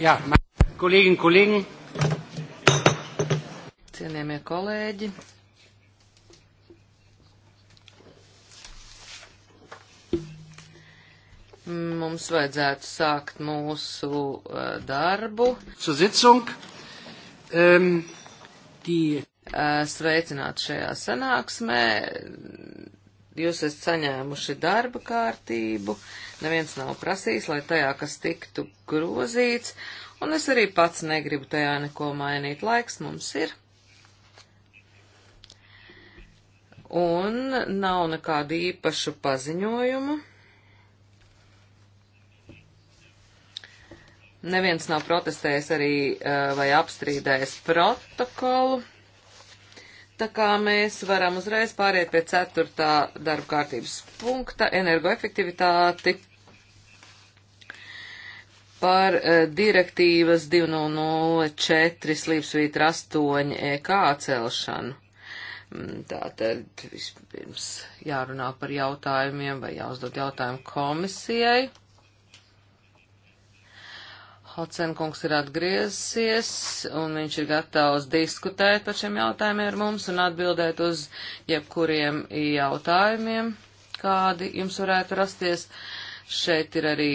Jā, kolēģi, kolēģi. Cienījamie kolēģi. Mums vajadzētu sākt mūsu uh, darbu. Sazicung. Um, ähm, die... Uh, sveicināt šajā sanāksmē. Jūs esat saņēmuši darba kārtību, neviens nav prasījis, lai tajā kas tiktu grozīts, un es arī pats negribu tajā neko mainīt. Laiks mums ir. Un nav nekādu īpašu paziņojumu. Neviens nav protestējis arī eh, vai apstrīdējis protokolu. Tā kā mēs varam uzreiz pāriet pie ceturtā darba kārtības punkta - energoefektivitāti par e, direktīvas 204 slīpsvītra 8 EK celšanu. Mm, tātad vispirms jārunā par jautājumiem vai jāuzdod jautājumu komisijai. Hocenkungs ir atgriezies, un viņš ir gatavs diskutēt par šiem jautājumiem ar mums un atbildēt uz jebkuriem jautājumiem, kādi jums varētu rasties. Šeit ir arī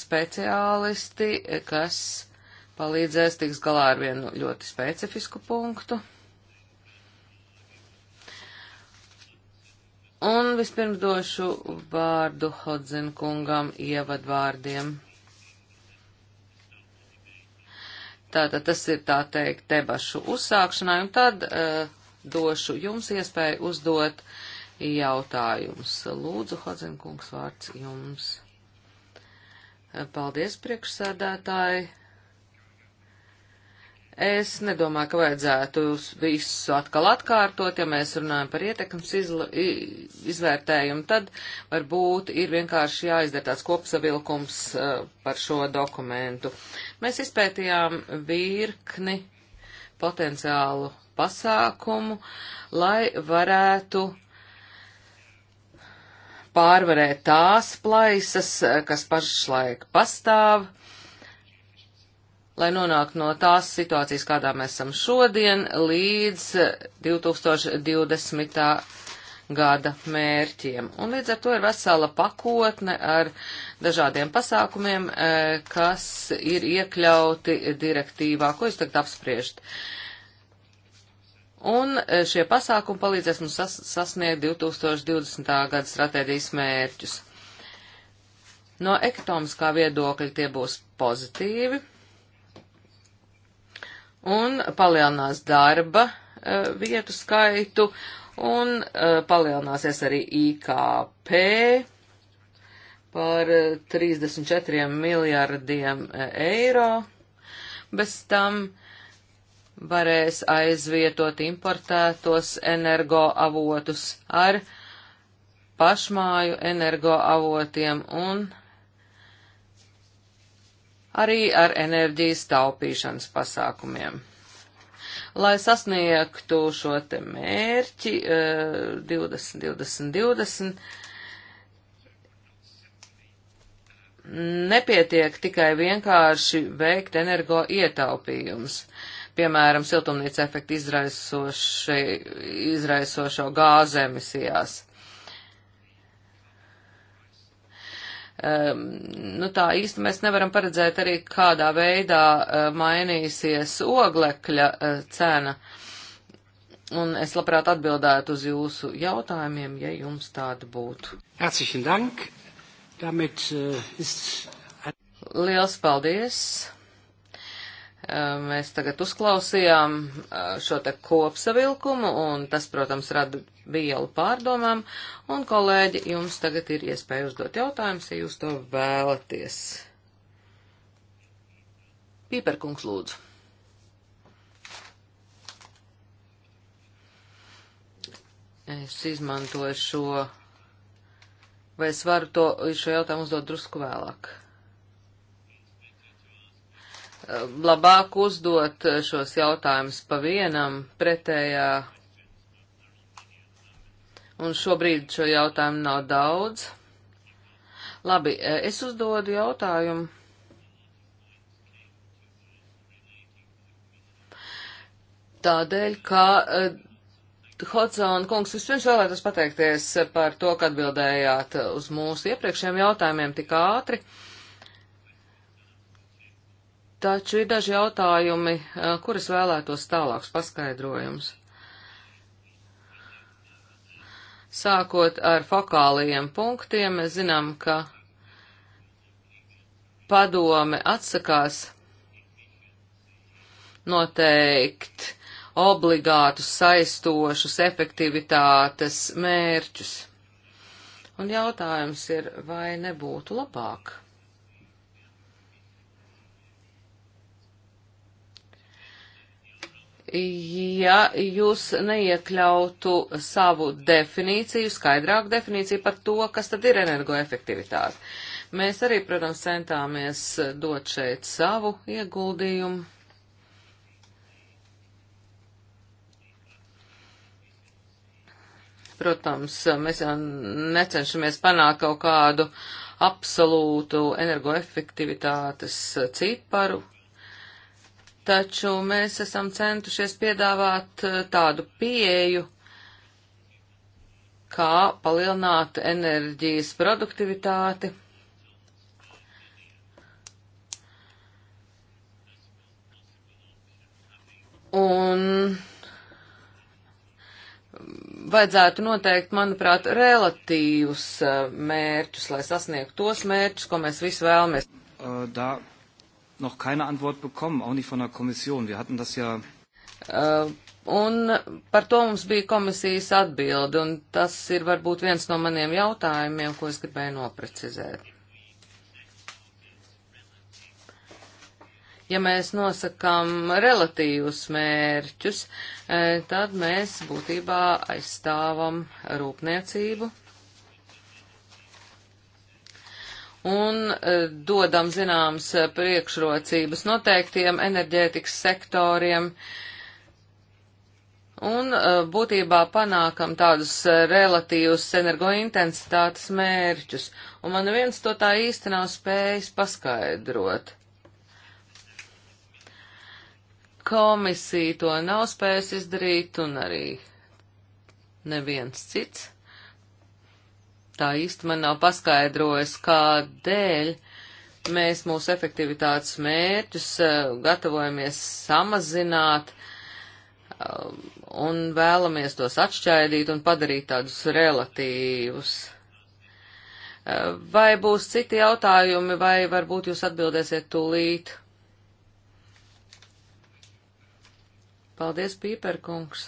speciālisti, kas palīdzēs tiks galā ar vienu ļoti specifisku punktu. Un vispirms došu vārdu Hodzenkungam ievadvārdiem. Tātad tas ir tā teikt debašu uzsākšanai, un tad uh, došu jums iespēju uzdot jautājumus. Lūdzu, Hodzenkungs, vārds jums. Eh, paldies, priekšsēdētāji. Es nedomāju, ka vajadzētu visu atkal atkārtot, ja mēs runājam par ietekmes izvērtējumu, tad varbūt ir vienkārši jāizdara tāds kopsavilkums uh, par šo dokumentu. Mēs izpētījām virkni potenciālu pasākumu, lai varētu pārvarēt tās plaisas, kas pašlaik pastāv lai nonāktu no tās situācijas, kādā mēs esam šodien, līdz 2020. gada mērķiem. Un līdz ar to ir vesela pakotne ar dažādiem pasākumiem, e, kas ir iekļauti direktīvā, ko jūs tagad apspriežat. Un e, šie pasākumi palīdzēs mums sas sasniegt 2020. gada stratēģijas mērķus. No ekonomiskā viedokļa tie būs pozitīvi, un palielinās darba uh, vietu skaitu un uh, palielināsies arī IKP par 34 e, miljardiem eiro. Bez tam varēs aizvietot importētos energoavotus ar pašmāju energoavotiem un arī ar enerģijas taupīšanas pasākumiem. Lai sasniegtu šo te mērķi 20, 20, 20, nepietiek tikai vienkārši veikt energo ietaupījums. Piemēram, siltumnīca efektu izraisošo gāzu emisijās. Um, nu tā īsti mēs nevaram paredzēt arī, kādā veidā uh, mainīsies oglekļa uh, cena. Un es labprāt atbildētu uz jūsu jautājumiem, ja jums tāda būtu. Herzlichen Dank. Damit uh, ist. Liels paldies. Mēs tagad uzklausījām šo te kopsavilkumu, un tas, protams, rada vielu pārdomām, un kolēģi, jums tagad ir iespēja uzdot jautājumus, ja jūs to vēlaties. Pīperkungs lūdzu. Es izmantoju šo, vai es varu to, šo jautājumu uzdot drusku vēlāk labāk uzdot šos jautājumus pa vienam pretējā. Un šobrīd šo jautājumu nav daudz. Labi, e, es uzdodu jautājumu. Tādēļ, ka e, Hodzona kungs, vispirms vēlētos pateikties par to, ka atbildējāt uz mūsu iepriekšējiem jautājumiem tik ātri. Uh, Taču ir daži jautājumi, eh, kuras vēlētos tālāks paskaidrojums. Sākot ar fokālajiem punktiem, mēs zinām, ka padome atsakās noteikt obligātus, saistošus efektivitātes mērķus. Un jautājums ir, vai nebūtu labāk? ja jūs neiekļautu savu definīciju, skaidrāku definīciju par to, kas tad ir energoefektivitāte. Mēs arī, protams, centāmies dot šeit savu ieguldījumu. Protams, mēs jau necenšamies panākt kaut kādu absolūtu energoefektivitātes ciparu, taču mēs esam centušies piedāvāt eh, tādu pieeju, kā palielināt enerģijas produktivitāti. Un vajadzētu noteikt, manuprāt, relatīvus eh, mērķus, lai sasniegtu tos mērķus, ko mēs visi vēlamies. Uh, da noch keine Antwort bekommen, auch nicht von der Kommission. Wir hatten das ja. Uh, un par to mums bija komisijas atbildi, un tas ir varbūt viens no maniem jautājumiem, ko es gribēju noprecizēt. Ja mēs nosakām relatīvus mērķus, eh, tad mēs būtībā aizstāvam rūpniecību un e, dodam zināmas e, priekšrocības noteiktiem enerģētikas sektoriem. Un e, būtībā panākam tādus relatīvus energointensitātes mērķus, un man viens to tā īsti nav spējis paskaidrot. Komisija to nav spējusi izdarīt, un arī neviens cits tā īsti man nav paskaidrojis, kādēļ mēs mūsu efektivitātes mērķus eh, gatavojamies samazināt eh, un vēlamies tos atšķaidīt un padarīt tādus relatīvus. Eh, vai būs citi jautājumi, vai varbūt jūs atbildēsiet tūlīt? Paldies, Pīperkungs!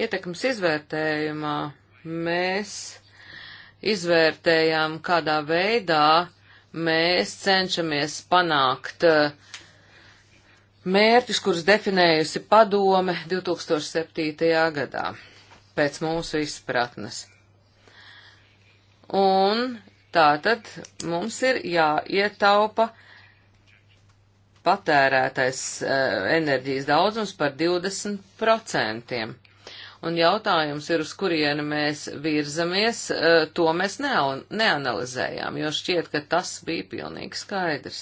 Ietekmes izvērtējumā mēs izvērtējām, kādā veidā mēs cenšamies panākt eh, mērķus, kurus definējusi padome 2007. gadā, pēc mūsu izpratnes. Un tā tad mums ir jāietaupa patērētais eh, enerģijas daudzums par 20%. Un jautājums ir, uz kurienu mēs virzamies, e, to mēs neanalizējām, jo šķiet, ka tas bija pilnīgi skaidrs.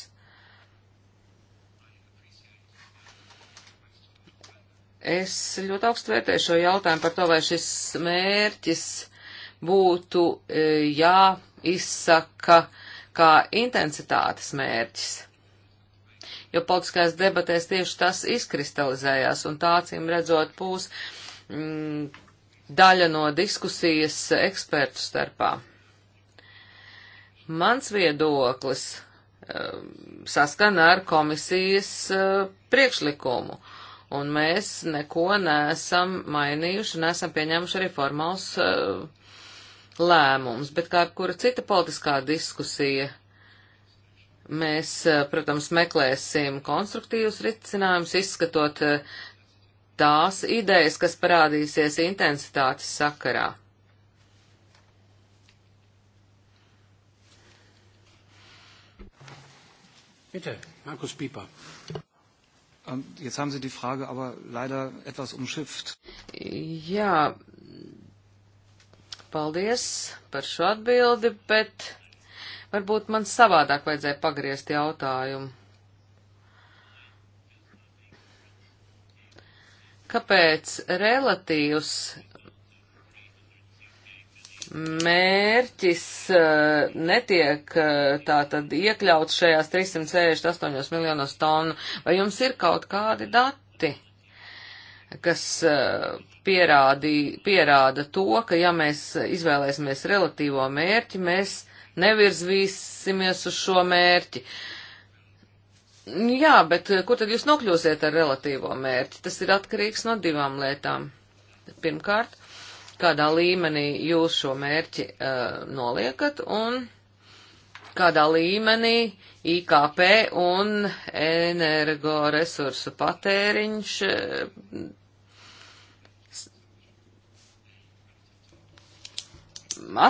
Es ļoti augstu vērtēju šo jautājumu par to, vai šis mērķis būtu e, jāizsaka kā intensitātes mērķis jo politiskās debatēs tieši tas izkristalizējās, un tā, cīm redzot, būs mm, daļa no diskusijas ekspertu starpā. Mans viedoklis um, saskana ar komisijas uh, priekšlikumu, un mēs neko nesam mainījuši, nesam pieņēmuši arī formāls uh, lēmums, bet kā kura cita politiskā diskusija mēs, uh, protams, meklēsim konstruktīvus risinājumus, izskatot tās idejas, kas parādīsies intensitātes sakarā. Bitte, Markus Pieper. Ähm, jetzt haben Sie die Frage aber leider etwas umschifft. Jā, paldies par šo atbildi, bet varbūt man savādāk vajadzēja pagriezt jautājumu. kāpēc relatīvs mērķis uh, netiek uh, eh, tātad iekļauts šajās 368 miljonos tonu, vai jums ir kaut kādi dati, kas uh, eh, pierādī, pierāda to, ka ja mēs izvēlēsimies relatīvo mērķi, mēs nevirzvīsimies uz šo mērķi. Uh, Nu jā, bet eh, kur tad jūs nokļūsiet ar relatīvo mērķi? Tas ir atkarīgs no divām lietām. Pirmkārt, kādā līmenī jūs šo mērķi uh, noliekat un kādā līmenī IKP un energoresursu patēriņš uh, eh,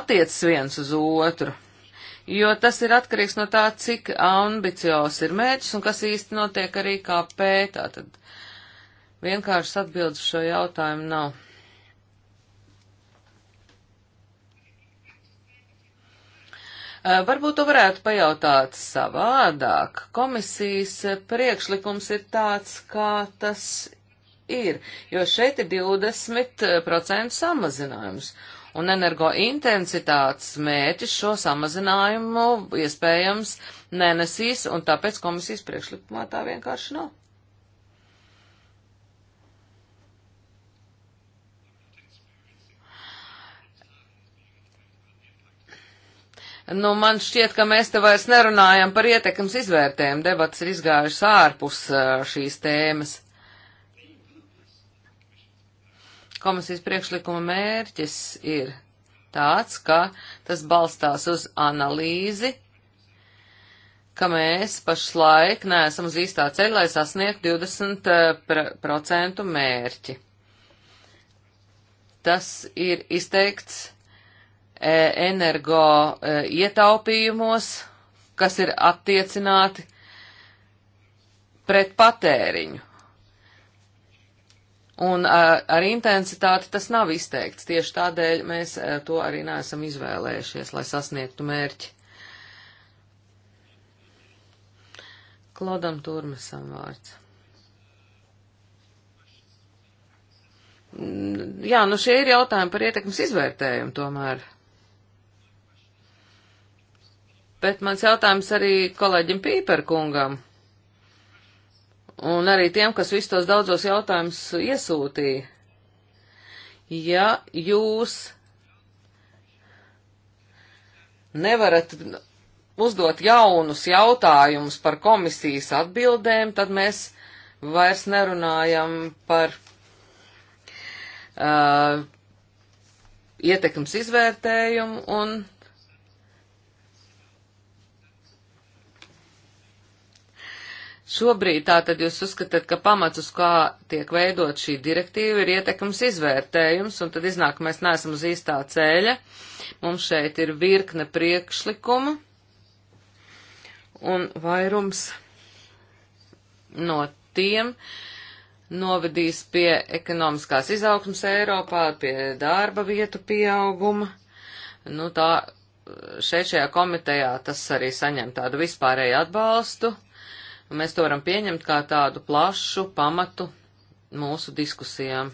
attiec viens uz otru jo tas ir atkarīgs no tā, cik ambiciozs ir mērķis un kas īsti notiek arī KP. Tātad vienkārši atbildes šo jautājumu nav. Varbūt to varētu pajautāt savādāk. Komisijas priekšlikums ir tāds, kā tas ir, jo šeit ir 20% samazinājums un energointensitātes mērķis šo samazinājumu iespējams nenesīs, un tāpēc komisijas priekšlikumā tā vienkārši nav. Nu, man šķiet, ka mēs te vairs nerunājam par ietekmes izvērtējumu. Debats ir izgājušas ārpus šīs tēmas. Komisijas priekšlikuma mērķis ir tāds, ka tas balstās uz analīzi, ka mēs pašlaik neesam uz īstā ceļa, lai sasniegtu 20% eh, mērķi. Tas ir izteikts eh, energo eh, ietaupījumos, kas ir attiecināti pret patēriņu un ar, ar intensitāti tas nav izteikts. Tieši tādēļ mēs to arī neesam izvēlējušies, lai sasniegtu mērķi. Klodam Turmesam vārds. Jā, nu šie ir jautājumi par ietekmes izvērtējumu tomēr. Bet mans jautājums arī kolēģim Pīperkungam un arī tiem, kas visus tos daudzos jautājumus iesūtīja. Ja jūs nevarat uzdot jaunus jautājumus par komisijas atbildēm, tad mēs vairs nerunājam par uh, ietekmes izvērtējumu un Šobrīd tātad jūs uzskatāt, ka pamats, uz kā tiek veidot šī direktīva, ir ietekmes izvērtējums, un tad iznāk, ka mēs neesam uz īstā ceļa. Mums šeit ir virkne priekšlikumu, un vairums no tiem novedīs pie ekonomiskās izaugsmas Eiropā, pie darba vietu pieauguma. Nu, tā šeit šajā komitejā tas arī saņem tādu vispārēju atbalstu un mēs to varam pieņemt kā tādu plašu pamatu mūsu diskusijām.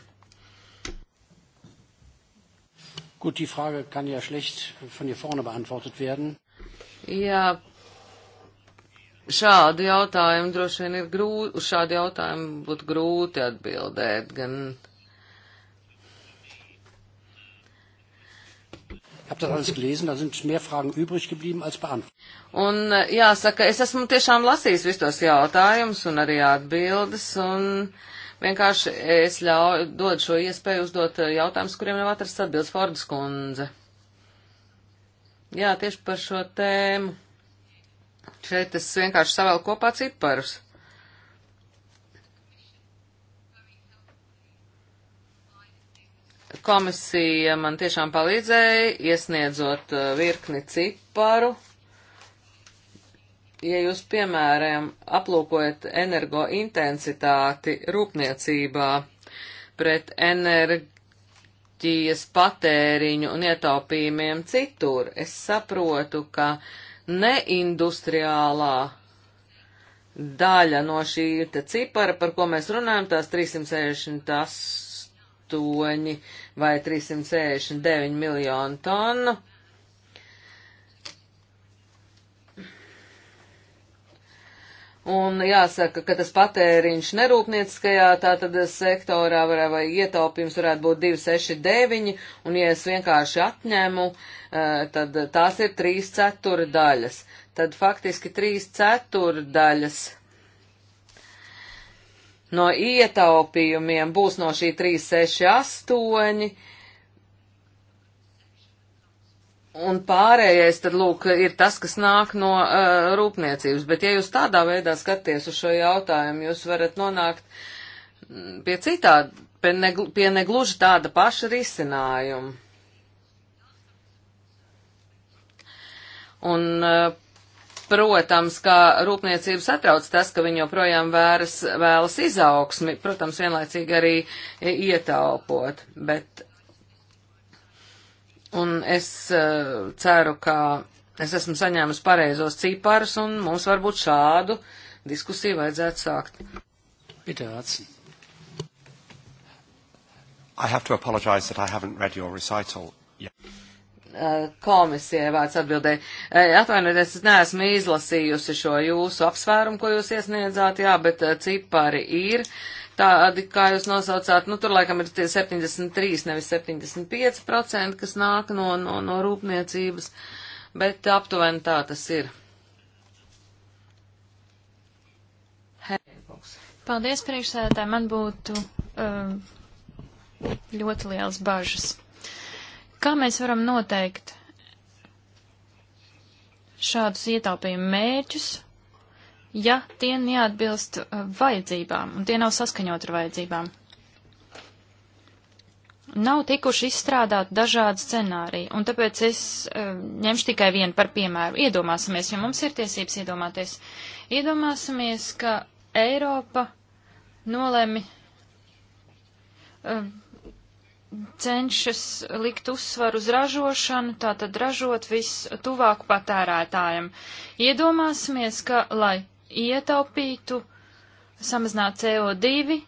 Gut, die Frage kann ja schlecht von hier vorne beantwortet werden. Jā, šādu jautājumu droši vien ir grūti, uz šādu jautājumu būtu grūti atbildēt, gan Ich habe das alles gelesen, da sind mehr Fragen übrig geblieben als beantwortet. Un äh, jāsaka, es esmu tiešām lasījis visus tos jautājumus un arī atbildes, un vienkārši es ļauju, dod šo iespēju uzdot äh, jautājumus, kuriem nav atrasts atbildes Fordas kundze. Jā, tieši par šo tēmu. Šeit es vienkārši savēlu kopā ciparus. Komisija man tiešām palīdzēja, iesniedzot uh, virkni ciparu. Ja jūs, piemēram, aplūkojat energointensitāti rūpniecībā pret enerģijas patēriņu un ietaupījumiem citur, es saprotu, ka neindustriālā daļa no šī te cipara, par ko mēs runājam, tās 368 8 vai 369 miljonu tonu. Un jāsaka, ka tas patēriņš nerūpnieciskajā tātad sektorā varētu vai ietaupījums varētu būt 269, un ja es vienkārši atņemu, eh, tad tās ir 3 ceturdaļas. Tad faktiski 3 ceturdaļas no ietaupījumiem būs no šī 368, un pārējais tad, lūk, ir tas, kas nāk no uh, rūpniecības. Bet, ja jūs tādā veidā skaties uz šo jautājumu, jūs varat nonākt mm, pie citāda, pie, neglu, pie negluži tāda paša risinājuma. Un uh, Protams, ka rūpniecību satrauc tas, ka viņi joprojām vēras, vēlas izaugsmi, protams, vienlaicīgi arī ietaupot, bet un es uh, ceru, ka es esmu saņēmusi pareizos ciparus, un mums varbūt šādu diskusiju vajadzētu sākt. Pitāts. I have to apologize that I haven't read your recital yet komisijai vārds atbildēja. Atvainojieties, es neesmu izlasījusi šo jūsu apsvērumu, ko jūs iesniedzāt, jā, bet eh, cipari ir tādi, kā jūs nosaucāt, nu tur laikam ir tie 73, nevis 75%, kas nāk no, no, no rūpniecības, bet aptuveni tā tas ir. Paldies, priekšsēdētāji, man būtu um, ļoti liels bažas. Kā mēs varam noteikt šādus ietaupījumu mērķus, ja tie neatbilst uh, vajadzībām un tie nav saskaņot ar vajadzībām? Nav tikuši izstrādāt dažādi scenāriji, un tāpēc es uh, ņemšu tikai vienu par piemēru. Iedomāsimies, jo mums ir tiesības iedomāties. Iedomāsimies, ka Eiropa nolēmi uh, cenšas likt uzsvaru uz ražošanu, tātad ražot vistuvāk patērētājiem. Iedomāsimies, ka, lai ietaupītu, samazinātu CO2,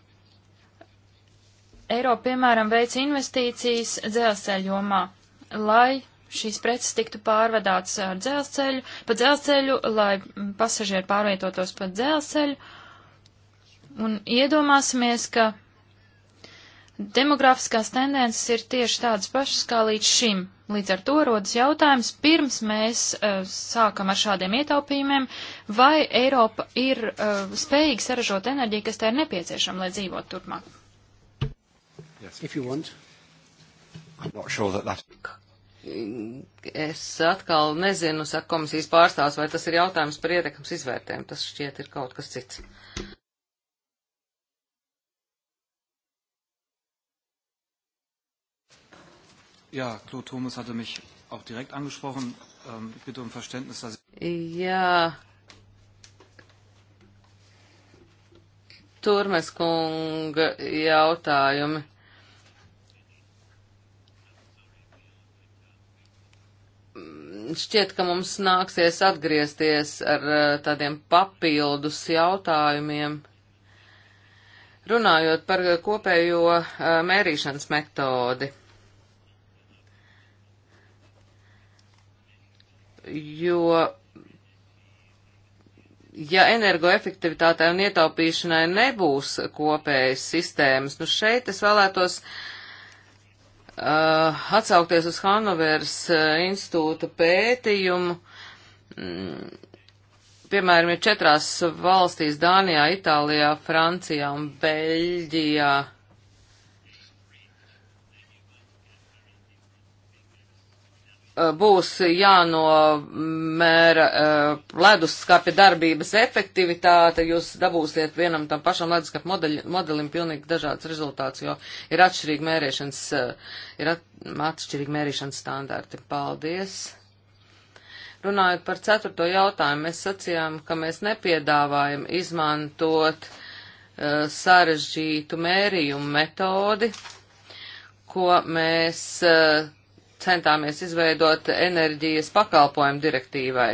Eiropa, piemēram, veic investīcijas dzelzceļomā, lai šīs preces tiktu pārvadātas ar dzelzceļu, pa dzelzceļu, lai pasažieri pārvietotos pa dzelzceļu. Un iedomāsimies, ka demografiskās tendences ir tieši tādas pašas kā līdz šim. Līdz ar to rodas jautājums, pirms mēs uh, sākam ar šādiem ietaupījumiem, vai Eiropa ir uh, spējīga saražot enerģiju, kas tā ir nepieciešama, lai dzīvot turpmāk. Yes, sure that that... Es atkal nezinu, saka komisijas pārstāvs, vai tas ir jautājums par ietekmes izvērtēm. Tas šķiet ir kaut kas cits. Jā, Claude Thomas hatte mich auch direkt angesprochen. Ähm, ich bitte um Verständnis, dass ich... Jā. Turmes kunga jautājumi. Šķiet, ka mums nāksies atgriezties ar eh, tādiem papildus jautājumiem. Runājot par kopējo eh, mērīšanas metodi. jo, ja energoefektivitātē un ietaupīšanai nebūs kopējas sistēmas, nu šeit es vēlētos uh, atsaukties uz Hanovers uh, institūta pētījumu. Mm, piemēram, ir četrās valstīs - Dānijā, Itālijā, Francijā un Beļģijā. Uh, Eh, būs jānomēra eh, leduskapja darbības efektivitāte, jūs dabūsiet vienam tam pašam leduskapja modeļ, modelim pilnīgi dažāds rezultāts, jo ir atšķirīgi mērīšanas, eh, ir at, atšķirīgi mērīšanas standarti. Paldies! Runājot par ceturto jautājumu, mēs sacījām, ka mēs nepiedāvājam izmantot uh, sarežģītu mērījumu metodi, ko mēs uh, centāmies izveidot enerģijas pakalpojumu direktīvai.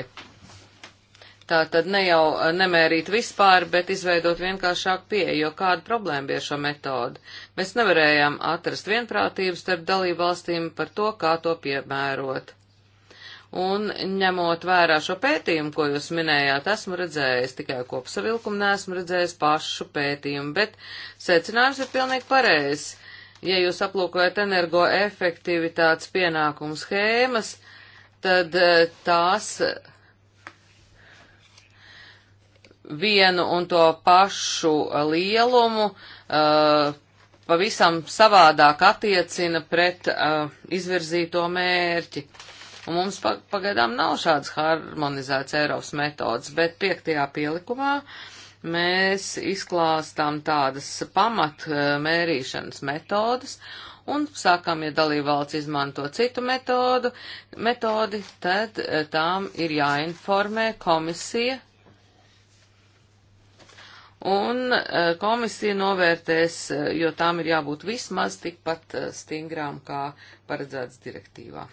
Tā tad ne jau eh, nemērīt vispār, bet izveidot vienkāršāku pieeju, jo kāda problēma bija šo metodu. Mēs nevarējām atrast vienprātību starp dalību valstīm par to, kā to piemērot. Un ņemot vērā šo pētījumu, ko jūs minējāt, esmu redzējis tikai kopsavilkumu, neesmu redzējis pašu pētījumu, bet secinājums ir pilnīgi pareizs ja jūs aplūkojat energoefektivitātes pienākumu schēmas, tad eh, tās vienu un to pašu lielumu uh, pavisam savādāk attiecina pret uh, izvirzīto mērķi. Un mums pagaidām nav šādas harmonizētas Eiropas metodas, bet piektajā pielikumā uh, mēs izklāstām tādas pamat eh, mērīšanas metodas un sākam, ja dalībvalsts izmanto citu metodu, metodi, tad eh, tām ir jāinformē komisija. Un eh, komisija novērtēs, jo tām ir jābūt vismaz tikpat stingrām, kā paredzēts direktīvā.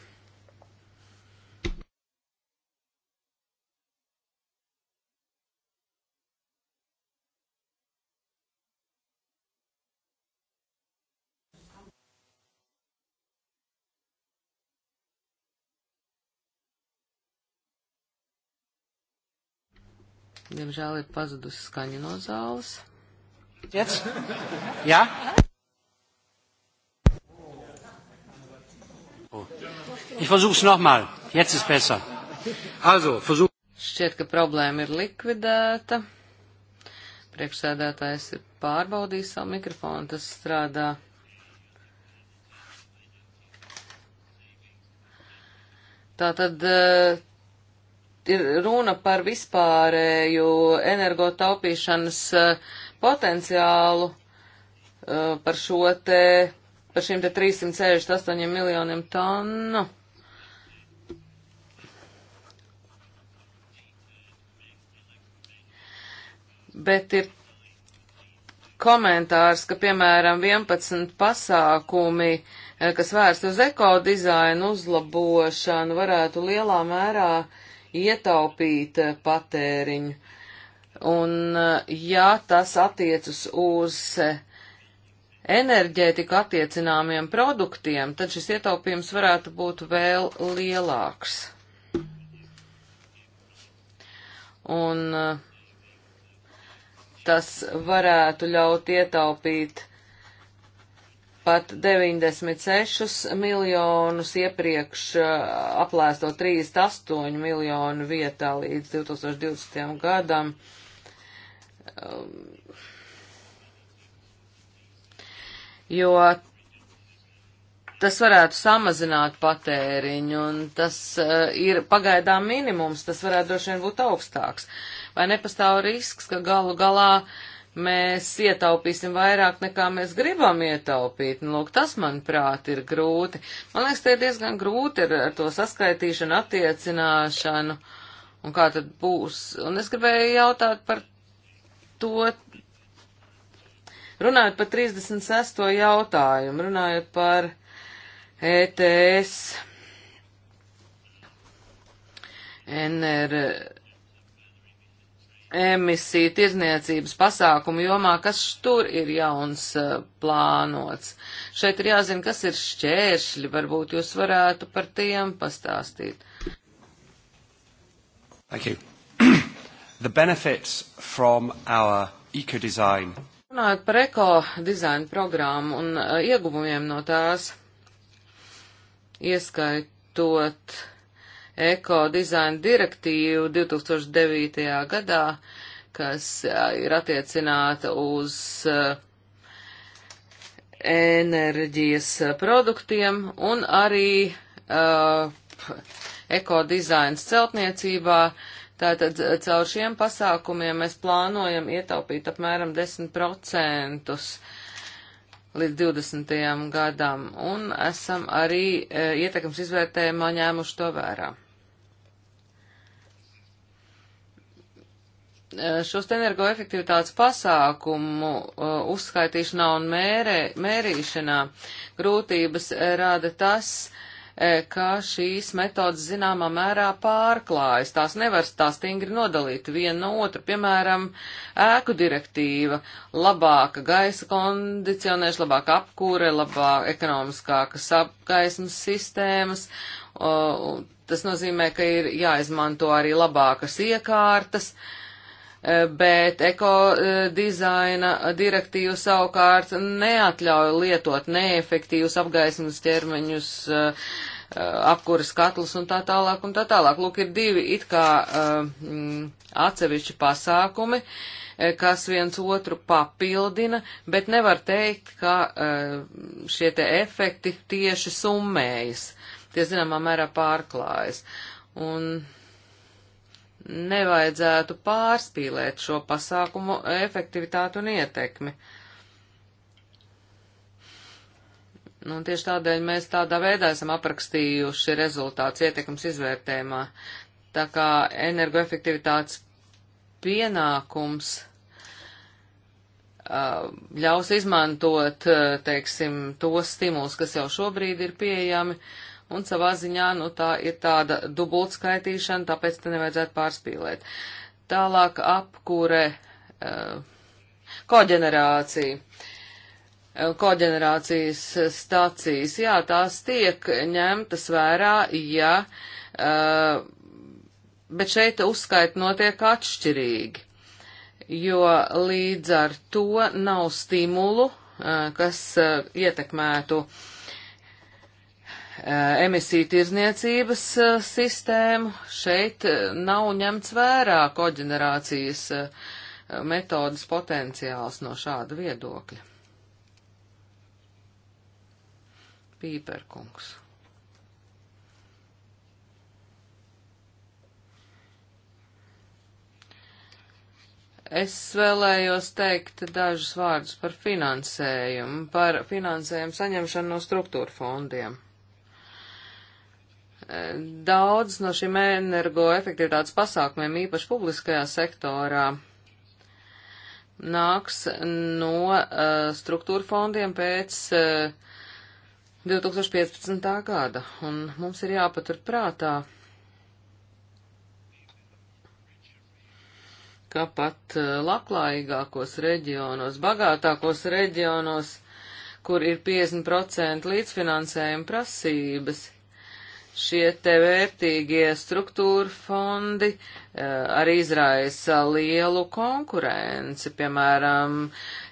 Diemžēl ir pazudusi skaņa no zāles. Jetzt? Ja? Oh. Ich versuch's nochmal. Jetzt ist besser. Also, versuch. Šķiet, ka problēma ir likvidēta. Priekšsēdētājs ir pārbaudījis savu mikrofonu, tas strādā. Tātad eh, ir runa par vispārēju energotaupīšanas eh, potenciālu eh, par šo te, par šiem te 368 miljoniem tonnu. Bet ir komentārs, ka, piemēram, 11 pasākumi, eh, kas vērst uz ekodizainu uzlabošanu, varētu lielā mērā uh, ietaupīt eh, patēriņu. Un, eh, ja tas attiecas uz eh, enerģētiku attiecināmiem produktiem, tad šis ietaupījums varētu būt vēl lielāks. Un tas varētu ļaut ietaupīt pat 96 miljonus iepriekš uh, aplēsto 38 miljonu vietā līdz 2020. gadam. Um, jo tas varētu samazināt patēriņu, un tas uh, ir pagaidām minimums, tas varētu droši vien būt augstāks. Vai nepastāv risks, ka galu galā uh, mēs ietaupīsim vairāk nekā mēs gribam ietaupīt. Nu, lūk, tas, manuprāt, ir grūti. Man liekas, tie ir diezgan grūti ar, ar to saskaitīšanu, attiecināšanu. Un kā tad būs? Un es gribēju jautāt par to, runājot par 36. jautājumu, runājot par ETS, NR, emisiju tirzniecības pasākumu jomā, kas tur ir jauns uh, plānots. Šeit ir jāzina, kas ir šķēršļi, varbūt jūs varētu par tiem pastāstīt. Thank you. The benefits from our eco-design. Runājot par eko-dizainu programmu un uh, ieguvumiem no tās, ieskaitot ekodizaina direktīvu 2009. gadā, kas ir attiecināta uz enerģijas produktiem un arī uh, ekodizains celtniecībā. Tātad caur šiem pasākumiem mēs plānojam ietaupīt apmēram 10% līdz 20. gadam, un esam arī e, ietekmes izvērtējumā ņēmuši to vērā. Eh, šos energoefektivitātes pasākumu eh, uzskaitīšanā un mērē, mērīšanā grūtības eh, rada tas, ka šīs metodas zināmā mērā pārklājas. Tās nevar tā stingri nodalīt viena no otru. Piemēram, ēku direktīva, labāka gaisa kondicionēšana, labāka apkūre, labāka ekonomiskākas apgaismas sistēmas. Tas nozīmē, ka ir jāizmanto arī labākas iekārtas. Uh, bet ekodizaina direktīva savukārt neatļauj lietot neefektīvus apgaismas ķermeņus, eh, apkuras katlus un tā tālāk un tā tālāk. Lūk, ir divi it kā eh, atsevišķi pasākumi, eh, kas viens otru papildina, bet nevar teikt, ka šie te efekti tieši summējas. Tie zināmā mērā pārklājas. Un nevajadzētu pārspīlēt šo pasākumu efektivitātu un ietekmi. Nu, tieši tādēļ mēs tādā veidā esam aprakstījuši rezultāts ietekmes izvērtējumā. Tā kā energoefektivitātes pienākums ļaus izmantot, teiksim, tos stimulus, kas jau šobrīd ir pieejami, uh, un savā ziņā, nu, tā ir tāda dubultskaitīšana, tāpēc te nevajadzētu pārspīlēt. Tālāk apkūre, eh, koģenerācija, eh, koģenerācijas stācijas, jā, tās tiek ņemtas vērā, ja, eh, bet šeit uzskaita notiek atšķirīgi, jo līdz ar to nav stimulu, kas ietekmētu uh, Eh, emisiju tirzniecības eh, sistēmu. Šeit eh, nav ņemts vērā koģenerācijas metodas potenciāls no šāda viedokļa. Pīperkungs. Es vēlējos teikt dažus vārdus par finansējumu, par finansējumu saņemšanu no struktūra fondiem daudz no šiem energoefektivitātes pasākumiem, īpaši publiskajā sektorā, nāks no uh, struktūra fondiem pēc uh, eh, 2015. gada, un mums ir jāpatur prātā, ka pat uh, labklājīgākos reģionos, bagātākos reģionos, kur ir 50% līdzfinansējuma prasības, šie te vērtīgie struktūra fondi eh, arī izraisa lielu konkurenci, piemēram,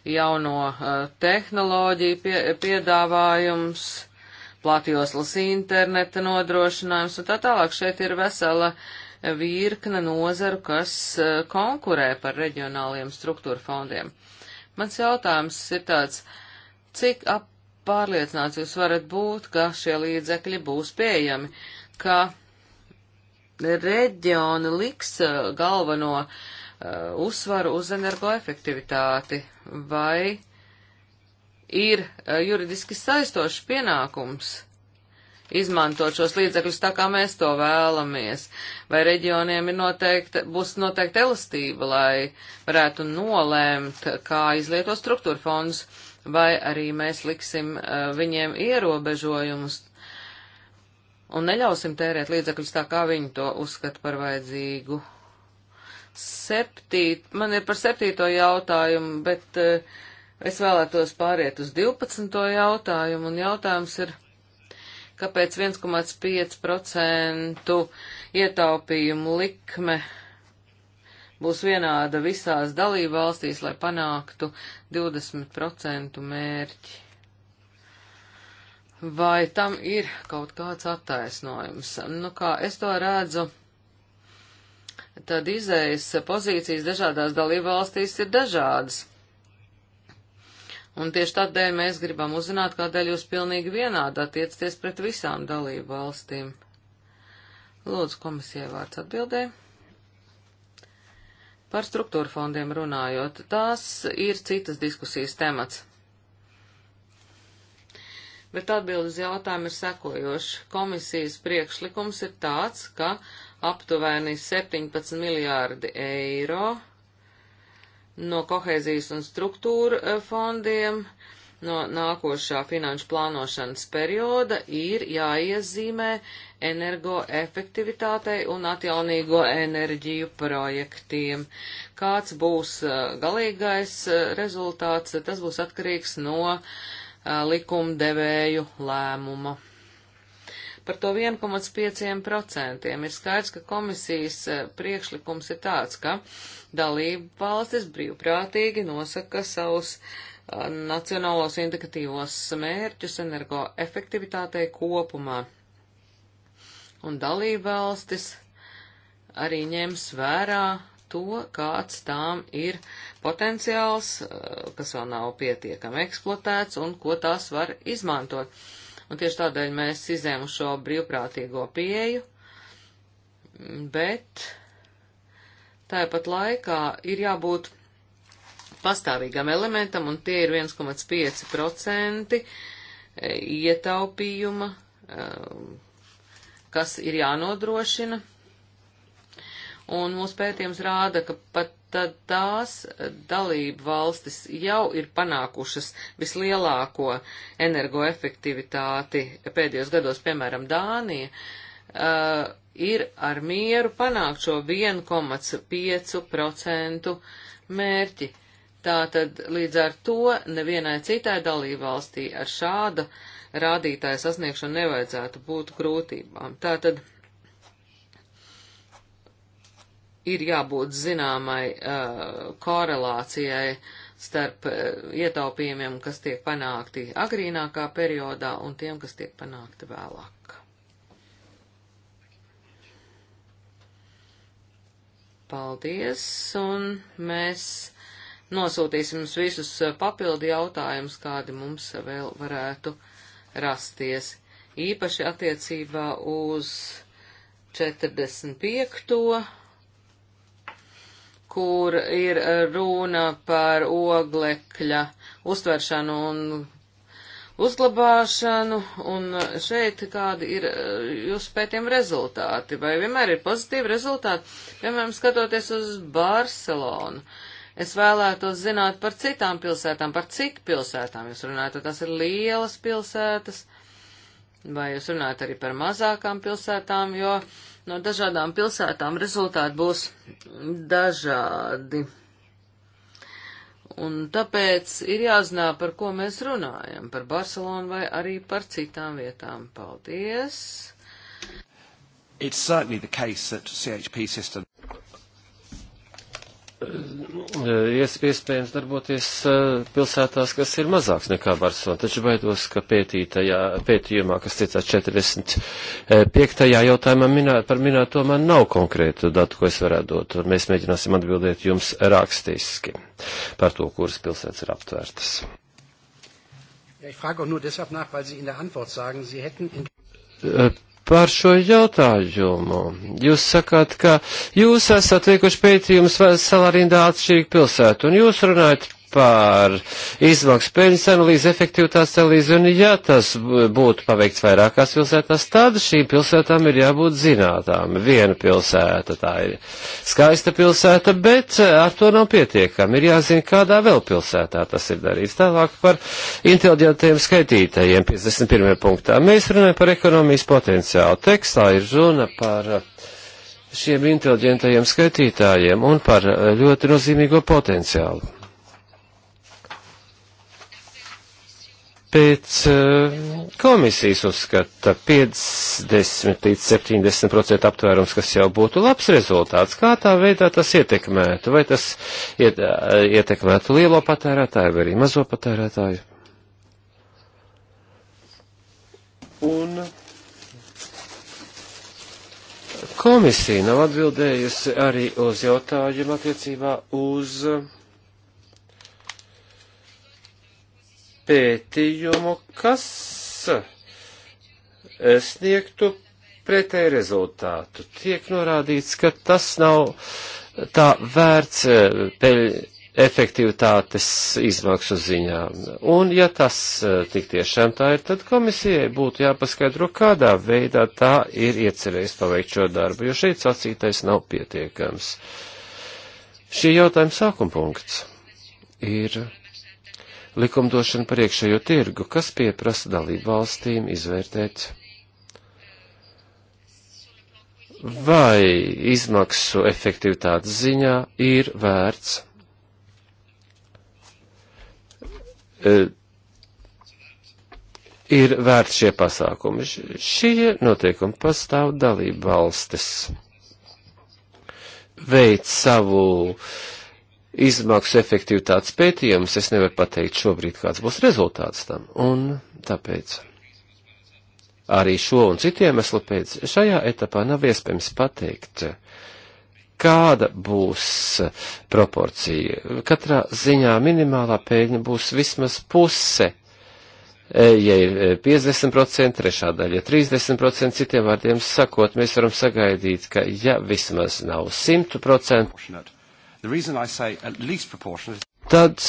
jauno eh, tehnoloģiju pie, piedāvājums, platjoslas interneta nodrošinājums un tā tālāk. Šeit ir vesela virkne nozaru, kas eh, konkurē par reģionāliem struktūra fondiem. Mans jautājums ir tāds, cik ap pārliecināts jūs varat būt, ka šie līdzekļi būs pieejami, ka reģioni liks uh, galveno uh, uzsvaru uz energoefektivitāti vai ir uh, juridiski saistošs pienākums izmantot šos līdzekļus tā, kā mēs to vēlamies, vai reģioniem ir noteikti, būs noteikti elastība, lai varētu nolēmt, kā izlieto struktūra fondus. Uh, vai arī mēs liksim uh, viņiem ierobežojumus un neļausim tērēt līdzekļus tā, kā viņi to uzskata par vajadzīgu. Septīt, man ir par septīto jautājumu, bet uh, es vēlētos pāriet uz 12. jautājumu, un jautājums ir, kāpēc 1,5% ietaupījumu likme uh, būs vienāda visās dalību valstīs, lai panāktu 20% mērķi. Vai tam ir kaut kāds attaisnojums? Nu, kā es to redzu, tad izējas pozīcijas dažādās dalību valstīs ir dažādas. Un tieši tādēļ mēs gribam uzzināt, kādēļ jūs pilnīgi vienādi attiecaties pret visām dalību valstīm. Lūdzu, komisijai vārds atbildēja. Par struktūra fondiem runājot, tās ir citas diskusijas temats. Bet atbildes jautājumi ir sekojoši. Komisijas priekšlikums ir tāds, ka aptuveni 17 miljārdi eiro no kohēzijas un struktūra fondiem uh, no nākošā finanšu plānošanas perioda ir jāiezīmē energoefektivitātei un atjaunīgo enerģiju projektiem. Kāds būs uh, galīgais uh, rezultāts, tas būs atkarīgs no uh, likumdevēju lēmuma. Par to 1,5% ir skaidrs, ka komisijas priekšlikums ir tāds, ka dalību valstis brīvprātīgi nosaka savus uh, nacionālos indikatīvos mērķus energoefektivitātei kopumā. Un dalībvalstis arī ņems vērā to, kāds tām ir potenciāls, eh, kas vēl nav pietiekami eksploatēts un ko tās var izmantot. Un tieši tādēļ mēs izēmu šo brīvprātīgo pieeju, bet tāpat laikā ir jābūt pastāvīgam elementam, un tie ir 1,5% e, ietaupījuma, e, kas ir jānodrošina. Un mūsu pētījums rāda, ka pat tad tās dalību valstis jau ir panākušas vislielāko energoefektivitāti pēdējos gados, piemēram, Dānija, uh, ir ar mieru panākt šo 1,5% mērķi. Uh, Tātad līdz ar to nevienai citai dalībvalstī ar šāda rādītāja sasniegšanu nevajadzētu būt grūtībām. Tātad ir jābūt zināmai uh, korelācijai starp uh, ietaupījumiem, kas tiek panākti agrīnākā periodā un tiem, kas tiek panākti vēlāk. Paldies, un mēs nosūtīsim jums visus eh, papildi jautājumus, kādi mums vēl varētu rasties. Īpaši attiecībā uz 45. kur ir runa par oglekļa uztveršanu un uzglabāšanu, un šeit kādi ir eh, jūsu pētījuma rezultāti, vai vienmēr ir pozitīvi rezultāti, piemēram, skatoties uz Barcelonu. Uh, Es vēlētos zināt par citām pilsētām, par cik pilsētām jūs runājat, tad tās ir lielas pilsētas, vai jūs runājat arī par mazākām pilsētām, jo no dažādām pilsētām rezultāti būs dažādi. Un tāpēc ir jāzina, par ko mēs runājam, par Barcelonu vai arī par citām vietām. Paldies! It's certainly the case that CHP system Eh, iespējams darboties eh, pilsētās, kas ir mazāks nekā Barcelona. Taču baidos, ka pētītajā, pētījumā, kas ticā 45. jautājumā minē, par minēto man nav konkrētu datu, ko es varētu dot. Mēs mēģināsim atbildēt jums rakstiski par to, kuras pilsētas ir aptvērtas. Ja, par šo jautājumu. Jūs sakāt, ka jūs esat veikuši pētījumus Salariņdā atšķirīgi pilsētu, un jūs runājat par izmaksu peļņas analīzi, efektivitātes analīzi, un ja tas būtu paveikts vairākās pilsētās, tad šīm pilsētām ir jābūt zinātām. Viena pilsēta tā ir skaista pilsēta, bet eh, ar to nav pietiekami. Ir jāzina, kādā vēl pilsētā tas ir darīts. Tālāk par inteliģentiem skaitītājiem 51. punktā. Mēs runājam par ekonomijas potenciālu. Tekstā ir runa par eh, šiem inteliģentajiem skaitītājiem un par eh, ļoti nozīmīgo potenciālu Pēc eh, komisijas uzskata 50 līdz 70% aptvērums, kas jau būtu labs rezultāts, kā tā veidā tas ietekmētu, vai tas iet, eh, ietekmētu lielo patērētāju vai arī mazo patērētāju. Un komisija nav atbildējusi arī uz jautājumu attiecībā uz. Uh, pētījumu, kas sniegtu pretēju rezultātu. Tiek norādīts, ka tas nav tā vērts eh, peļ efektivitātes izmaksu ziņā. Un ja tas eh, tik tiešām tā ir, tad komisijai būtu jāpaskaidro, kādā veidā tā ir iecerējis paveikt šo darbu, jo šeit sacītais nav pietiekams. Šī jautājuma sākumpunkts ir likumdošana par iekšējo tirgu, kas pieprasa dalību valstīm izvērtēt, vai izmaksu efektivitātes ziņā ir vērts e, ir vērts šie pasākumi. Šie notiekumi pastāv dalību valstis veic savu uh, izmaksu efektivitātes pētījums, es nevaru pateikt šobrīd, kāds būs rezultāts tam. Un tāpēc arī šo un citiem eslu pēc šajā etapā nav iespējams pateikt, kāda būs proporcija. Katrā ziņā minimālā pēļņa būs vismaz puse e, ja ir 50%, e, trešā daļa 30%, citiem vārdiem sakot, mēs varam sagaidīt, ka ja vismaz nav 100%, The reason I say at least proportional is... Tad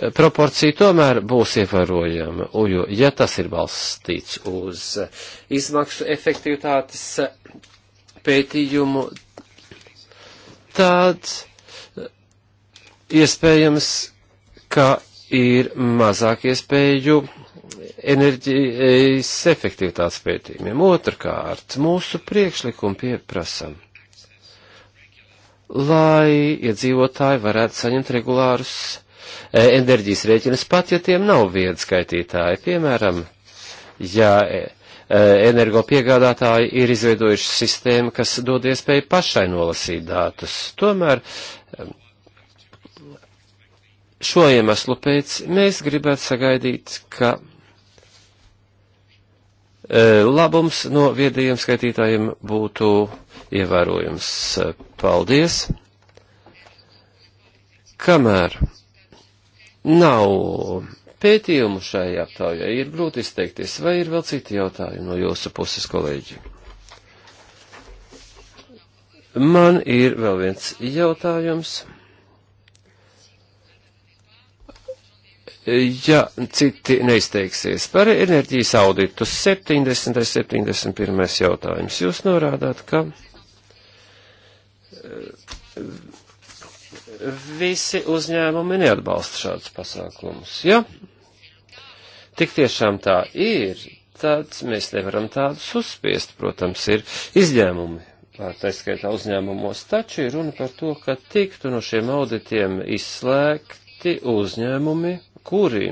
eh, proporcija tomēr būs ievērojama, jo, ja tas ir balstīts uz eh, izmaksu efektivitātes eh, pētījumu, tad iespējams, ka ir mazāk iespēju enerģijas efektivitātes pētījumiem. Otrkārt, mūsu priekšlikumu pieprasam lai iedzīvotāji varētu saņemt regulārus e, enerģijas rēķinus, pat ja tiem nav viedskaitītāji. Piemēram, ja e, e, energopiegādātāji ir izveidojuši sistēmu, kas dod iespēju pašai nolasīt datus. Tomēr šo iemeslu pēc mēs gribētu sagaidīt, ka labums no viedajiem skaitītājiem būtu ievērojams. Paldies! Kamēr nav pētījumu šai aptaujai, ir grūti izteikties, vai ir vēl citi jautājumi no jūsu puses, kolēģi? Man ir vēl viens jautājums. ja citi neizteiksies par enerģijas auditu. 70. 71. jautājums. Jūs norādāt, ka visi uzņēmumi neatbalsta šādus pasākumus. Ja tik tiešām tā ir, tad mēs nevaram tādus uzspiest. Protams, ir izņēmumi, tā skaitā uzņēmumos, taču ir runa par to, ka tiktu no šiem auditiem izslēgti uzņēmumi, kuri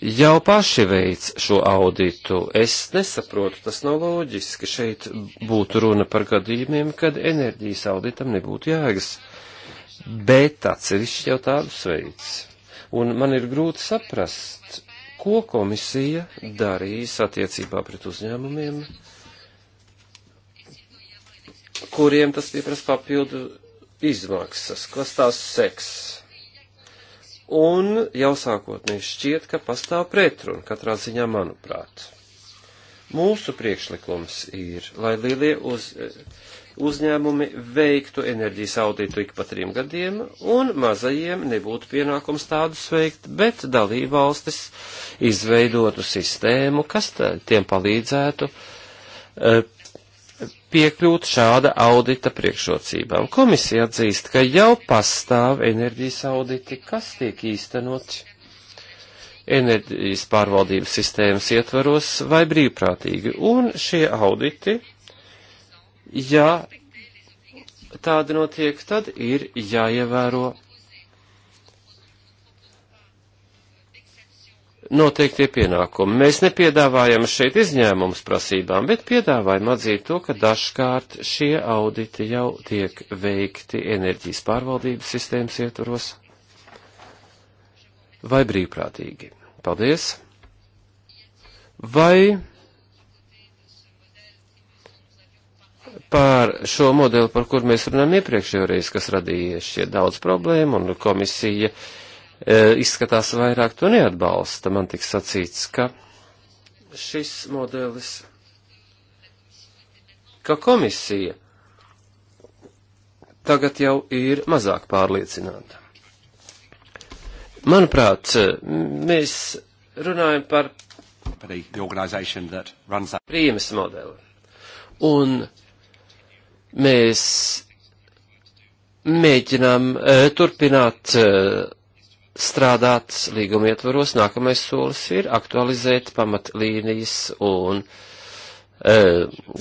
jau paši veic šo auditu. Es nesaprotu, tas nav loģiski. Šeit būtu runa par gadījumiem, kad enerģijas auditam nebūtu jēgas. Bet atsevišķi jau tādus veids. Un man ir grūti saprast, ko komisija darīs attiecībā pret uzņēmumiem, kuriem tas pieprasa papildu izmaksas, kas tās seks un jau sākotnēji šķiet, ka pastāv pretruna, katrā ziņā manuprāt. Mūsu priekšlikums ir, lai lielie uz, uzņēmumi veiktu enerģijas auditu ik pa trim gadiem, un mazajiem nebūtu pienākums tādus veikt, bet dalībvalstis izveidotu sistēmu, kas tiem palīdzētu eh, piekļūt šāda audita priekšrocībām. Komisija atzīst, ka jau pastāv enerģijas auditi, kas tiek īstenoti enerģijas pārvaldības sistēmas ietvaros vai brīvprātīgi. Un šie auditi, ja tādi notiek, tad ir jāievēro noteiktie pienākumi. Mēs nepiedāvājam šeit izņēmumus prasībām, bet piedāvājam atzīt to, ka dažkārt šie auditi jau tiek veikti enerģijas pārvaldības sistēmas ietvaros vai brīvprātīgi. Paldies! Vai par šo modeli, par kur mēs runājam iepriekšējo reizi, kas radīja šie daudz problēmu un komisija uh, E, izskatās vairāk to neatbalsta. Man tik sacīts, ka šis modelis, ka komisija tagad jau ir mazāk pārliecināta. Manuprāt, mēs runājam par prīmes modeli. Un mēs mēģinām uh, turpināt uh, strādāt līguma ietvaros. Nākamais solis ir aktualizēt pamatlīnijas un e,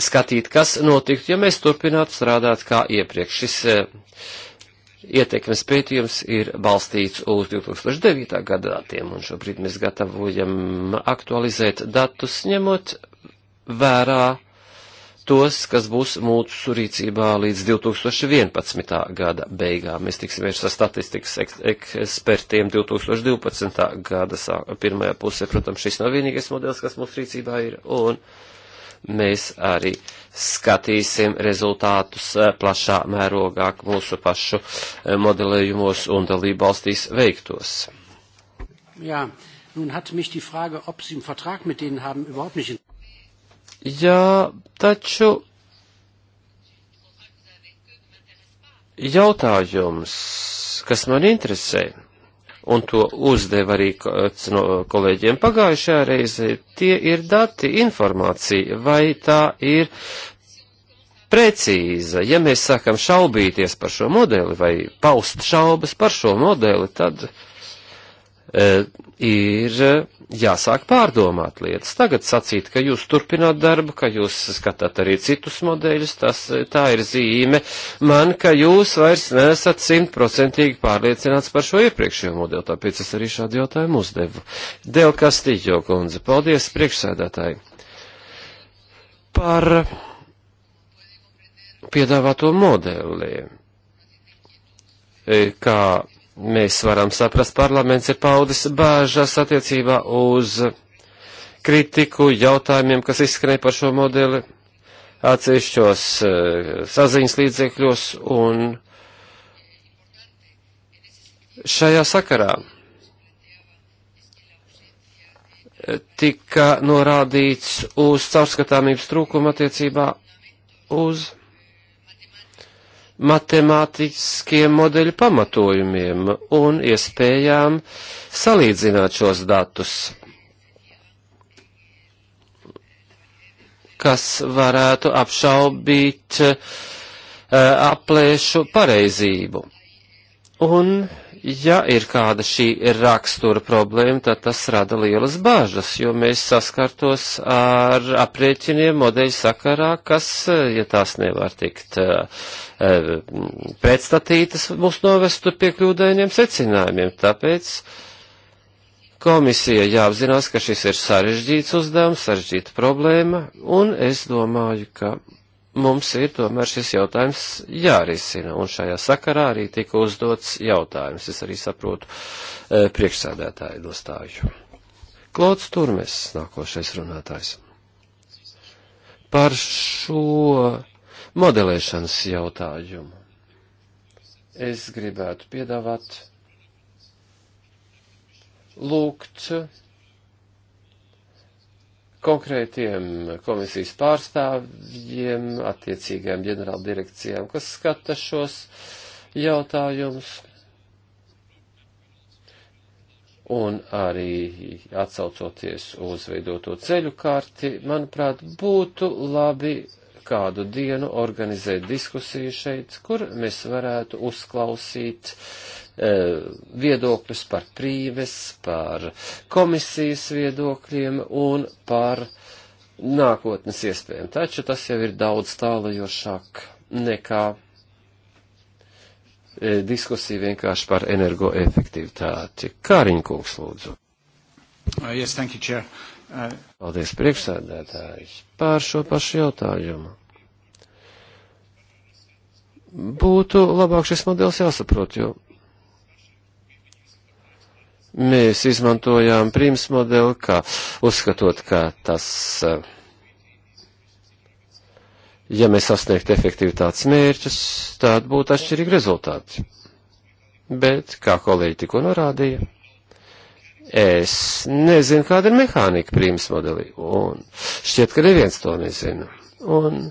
skatīt, kas notiktu, ja mēs turpinātu strādāt kā iepriekš. Šis e, ietekmes pētījums ir balstīts uz 2009. gada datiem, un šobrīd mēs gatavojam aktualizēt datus, ņemot vērā tos, kas būs mūsu rīcībā līdz 2011. gada beigām. Mēs tiksimies ar statistikas ekspertiem 2012. gada pirmajā pusē. Protams, šis nav vienīgais modelis, kas mūsu rīcībā ir, un mēs arī skatīsim rezultātus eh, plašā mērogā mūsu pašu eh, modelējumos un dalību valstīs veiktos. Jā. Nun hat mich die Frage, ob Sie einen Vertrag mit denen haben, überhaupt nicht Jā, taču jautājums, kas man interesē, un to uzdeva arī no kolēģiem pagājušajā reizē, tie ir dati, informācija, vai tā ir precīza. Ja mēs sākam šaubīties par šo modeli vai paust šaubas par šo modeli, tad uh, Eh, ir eh, jāsāk pārdomāt lietas. Tagad sacīt, ka jūs turpināt darbu, ka jūs skatāt arī citus modeļus, tas, eh, tā ir zīme man, ka jūs vairs nesat simtprocentīgi pārliecināts par šo iepriekšējo modeli, tāpēc es arī šādu jautājumu uzdevu. Del Kastīģo kundze, paldies priekšsēdētāji par piedāvāto modeli, kā Mēs varam saprast, parlaments ir paudis bāžas attiecībā uz kritiku jautājumiem, kas izskanēja par šo modeli atsevišķos eh, saziņas līdzekļos un šajā sakarā tika norādīts uz caurskatāmības trūkumu attiecībā uz matemātiskiem modeļu pamatojumiem un iespējām salīdzināt šos datus, kas varētu apšaubīt eh, aplēšu pareizību. Un ja ir kāda šī rakstura problēma, tad tas rada lielas bāžas, jo mēs saskartos ar aprēķiniem modeļu sakarā, kas, ja tās nevar tikt eh, pretstatītas, mūs novestu pie kļūdainiem secinājumiem. Tāpēc komisija jāapzinās, ka šis ir sarežģīts uzdevums, sarežģīta problēma, un es domāju, ka mums ir tomēr šis jautājums jārisina, un šajā sakarā arī tika uzdots jautājums. Es arī saprotu e, priekšsēdētāju nostāju. Klods Turmes, nākošais runātājs. Par šo modelēšanas jautājumu es gribētu piedāvāt lūgt konkrētiem komisijas pārstāvjiem, attiecīgajām ģenerāldirekcijām, kas skata šos jautājumus. Un arī atsaucoties uz veidoto ceļu karti, manuprāt, būtu labi kādu dienu organizēt diskusiju šeit, kur mēs varētu uzklausīt uh, E, viedokļus par prīves, par komisijas viedokļiem un par nākotnes iespējām. Taču tas jau ir daudz tālajošāk nekā e, diskusija vienkārši par energoefektivitāti. Kāriņkungs lūdzu. Uh, yes, thank you, Chair. Uh... Paldies priekšsēdētāji par šo pašu jautājumu. Būtu labāk šis modelis jāsaprot, jo Mēs izmantojām prīms modeli, kā uzskatot, ka tas, eh, ja mēs sasniegtu efektivitātes mērķus, tad būtu atšķirīgi rezultāti. Bet, kā kolēģi tikko norādīja, es nezinu, kāda ir mehānika prīms modelī, un šķiet, ka neviens to nezina. Un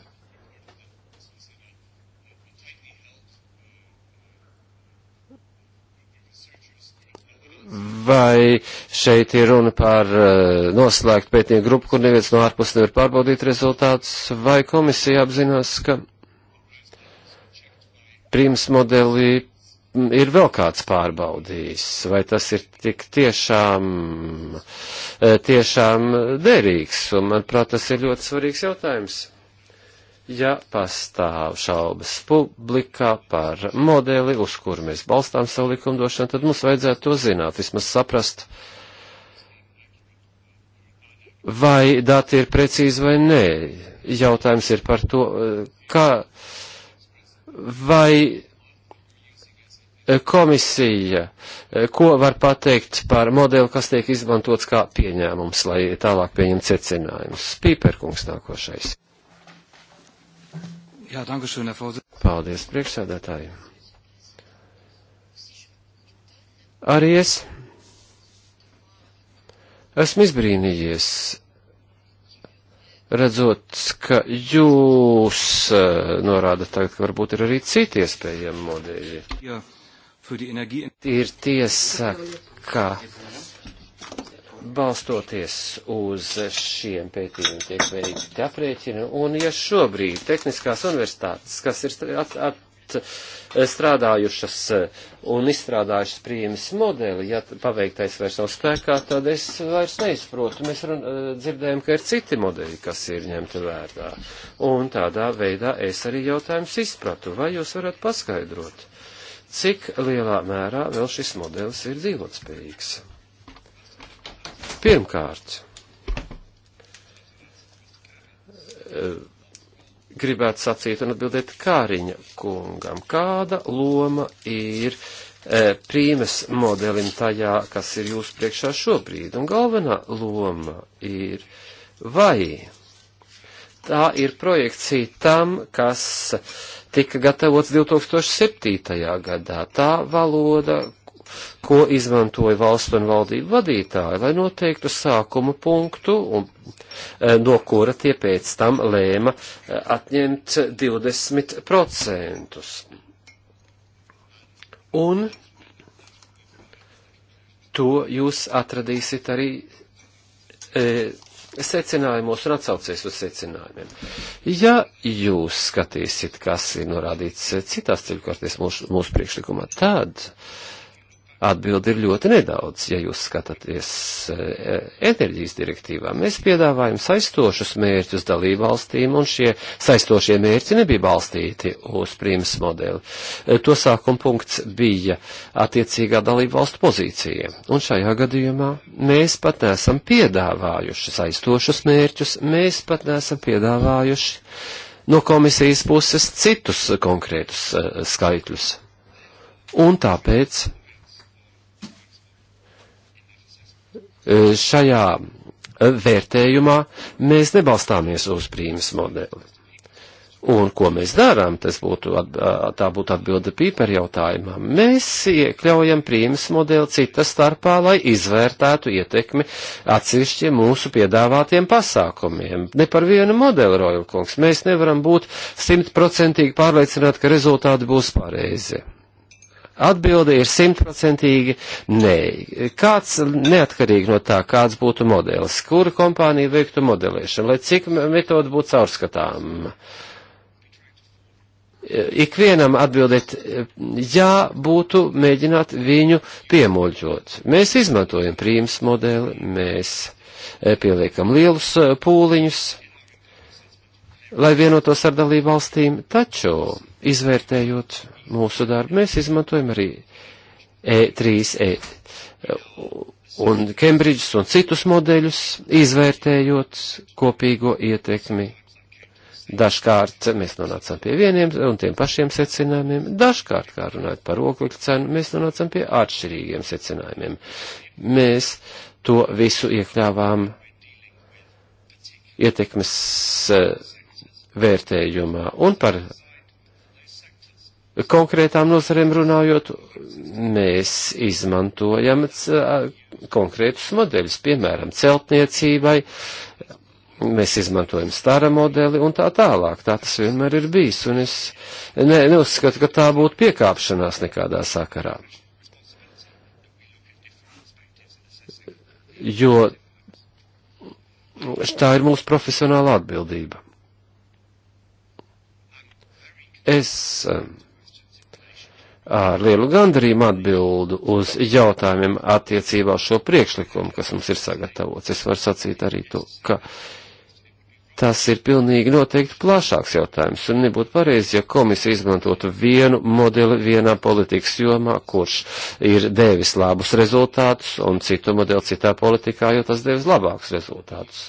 vai šeit ir runa par eh, noslēgt pētnieku grupu, kur neviens no ārpus nevar pārbaudīt rezultātus, vai komisija apzinās, ka prīms modelī mm, ir vēl kāds pārbaudījis, vai tas ir tik tiešām, eh, tiešām derīgs, un manuprāt, tas ir ļoti svarīgs jautājums ja pastāv šaubas publikā par modeli, uz kuru mēs balstām savu likumdošanu, tad mums vajadzētu to zināt, vismaz saprast, vai dati ir precīzi vai nē. Jautājums ir par to, eh, kā vai eh, komisija, eh, ko var pateikt par modeli, kas tiek izmantots kā pieņēmums, lai tālāk pieņem secinājumus. Spīperkungs nākošais. Jā, dankušana, Fauzi. Paldies, priekšsēdētāji. Arī es esmu izbrīnījies, redzot, ka jūs eh, norādat tagad, ka varbūt ir arī citi iespējami modeļi. Jā, ir tiesa, ka balstoties uz šiem pētījumiem tiek veikti aprēķini, un ja šobrīd tehniskās universitātes, kas ir at, at, strādājušas eh, un izstrādājušas priemis modeli, ja paveiktais vairs nav spēkā, tad es vairs neizprotu. Mēs run, eh, dzirdējam, ka ir citi modeļi, kas ir ņemti vērā. Un tādā veidā es arī jautājums izpratu. Vai jūs varat paskaidrot, cik lielā mērā vēl šis modelis ir dzīvotspējīgs? Pirmkārt, eh, gribētu sacīt un atbildēt Kāriņa kungam, kāda loma ir e, prīmes modelim tajā, kas ir jūsu priekšā šobrīd. Un galvenā loma ir vai tā ir projekcija tam, kas tika gatavots 2007. gadā. Tā valoda, ko izmantoja valstu un valdību vadītāji, lai noteiktu sākumu punktu, un, e, no kura tie pēc tam lēma e, atņemt 20%. Un to jūs atradīsiet arī e, secinājumos un atsaucies uz secinājumiem. Ja jūs skatīsiet, kas ir norādīts citās ceļkārties mūsu, mūsu priekšlikumā, tad Atbildi ir ļoti nedaudz, ja jūs skatāties e, enerģijas direktīvā. Mēs piedāvājam saistošus mērķus dalībvalstīm, un šie saistošie mērķi nebija balstīti uz prīmas modeli. E, to sākuma punkts bija attiecīgā dalībvalstu pozīcija, un šajā gadījumā mēs pat nesam piedāvājuši saistošus mērķus, mēs pat nesam piedāvājuši no komisijas puses citus konkrētus uh, skaitļus. Un tāpēc E, šajā e, vērtējumā mēs nebalstāmies uz prīmas modeli. Un ko mēs darām, tas būtu, tā būtu atbilde pīper jautājumā. Mēs iekļaujam prīmas modeli citas starpā, lai izvērtētu ietekmi atsevišķiem mūsu piedāvātiem pasākumiem. Ne par vienu modeli, Rojulkungs, mēs nevaram būt simtprocentīgi pārliecināti, ka rezultāti būs pareizi. Atbilde ir simtprocentīgi nē. Kāds neatkarīgi no tā, kāds būtu modelis, kura kompānija veiktu modelēšanu, lai cik metoda būtu caurskatām. Ikvienam atbildēt, jā, būtu mēģināt viņu piemuļķot. Mēs izmantojam prīmas modeli, mēs e, pieliekam lielus e, pūliņus, lai vienotos ar dalību valstīm, taču izvērtējot mūsu darbu. Mēs izmantojam arī E3E e, un Kembridžas un citus modeļus, izvērtējot kopīgo ietekmi. Dažkārt mēs nonācām pie vieniem un tiem pašiem secinājumiem, dažkārt, kā runājot par oglekļu cenu, mēs nonācām pie atšķirīgiem secinājumiem. Mēs to visu iekļāvām ietekmes eh, vērtējumā un par konkrētām nozarēm runājot, mēs izmantojam konkrētus modeļus, piemēram, celtniecībai, mēs izmantojam stara modeli un tā tālāk. Tā tas vienmēr ir bijis, un es ne, neuzskatu, ka tā būtu piekāpšanās nekādā sakarā. Jo tā ir mūsu profesionāla atbildība. Es um, ar lielu gandarījumu atbildu uz jautājumiem attiecībā uz šo priekšlikumu, kas mums ir sagatavots. Es varu sacīt arī to, ka tas ir pilnīgi noteikti plašāks jautājums, un nebūtu pareizi, ja komisija izmantotu vienu modeli vienā politikas jomā, kurš ir devis labus rezultātus, un citu modeli citā politikā, jo tas devis labākus rezultātus.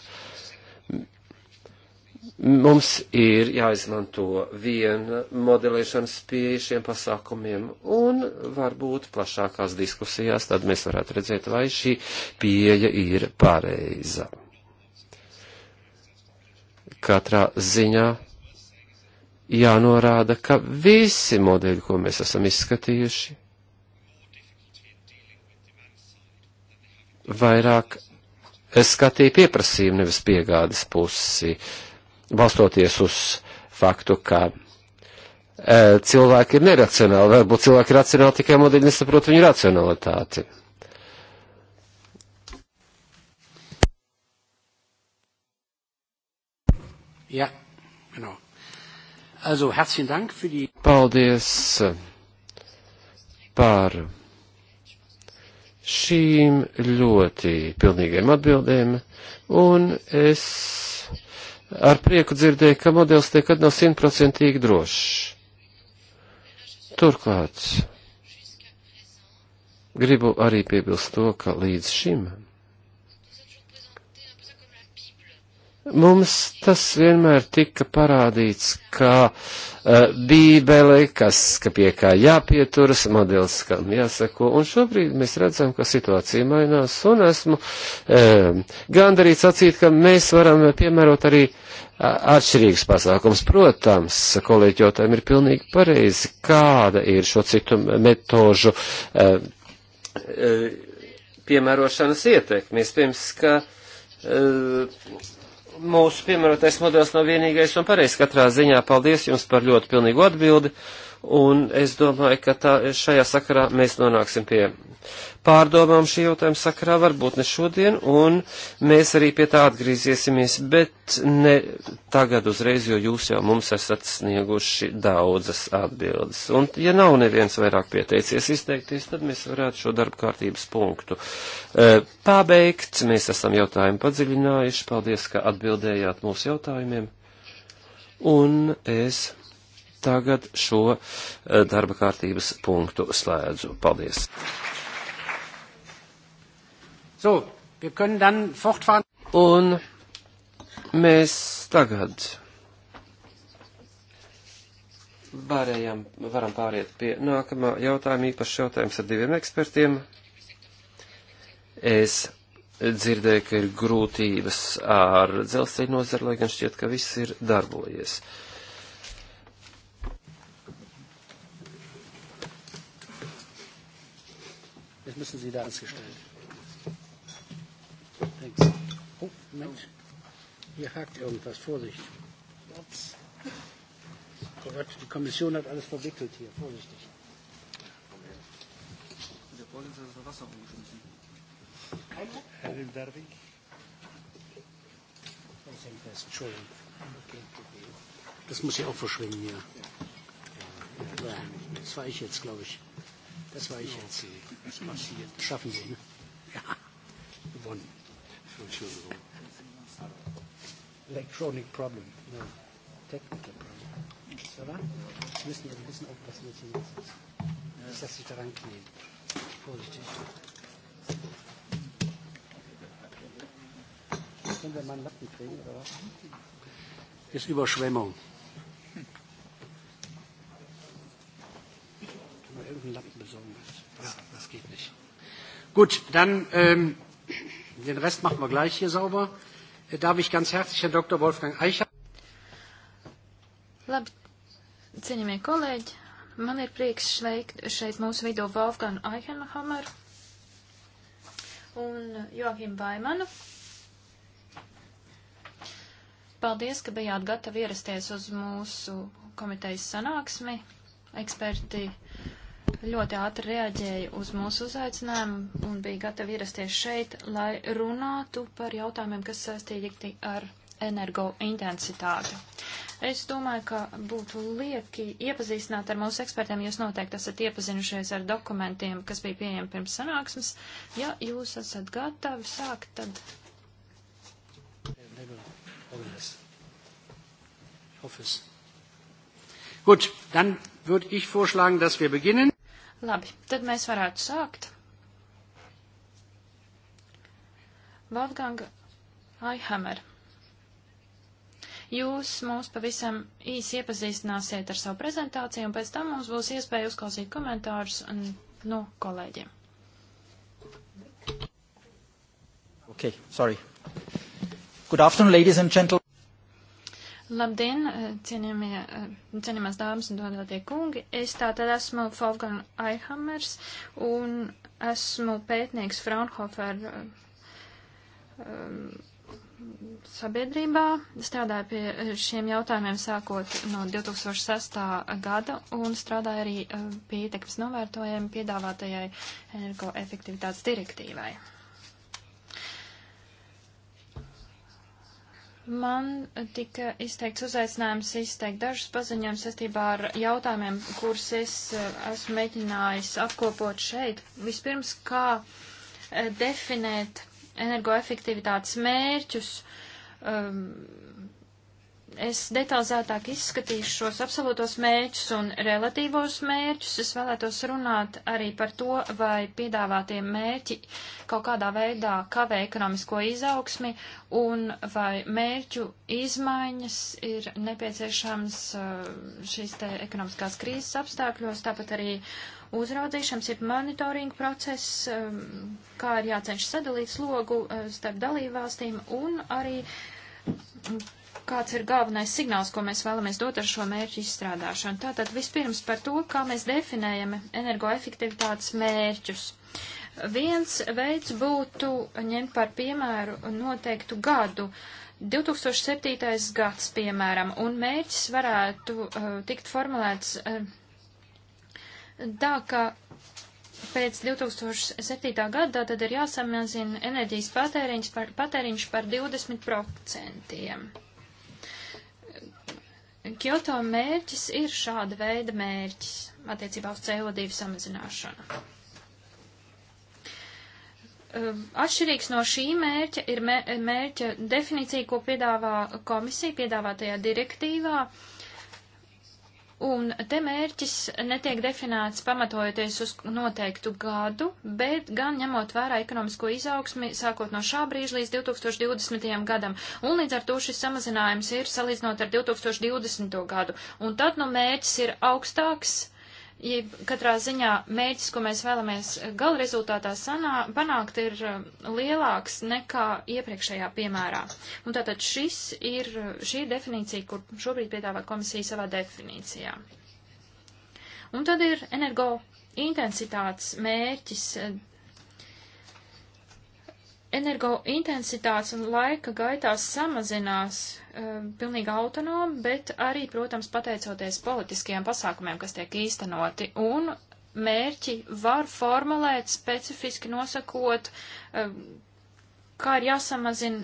Mums ir jāizmanto viena modelēšanas pieeja šiem pasākumiem, un varbūt plašākās diskusijās tad mēs varētu redzēt, vai šī pieeja ir pareiza. Katrā ziņā jānorāda, ka visi modeļi, ko mēs esam izskatījuši, vairāk skatīja pieprasījumu, nevis piegādes pusi. Uh, balstoties uz faktu, ka e, cilvēki ir neracionāli, varbūt cilvēki ir racionāli tikai modeļi nesaprot viņu racionalitāti. Ja, genau. Also, herzlichen Dank für die. Paldies par šīm ļoti pilnīgiem atbildēm, un es ar prieku dzirdēju, ka modelis nekad nav simtprocentīgi drošs. Turklāt gribu arī piebilst to, ka līdz šim Mums tas vienmēr tika parādīts, kā uh, eh, bībele, kas, ka pie kā jāpieturas, modelis, kam jāsako, un šobrīd mēs redzam, ka situācija mainās, un esmu uh, gandarīts acīt, ka mēs varam piemērot arī uh, atšķirīgs pasākums. Protams, kolēģotājiem ir pilnīgi pareizi, kāda ir šo citu metožu uh, uh, piemērošanas ietekme. Iespējams, ka uh, mūsu piemērotais modelis nav vienīgais un pareizs katrā ziņā. Paldies jums par ļoti pilnīgu atbildi. Un es domāju, ka tā, šajā sakarā mēs nonāksim pie pārdomām šī jautājuma sakarā, varbūt ne šodien, un mēs arī pie tā atgrieziesimies, bet ne tagad uzreiz, jo jūs jau mums esat snieguši daudzas atbildes. Un ja nav neviens vairāk pieteicies izteikties, tad mēs varētu šo darba kārtības punktu e, pabeigt. Mēs esam jautājumu padziļinājuši. Paldies, ka atbildējāt mūsu jautājumiem. Un es tagad šo eh, darba kārtības punktu slēdzu. Paldies! So, Un mēs tagad varējām, varam pāriet pie nākamā jautājuma. Īpašs jautājums ar diviem ekspertiem. Es dzirdēju, ka ir grūtības ar dzelzceļa nozaru, lai gan šķiet, ka viss ir darbojies. Uh, Vielleicht müssen Sie da angestellt. Thanks. Oh, Moment. Hier hakt irgendwas. Vorsicht. Oh Gott, die Kommission hat alles verwickelt hier. Vorsichtig. Der Vorsitzende hat Wasser umgeschmissen. Herr Darwig. Das hängt fest. Entschuldigung. Das muss ja auch verschwinden hier. Ja, das war ich jetzt, glaube ich. Das war ich jetzt. Das passiert. Schaffen Sie, ne? Ja, gewonnen. Entschuldigung. Electronic problem. No. Technical problem. Ist das wahr? Sie müssen ein bisschen aufpassen, was Sie jetzt ist. Nicht, dass Sie da ranknien. Vorsichtig. Können wir mal einen Lappen kriegen, oder was? Ist Überschwemmung. irgendeinen Lappen besorgen willst. Ja, das geht nicht. Gut, dann ähm, den Rest machen wir gleich hier sauber. Äh, darf ich ganz herzlich Herrn Dr. Wolfgang Eicher. Labi, cienījamie kolēģi, man ir prieks sveikt šeit mūsu vidū Wolfgang Eichenhammer un Joachim Baimanu. Paldies, ka bijāt gatavi ierasties uz mūsu komitejas sanāksmi. Eksperti ļoti ātri reaģēja uz mūsu uzaicinājumu un bija gatavi ierasties šeit, lai runātu par jautājumiem, kas saistīti ar energointensitāti. Es domāju, ka būtu lieki iepazīstināt ar mūsu ekspertiem. Jūs noteikti esat iepazinušies ar dokumentiem, kas bija pieejami pirms sanāksmes. Ja jūs esat gatavi sākt, tad. Gut, dann würde ich vorschlagen, dass wir beginnen. Labi, tad mēs varētu sākt. Wolfgang Aihammer. Jūs mūs pavisam īsi iepazīstināsiet ar savu prezentāciju, un pēc tam mums būs iespēja uzklausīt komentārus no nu, kolēģiem. Okay, sorry. Good afternoon, ladies and gentlemen. Labdien, eh, cienījamie, eh, cienījamās dāmas un dodātie kungi. Es tātad esmu Wolfgang Eihammers un esmu pētnieks Fraunhofer um, sabiedrībā. Strādāju pie šiem jautājumiem sākot no 2006. gada un strādāju arī pie ietekmes novērtojiem piedāvātajai energoefektivitātes direktīvai. Man tika izteikts uzaicinājums izteikt dažus paziņojumus saistībā ar jautājumiem, kurus es eh, esmu mēģinājis apkopot šeit. Vispirms, kā eh, definēt energoefektivitātes mērķus, um, es detalizētāk izskatīšu šos absolūtos mērķus un relatīvos mērķus. Es vēlētos runāt arī par to, vai piedāvātie mērķi kaut kādā veidā kavē ekonomisko izaugsmi un vai mērķu izmaiņas ir nepieciešams uh, šīs te ekonomiskās krīzes apstākļos, tāpat arī uzraudzīšanas, ir monitoringa process, um, kā ir jācenšas sadalīt slogu uh, starp dalībvalstīm un arī kāds ir galvenais signāls, ko mēs vēlamies dot ar šo mērķu izstrādāšanu. Tātad vispirms par to, kā mēs definējam energoefektivitātes mērķus. Viens veids būtu ņemt par piemēru noteiktu gadu. 2007. gads, piemēram, un mērķis varētu uh, tikt formulēts uh, tā, ka pēc 2007. gada tad ir jāsamazina enerģijas patēriņš par, patēriņš par 20%. Kyoto mērķis ir šāda veida mērķis attiecībā uz CO2 samazināšanu. Um, atšķirīgs no šī mērķa ir mērķa definīcija, ko piedāvā komisija piedāvātajā direktīvā. Uh, Un te mērķis netiek definēts pamatojoties uz noteiktu gadu, bet gan ņemot vērā ekonomisko izaugsmi sākot no šā brīža līdz 2020. gadam. Un līdz ar to šis samazinājums ir salīdzinot ar 2020. gadu. Un tad nu mērķis ir augstāks jeb katrā ziņā mērķis, ko mēs vēlamies gala rezultātā sanā, panākt, ir um, lielāks nekā iepriekšējā piemērā. Un tātad šis ir, šī ir definīcija, kur šobrīd piedāvā komisija savā definīcijā. Un tad ir energo intensitātes mērķis energointensitātes un laika gaitā samazinās um, pilnīgi autonomi, bet arī, protams, pateicoties politiskajiem pasākumiem, kas tiek īstenoti. Un mērķi var formulēt specifiski nosakot, um, kā ir jāsamazina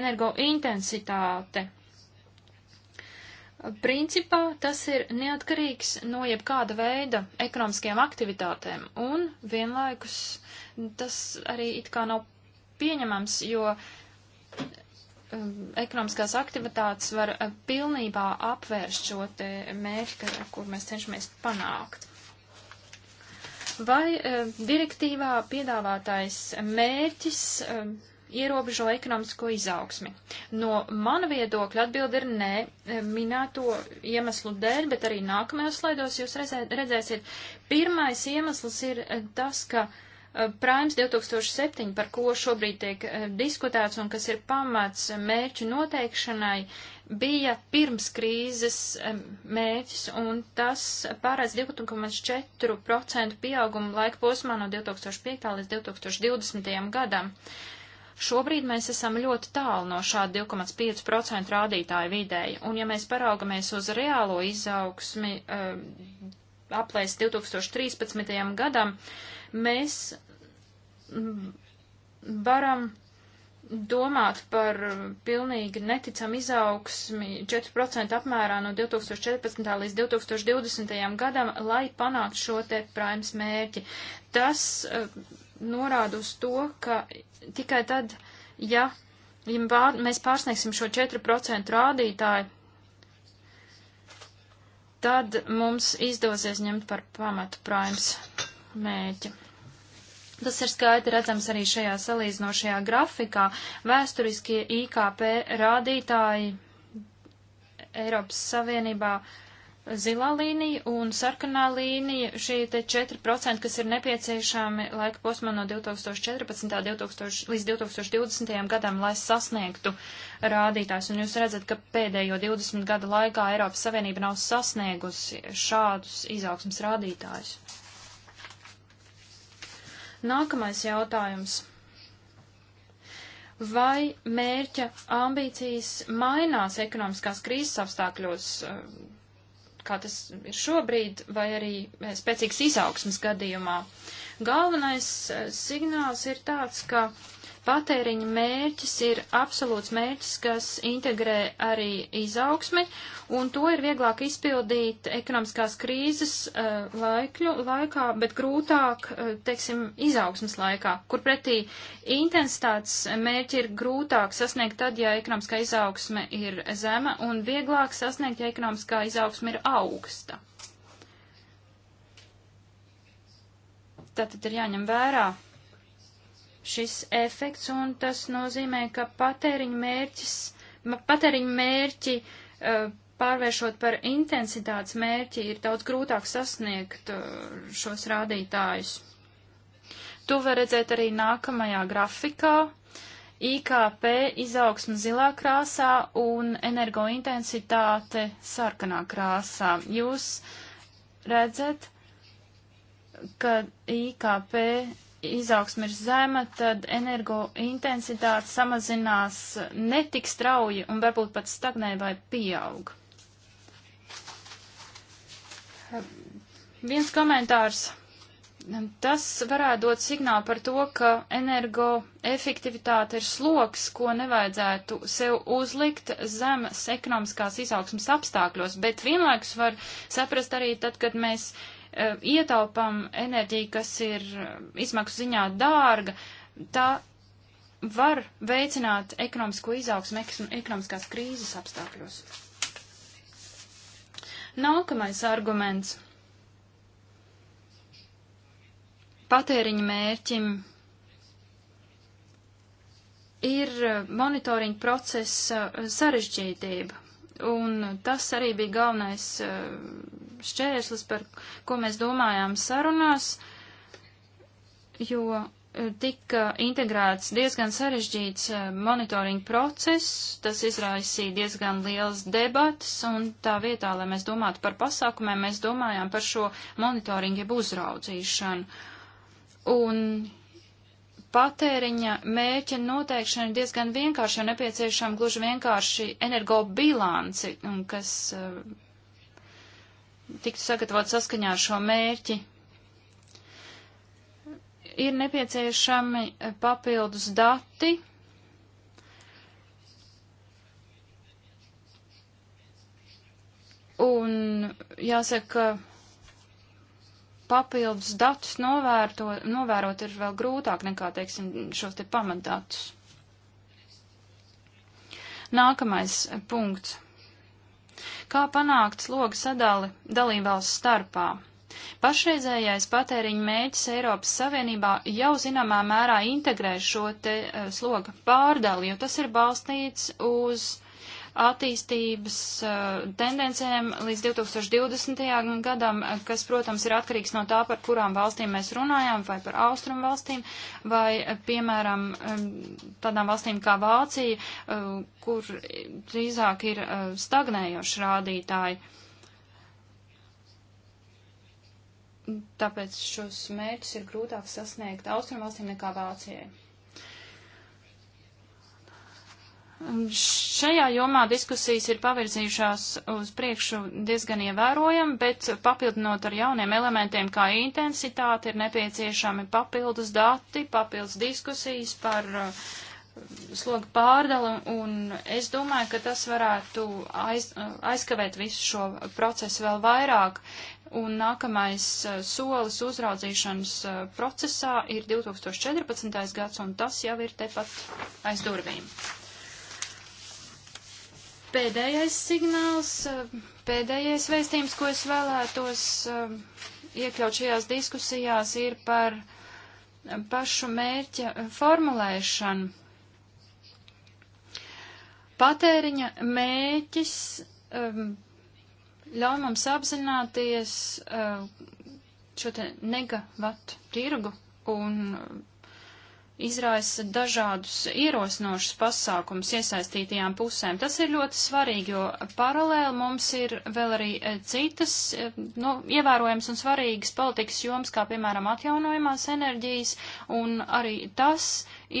energointensitāte. Principā tas ir neatkarīgs no jebkāda veida ekonomiskajām aktivitātēm, un vienlaikus tas arī it kā nav pieņemams, jo um, ekonomiskās aktivitātes var uh, pilnībā apvērst šo te mērķi, kur mēs cenšamies panākt. Vai um, direktīvā piedāvātais mērķis um, ierobežo ekonomisko izaugsmi? No mana viedokļa atbildi ir nē, minēto iemeslu dēļ, bet arī nākamajos slaidos jūs redzēsiet. Pirmais iemesls ir uh, tas, ka uh, Eh, Prāms 2007, par ko šobrīd tiek eh, diskutēts un kas ir pamats mērķu noteikšanai, bija pirms krīzes eh, mērķis, un tas pārēc 2,4% pieaugumu laika posmā no 2005. līdz 2020. gadam. Šobrīd mēs esam ļoti tālu no šāda 2,5% rādītāja vidēji, un ja mēs paraugamies uz reālo izaugsmi aplēs 2013. gadam, mēs varam domāt par pilnīgi neticam izaugsmi 4% apmērā no 2014. līdz 2020. gadam, lai panāktu šo te praimas mērķi. Tas uh, norāda uz to, ka tikai tad, ja, ja bār, mēs pārsniegsim šo 4% rādītāju, tad mums izdosies ņemt par pamatu praimas mērķi. Tas ir skaidri redzams arī šajā salīdzinošajā grafikā. Vēsturiskie IKP rādītāji Eiropas Savienībā zilā līnija un sarkanā līnija, šie te 4%, kas ir nepieciešami laika posmā no 2014. 2000, līdz 2020. gadam, lai sasniegtu rādītājs. Un jūs redzat, ka pēdējo 20 gadu laikā Eiropas Savienība nav sasniegusi šādus izaugsmas rādītājus. Nākamais jautājums. Vai mērķa ambīcijas mainās ekonomiskās krīzes apstākļos, eh, kā tas ir šobrīd, vai arī eh, spēcīgas izaugsmas gadījumā? Galvenais eh, signāls ir tāds, ka patēriņa mērķis ir absolūts mērķis, kas integrē arī izaugsmi, un to ir vieglāk izpildīt ekonomiskās krīzes uh, laikļu, laikā, bet grūtāk, uh, teiksim, izaugsmas laikā, kur pretī intensitātes mērķi ir grūtāk sasniegt tad, ja ekonomiskā izaugsme ir zema, un vieglāk sasniegt, ja ekonomiskā izaugsme ir augsta. Tātad ir jāņem vērā šis efekts, un tas nozīmē, ka patēriņu mērķis, patēriņu mērķi e, pārvēršot par intensitātes mērķi ir daudz grūtāk sasniegt e, šos rādītājus. To var redzēt arī nākamajā grafikā. IKP izaugsme zilā krāsā un energointensitāte sarkanā krāsā. Jūs redzat, ka IKP izaugsme ir zema, tad energointensitāte samazinās netik strauji un varbūt pat stagnē vai pieaug. Viens komentārs. Tas varētu dot signālu par to, ka energoefektivitāte ir sloks, ko nevajadzētu sev uzlikt zemes ekonomiskās izaugsmas apstākļos, bet vienlaikus var saprast arī tad, kad mēs uh, Eh, ietaupam enerģiju, kas ir eh, izmaksu ziņā dārga, tā var veicināt ekonomisko izaugsmu ekonomiskās krīzes apstākļos. Nākamais arguments. Patēriņa mērķim ir eh, monitoringa procesa sarežģītība, un tas arī bija galvenais šķērslis, par ko mēs domājām sarunās, jo e, tika integrēts diezgan sarežģīts e, monitoringa process, tas izraisīja diezgan liels debats, un tā vietā, lai mēs domātu par pasākumiem, mēs domājām par šo monitoringu jeb uzraudzīšanu. Un patēriņa mērķa noteikšana ir diezgan vienkārša, jo nepieciešama gluži vienkārši energobilanci, kas e, tiktu sagatavot saskaņā ar šo mērķi. Ir nepieciešami papildus dati. Un jāsaka, papildus datus novērto, novērot ir vēl grūtāk nekā, teiksim, šos te pamatdatus. Nākamais punkts kā panākt slogu sadali dalībvalsts starpā. Pašreizējais patēriņa mēģis Eiropas Savienībā jau zināmā mērā integrē šo te uh, sloga pārdali, jo tas ir balstīts uz attīstības eh, tendencēm līdz 2020. gadam, eh, kas, protams, ir atkarīgs no tā, par kurām valstīm mēs runājam, vai par austrumu valstīm, vai, eh, piemēram, tādām valstīm kā Vācija, kur drīzāk ir stagnējoši rādītāji. Tāpēc šos mērķus ir grūtāk sasniegt austrumu valstīm nekā Vācijai. Um, šajā jomā diskusijas ir pavirzījušās uz priekšu diezgan ievērojami, bet papildinot ar jauniem elementiem kā intensitāte, ir nepieciešami papildus dati, papildus diskusijas par uh, slogu pārdalu, un es domāju, ka tas varētu aiz, uh, aizkavēt visu šo procesu vēl vairāk, un nākamais uh, solis uzraudzīšanas procesā ir 2014. gads, un tas jau ir tepat aiz durvīm pēdējais signāls, eh, pēdējais vēstījums, ko es vēlētos eh, iekļaut šajās diskusijās, ir par pašu mērķa formulēšanu. Patēriņa mērķis eh, ļauj mums apzināties šo te negavatu tirgu un izraisa dažādus ierosinošus pasākums iesaistītajām pusēm. Tas ir ļoti svarīgi, jo paralēli mums ir vēl arī e, citas e, nu, ievērojams un svarīgas politikas joms, kā piemēram atjaunojumās enerģijas, un arī tas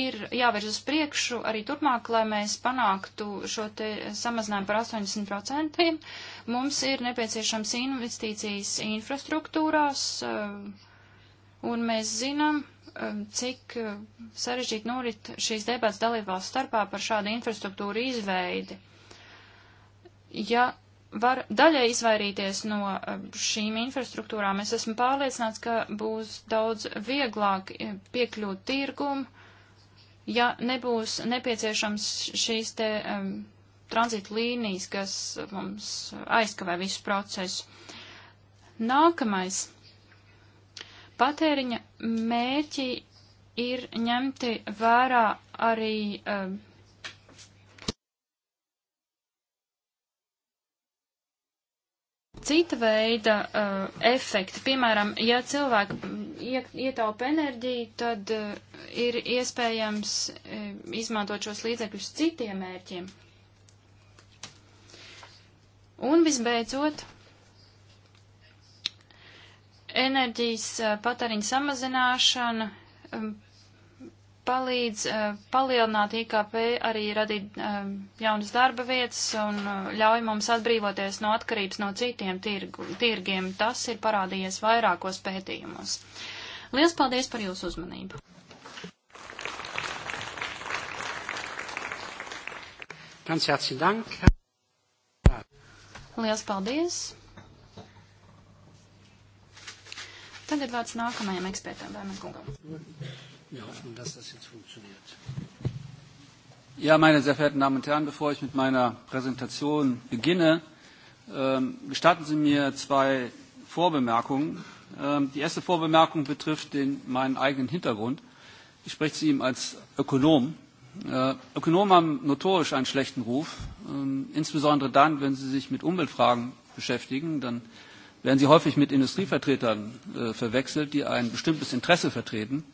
ir jāvērš uz priekšu arī turpmāk, lai mēs panāktu šo te samazinājumu par 80%. Mums ir nepieciešams investīcijas infrastruktūrās, e, un mēs zinām, Um, cik uh, sarežģīti norit šīs debats dalībvalsts starpā par šādu infrastruktūru izveidi. Ja var daļai izvairīties no um, šīm infrastruktūrām, es esmu pārliecināts, ka būs daudz vieglāk uh, piekļūt tirgumu, ja nebūs nepieciešams šīs te um, tranzīta līnijas, kas mums aizkavē visu procesu. Nākamais patēriņa mērķi ir ņemti vērā arī um, cita veida uh, efekti. Piemēram, ja cilvēki mm, ietaupa enerģiju, tad uh, ir iespējams uh, izmantot šos līdzekļus citiem mērķiem. Un visbeidzot, enerģijas eh, patēriņa samazināšana eh, palīdz eh, palielināt IKP, arī radīt jaunas darba vietas un ļauj mums atbrīvoties no atkarības no citiem tirgu, tirgiem. Tas ir parādījies vairākos pētījumos. Lielas paldies par jūsu uzmanību! Ganz herzlichen Dank. Liels paldies! Tagad vārds nākamajam ekspertam, Vēmen kungam. Ja, meine sehr verehrten Damen und Herren, bevor ich mit meiner Präsentation beginne, ähm, gestatten Sie mir zwei Vorbemerkungen. Ähm, die erste Vorbemerkung betrifft den, meinen eigenen Hintergrund. Ich spreche zu ihm als Ökonom. Äh, Ökonomen haben notorisch einen schlechten Ruf, äh, insbesondere dann, wenn sie sich mit Umweltfragen beschäftigen, dann äh, werden sie häufig mit Industrievertretern äh, verwechselt, die ein bestimmtes Interesse vertreten.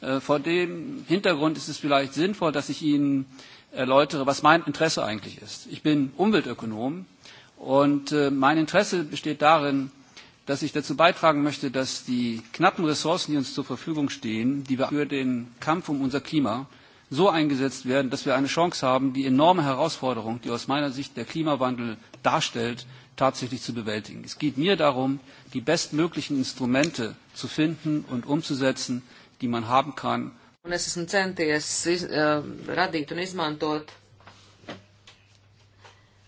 Äh, vor dem Hintergrund ist es vielleicht sinnvoll, dass ich Ihnen erläutere, was mein Interesse eigentlich ist. Ich bin Umweltökonom und äh, mein Interesse besteht darin, dass ich dazu beitragen möchte, dass die knappen Ressourcen, die uns zur Verfügung stehen, die wir für den Kampf um unser Klima so eingesetzt werden, dass wir eine Chance haben, die enorme Herausforderung, die aus meiner Sicht der Klimawandel darstellt, tatsächlich zu bewältigen. Es geht mir darum, die bestmöglichen Instrumente zu finden und umzusetzen, die man haben kann. Un es esmu centies iz, uh, radīt un izmantot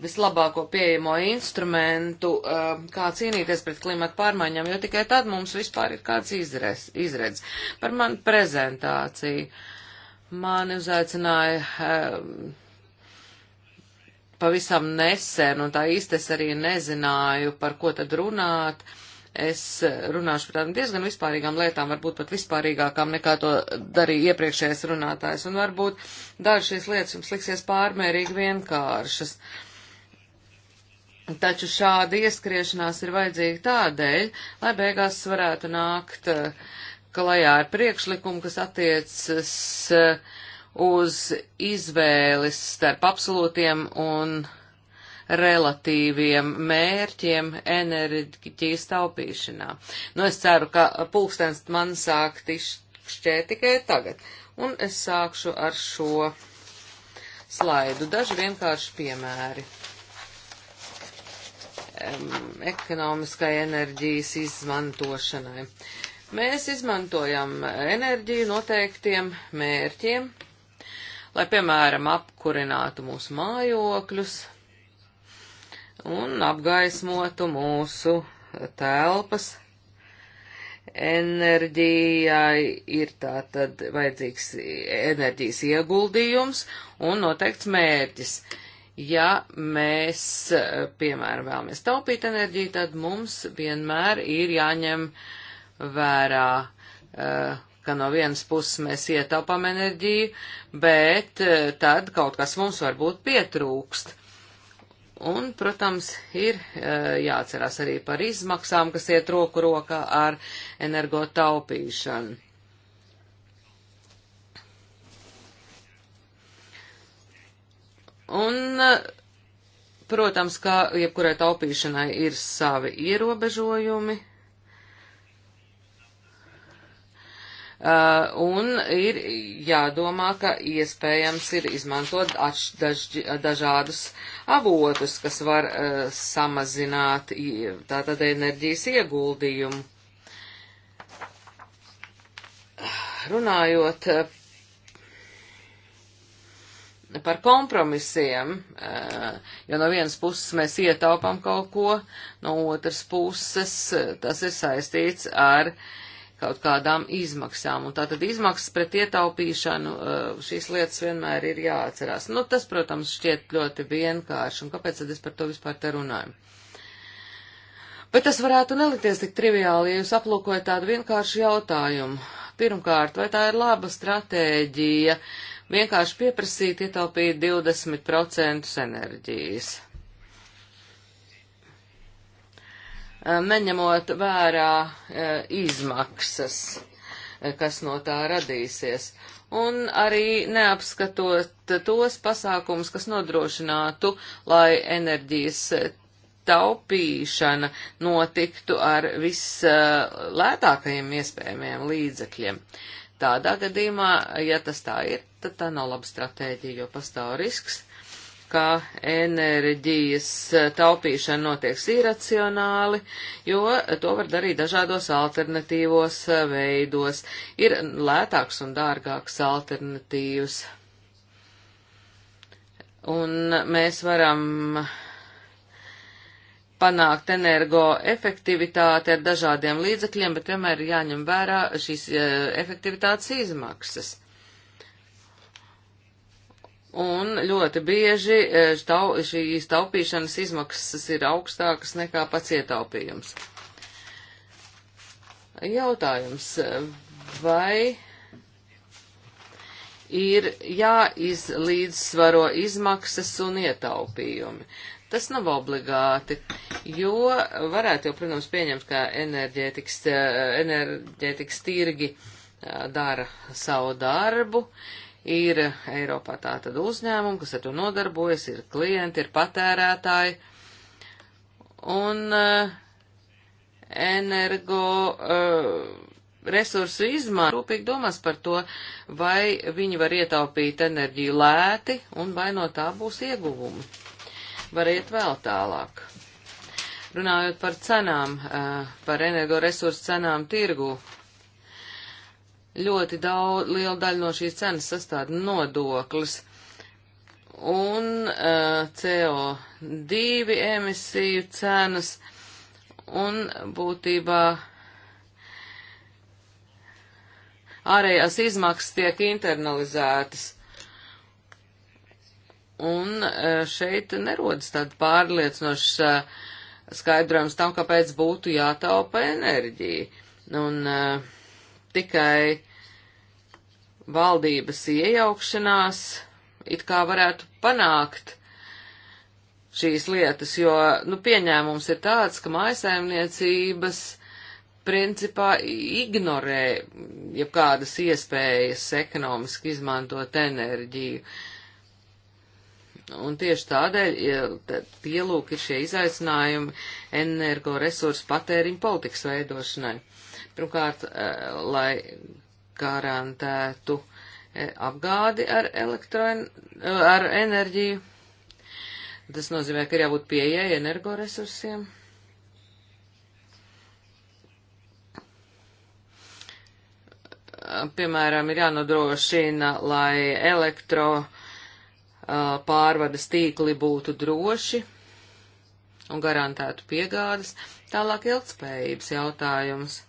vislabāko pieejamo instrumentu, uh, kā cīnīties pret klimatu pārmaiņām, jo tikai tad mums vispār ir kāds izrez, izredz. Par manu prezentāciju mani uzaicināja uh, pavisam nesen, un tā īsti es arī nezināju, par ko tad runāt. Es runāšu par tādām diezgan vispārīgām lietām, varbūt pat vispārīgākām nekā to darīja iepriekšējais runātājs, un varbūt dažas šīs lietas jums liksies pārmērīgi vienkāršas. Taču šāda ieskriešanās ir vajadzīga tādēļ, lai beigās varētu nākt eh, klajā ar priekšlikumu, kas attiecas uh, uz izvēles starp absolūtiem un relatīviem mērķiem enerģijas taupīšanā. Nu, es ceru, ka pulkstens man sāk tišķēt tikai tagad. Un es sākšu ar šo slaidu. Daži vienkārši piemēri. Um, ekonomiskai enerģijas izmantošanai. Mēs izmantojam enerģiju noteiktiem mērķiem, lai, piemēram, apkurinātu mūsu mājokļus un apgaismotu mūsu telpas. Enerģijai ir tātad vajadzīgs enerģijas ieguldījums un noteikts mērķis. Ja mēs, piemēram, vēlamies taupīt enerģiju, tad mums vienmēr ir jāņem vērā uh, ka no vienas puses mēs ietaupām enerģiju, bet eh, tad kaut kas mums varbūt pietrūkst. Un, protams, ir eh, jāatcerās arī par izmaksām, kas iet roku rokā ar energo taupīšanu. Un, eh, protams, kā jebkurai taupīšanai ir savi ierobežojumi. Uh, un ir jādomā, ka iespējams ir izmantot daž, dažādus avotus, kas var uh, samazināt tātad enerģijas ieguldījumu. Runājot uh, par kompromisiem, uh, jo no vienas puses mēs ietaupām kaut ko, no otras puses tas ir saistīts ar uh, kaut kādām izmaksām. Un tātad izmaksas pret ietaupīšanu eh, šīs lietas vienmēr ir jāatcerās. Nu, tas, protams, šķiet ļoti vienkārši, un kāpēc tad es par to vispār te runāju? Bet tas varētu nelikties tik triviāli, ja jūs aplūkojat tādu vienkāršu jautājumu. Pirmkārt, vai tā ir laba stratēģija vienkārši pieprasīt ietaupīt 20% enerģijas? Eh, neņemot vērā eh, izmaksas, eh, kas no tā radīsies, un arī neapskatot tos pasākums, kas nodrošinātu, lai enerģijas taupīšana notiktu ar vislētākajiem iespējamiem līdzekļiem. Tādā gadījumā, ja tas tā ir, tad tā nav laba stratēģija, jo pastāv risks, ka enerģijas eh, taupīšana notiek iracionāli, jo to var darīt dažādos alternatīvos eh, veidos. Ir lētāks un dārgāks alternatīvs. Un mēs varam panākt energoefektivitāti ar dažādiem līdzekļiem, bet vienmēr ir jāņem vērā šīs eh, efektivitātes izmaksas. Un ļoti bieži e, štau, šīs taupīšanas izmaksas ir augstākas nekā pats ietaupījums. Jautājums, e, vai ir jāizlīdzsvaro izmaksas un ietaupījumi? Tas nav obligāti, jo varētu jau, protams, pieņemt, ka enerģētikas, e, enerģētikas tirgi dara savu darbu. Uh, Ir Eiropā tā tad uzņēmumi, kas ar to nodarbojas, ir klienti, ir patērētāji. Un uh, energo uh, resursu izmanto rūpīgi domās par to, vai viņi var ietaupīt enerģiju lēti un vai no tā būs ieguvumi. Var iet vēl tālāk. Runājot par cenām, eh, par energoresursu cenām tirgu, ļoti daudz, liela daļa no šīs cenas sastāv nodoklis un uh, eh, CO2 emisiju cenas, un būtībā ārējās izmaksas tiek internalizētas. Un uh, šeit nerodas tāda pārliecinoša uh, eh, skaidrojums tam, kāpēc būtu jātaupa enerģija. Un uh, tikai valdības iejaukšanās it kā varētu panākt šīs lietas, jo, nu, pieņēmums ir tāds, ka mājasēmniecības principā ignorē jau kādas iespējas ekonomiski izmantot enerģiju. Un tieši tādēļ, ja pielūk ir šie izaicinājumi energoresursu patēriņu politikas veidošanai. Pirmkārt, eh, lai garantētu e, apgādi ar, elektroen, e, ar enerģiju. Tas nozīmē, ka ir jābūt pieejai energoresursiem. Piemēram, ir jānodrošina, lai elektro e, pārvades tīkli būtu droši un garantētu piegādes, tālāk ilgspējības jautājums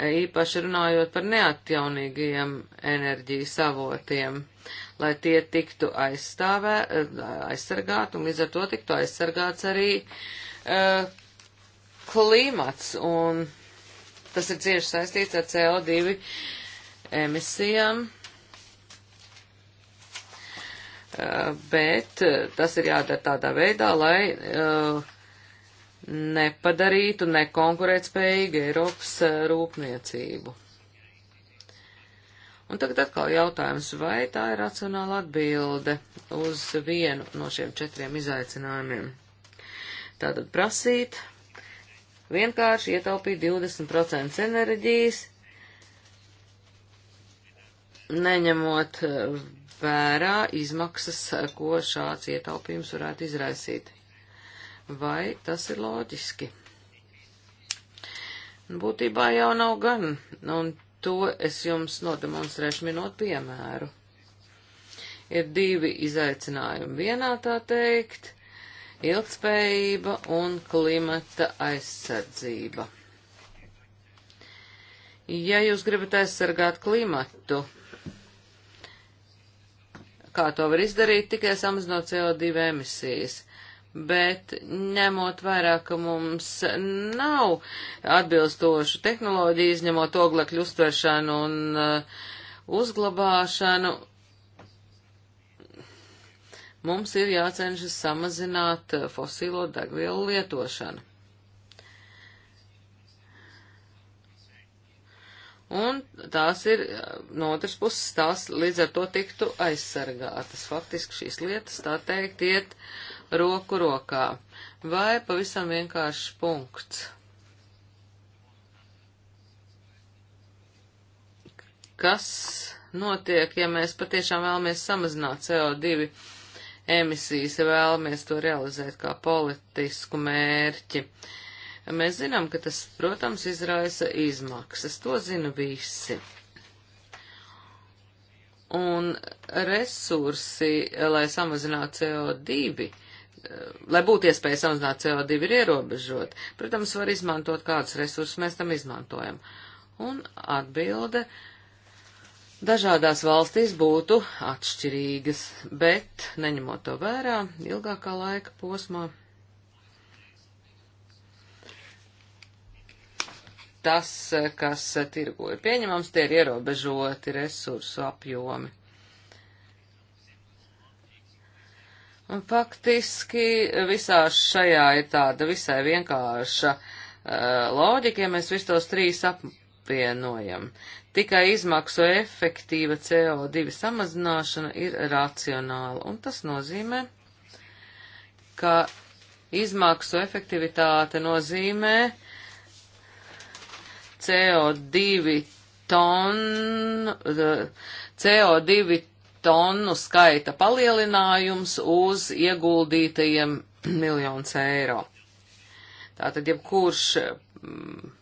īpaši runājot par neatjaunīgajiem enerģijas avotiem, lai tie tiktu aizstāvē, aizsargāti, un līdz ar to tiktu aizsargāts arī uh, klimats, un tas ir cieši saistīts ar CO2 emisijām. Uh, bet tas ir jādara tādā veidā, lai uh, nepadarītu nekonkurētspējīgu Eiropas eh, rūpniecību. Un tagad atkal jautājums, vai tā ir racionāla atbilde uz vienu no šiem četriem izaicinājumiem. Tātad prasīt, vienkārši ietaupīt 20% enerģijas, neņemot eh, vērā izmaksas, eh, ko šāds ietaupījums varētu izraisīt. Vai tas ir loģiski? Nu, būtībā jau nav gan, un to es jums nodemonstrēšu minot piemēru. Ir divi izaicinājumi vienā tā teikt - ilgspējība un klimata aizsardzība. Ja jūs gribat aizsargāt klimatu, kā to var izdarīt, tikai samazinot CO2 emisijas bet ņemot vērā, ka mums nav atbilstošu tehnoloģiju, izņemot oglekļu uztveršanu un uh, uzglabāšanu, mums ir jācenšas samazināt uh, fosīlo degvielu lietošanu. Un tās ir, uh, no otras puses, tās līdz ar to tiktu aizsargātas. Faktiski šīs lietas, tā teikt, iet uh, roku rokā, vai pavisam vienkāršs punkts. Kas notiek, ja mēs patiešām vēlamies samazināt CO2 emisijas, ja vēlamies to realizēt kā politisku mērķi? Mēs zinām, ka tas, protams, izraisa izmaksas, to zina visi. Un resursi, lai samazinātu CO2, lai būtu iespēja samazināt CO2, ir ierobežot. Protams, var izmantot kādus resursus mēs tam izmantojam. Un atbilde dažādās valstīs būtu atšķirīgas, bet, neņemot to vērā, ilgākā laika posmā tas, kas tirgo ir pieņemams, tie ir ierobežoti resursu apjomi. Un faktiski visā šajā ir tāda visai vienkārša uh, loģika, ja mēs visus tos trīs apvienojam. Tikai izmaksu efektīva CO2 samazināšana ir racionāla, un tas nozīmē, ka izmaksu efektivitāte nozīmē CO2 tonu, eh, CO2 tonu skaita palielinājums uz ieguldītajiem miljonus eiro. Tātad, ja kurš mm,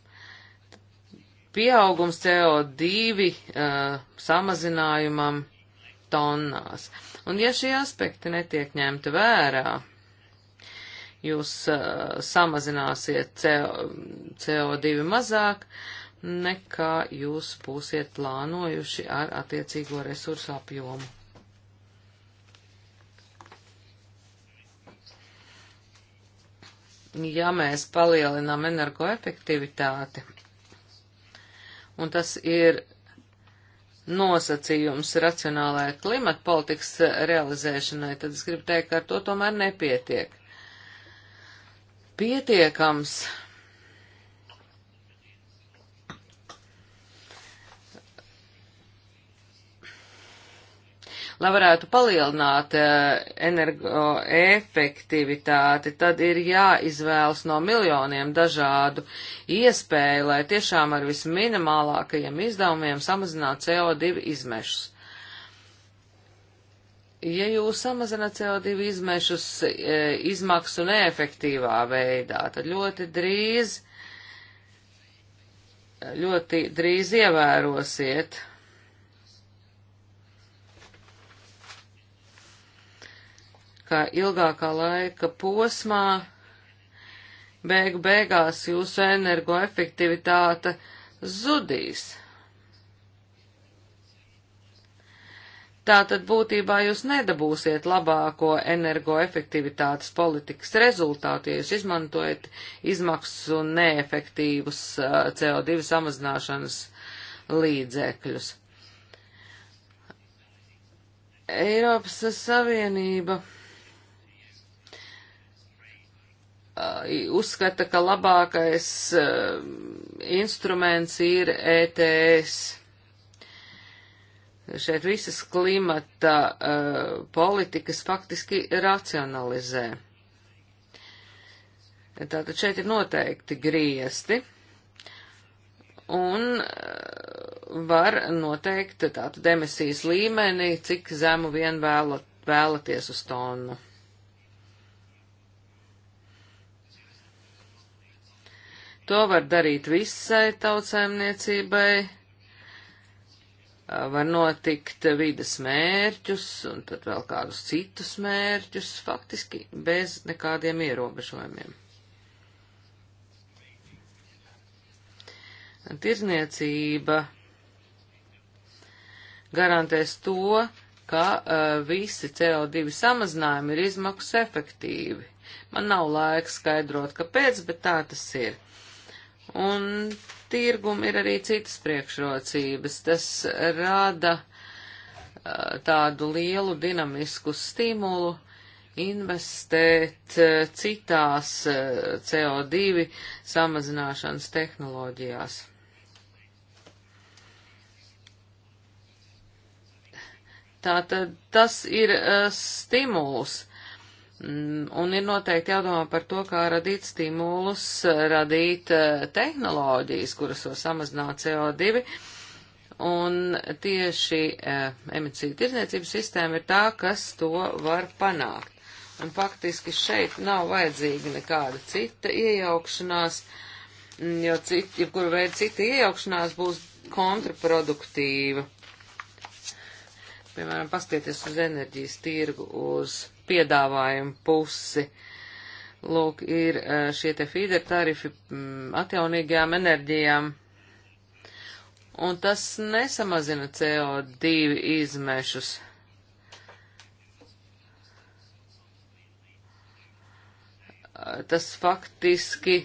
pieaugums CO2 uh, samazinājumam tonnās. Un ja šie aspekti netiek ņemti vērā, jūs uh, samazināsiet CO, CO2 mazāk, uh, nekā jūs būsiet plānojuši ar attiecīgo resursu apjomu. Ja mēs palielinām energoefektivitāti, un tas ir nosacījums racionālai klimata politikas realizēšanai, tad es gribu teikt, ka ar to tomēr nepietiek. Pietiekams lai varētu palielināt eh, energoefektivitāti, tad ir jāizvēlas no miljoniem dažādu iespēju, lai tiešām ar visminimālākajiem izdevumiem samazinātu CO2 izmešus. Ja jūs samazināt CO2 izmešus eh, izmaksu neefektīvā veidā, tad ļoti drīz, ļoti drīz ievērosiet ka ilgākā laika posmā beigu beigās jūsu energoefektivitāte zudīs. Tātad būtībā jūs nedabūsiet labāko energoefektivitātes politikas rezultātu, ja jūs izmantojat izmaksas un neefektīvus uh, CO2 samazināšanas līdzekļus. Eiropas Savienība uzskata, ka labākais instruments ir ETS. Šeit visas klimata politikas faktiski racionalizē. Tātad šeit ir noteikti griesti un var noteikt tātad emisijas līmeni, cik zemu vien vēla, vēlaties uz tonu. To var darīt visai tautsēmniecībai, var notikt vides mērķus un tad vēl kādus citus mērķus, faktiski bez nekādiem ierobežojumiem. Tirzniecība garantēs to, ka uh, visi CO2 samazinājumi ir izmaksas efektīvi. Man nav laika skaidrot, kāpēc, bet tā tas ir. Un tirgum ir arī citas priekšrocības. Tas rada tādu lielu dinamisku stimulu investēt citās CO2 samazināšanas tehnoloģijās. Tātad tas ir stimuls Mm, un ir noteikti jādomā par to, kā radīt stimulus, radīt eh, tehnoloģijas, kuras var samazināt CO2. Un tieši eh, emisiju tirdzniecības sistēma ir tā, kas to var panākt. Un faktiski šeit nav vajadzīga nekāda cita iejaukšanās, mm, jo citi, jebkura veida cita iejaukšanās būs kontraproduktīva piemēram, paskatieties uz enerģijas tirgu, uz piedāvājumu pusi. Lūk, ir e, šie te feeder tarifi atjaunīgajām enerģijām, un tas nesamazina CO2 izmešus. E, tas faktiski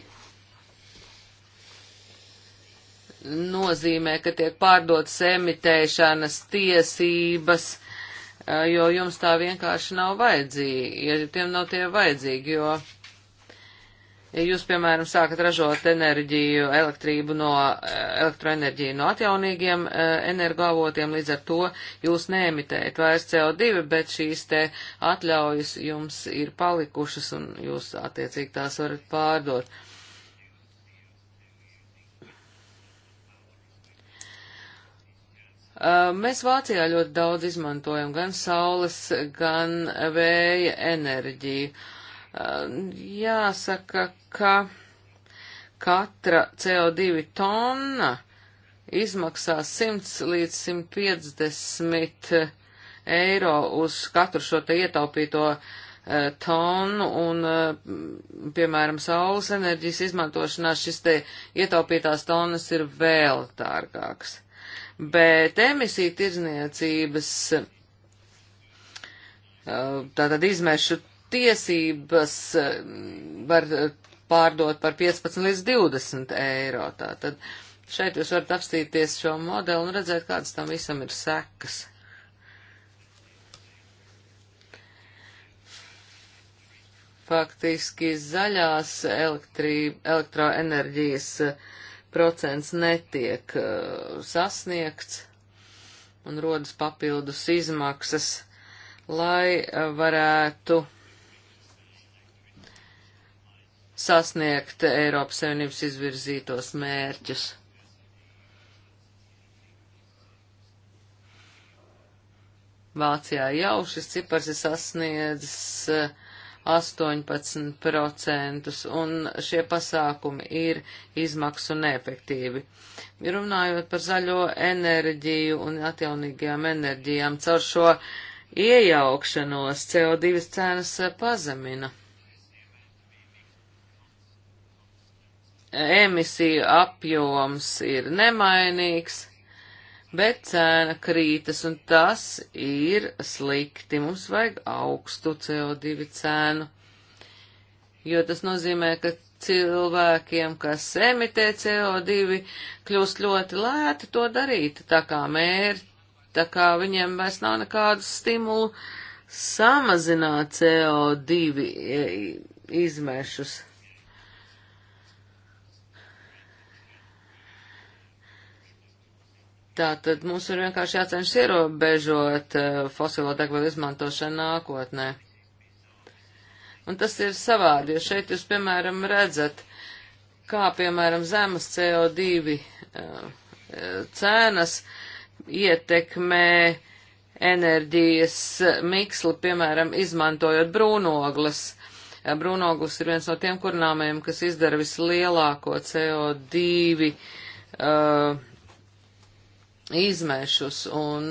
nozīmē, ka tiek pārdotas emitēšanas tiesības, eh, jo jums tā vienkārši nav vajadzīgi, ja tiem nav tie vajadzīgi, jo, ja jūs, piemēram, sākat ražot enerģiju, elektrību no, eh, elektroenerģiju no atjaunīgiem eh, energoavotiem, līdz ar to jūs neemitējat vairs CO2, bet šīs te atļaujas jums ir palikušas un jūs attiecīgi tās varat pārdot. Uh, mēs Vācijā ļoti daudz izmantojam gan saules, gan vēja enerģiju. Uh, jāsaka, ka katra CO2 tonna izmaksā 100 līdz 150 eiro uz katru šo te ietaupīto uh, tonu un, piemēram, saules enerģijas izmantošanā šis te ietaupītās tonas ir vēl dārgāks bet emisiju tirzniecības eh, tātad izmešu tiesības eh, var pārdot par 15 līdz 20 eiro. Tātad šeit jūs varat apstīties šo modeli un redzēt, kādas tam visam ir sekas. faktiski zaļās elektrī, elektroenerģijas eh, procents netiek uh, sasniegts un rodas papildus izmaksas, lai uh, varētu sasniegt Eiropas Savienības izvirzītos mērķus. Vācijā jau šis cipars ir sasniedzis uh, 18%, un šie pasākumi ir izmaksu neefektīvi. Runājot par zaļo enerģiju un atjaunīgajām enerģijām, caur šo iejaukšanos CO2 cenas pazemina. Emisiju apjoms ir nemainīgs bet cēna krītas, un tas ir slikti. Mums vajag augstu CO2 cēnu, jo tas nozīmē, ka cilvēkiem, kas emitē CO2, kļūst ļoti lēti to darīt, tā kā mērķi, tā kā viņiem vairs nav nekādu stimulu samazināt CO2 izmešus. Tātad mums ir vienkārši jācenšas ierobežot eh, fosilo degvielu izmantošanu nākotnē. Un tas ir savādi, jo šeit jūs, piemēram, redzat, kā, piemēram, zemes CO2 eh, cenas ietekmē enerģijas miksli, piemēram, izmantojot brūnoglas. Eh, Brūnoglis ir viens no tiem kurināmiem, kas izdara vislielāko CO2 uh, izmešus un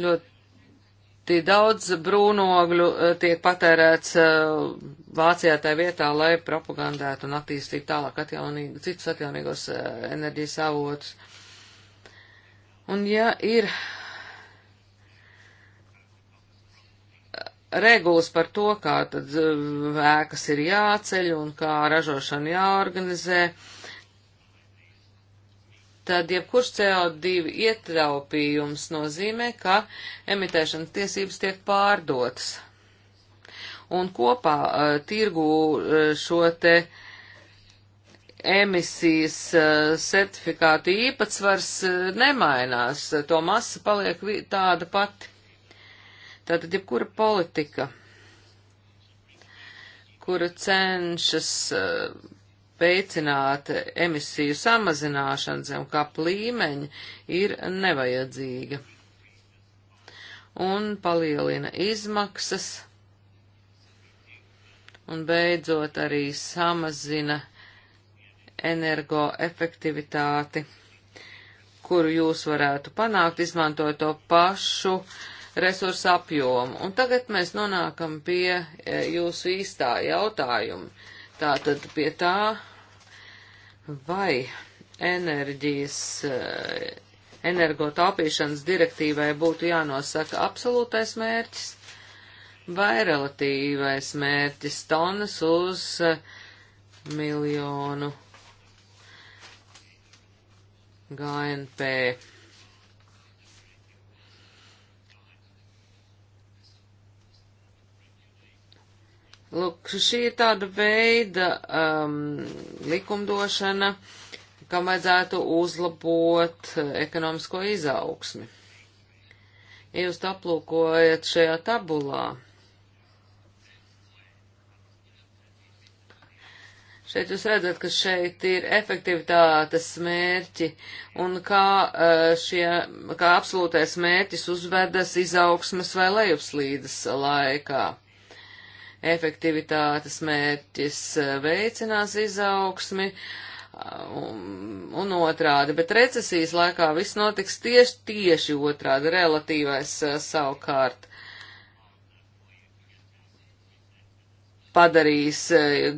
ļoti daudz brūnogļu eh, tiek patērēts eh, Vācijā tajā vietā, lai propagandētu un attīstītu tālāk atjaunīgu, citus atjaunīgos eh, enerģijas avotus. Un ja ir regulas par to, kā tad ēkas ir jāceļ un kā ražošana jāorganizē, uh, tad jebkurš CO2 ietraupījums nozīmē, ka emitēšanas tiesības tiek pārdotas. Un kopā uh, tirgu uh, šo te emisijas uh, certifikātu īpatsvars uh, nemainās, to masa paliek tāda pati. Tātad jebkura politika, kura cenšas uh, veicināt emisiju samazināšanu zem kap līmeņa ir nevajadzīga un palielina izmaksas un beidzot arī samazina energoefektivitāti, kuru jūs varētu panākt, izmantojot to pašu resursu apjomu. Un tagad mēs nonākam pie eh, jūsu īstā jautājuma Tātad pie tā, vai enerģijas, eh, energotaupīšanas direktīvai būtu jānosaka absolūtais mērķis vai relatīvais mērķis tonas uz eh, miljonu GNP. Lūk, šī ir tāda veida um, likumdošana, kam vajadzētu uzlabot uh, ekonomisko izaugsmi. Ja jūs aplūkojat šajā tabulā, Šeit jūs redzat, ka šeit ir efektivitātes mērķi un kā, uh, šie, kā absolūtais mērķis uzvedas izaugsmes vai lejupslīdes laikā efektivitātes mērķis eh, veicinās izaugsmi eh, un, un otrādi, bet recesijas laikā viss notiks tieši, tieši otrādi, relatīvais eh, savukārt padarīs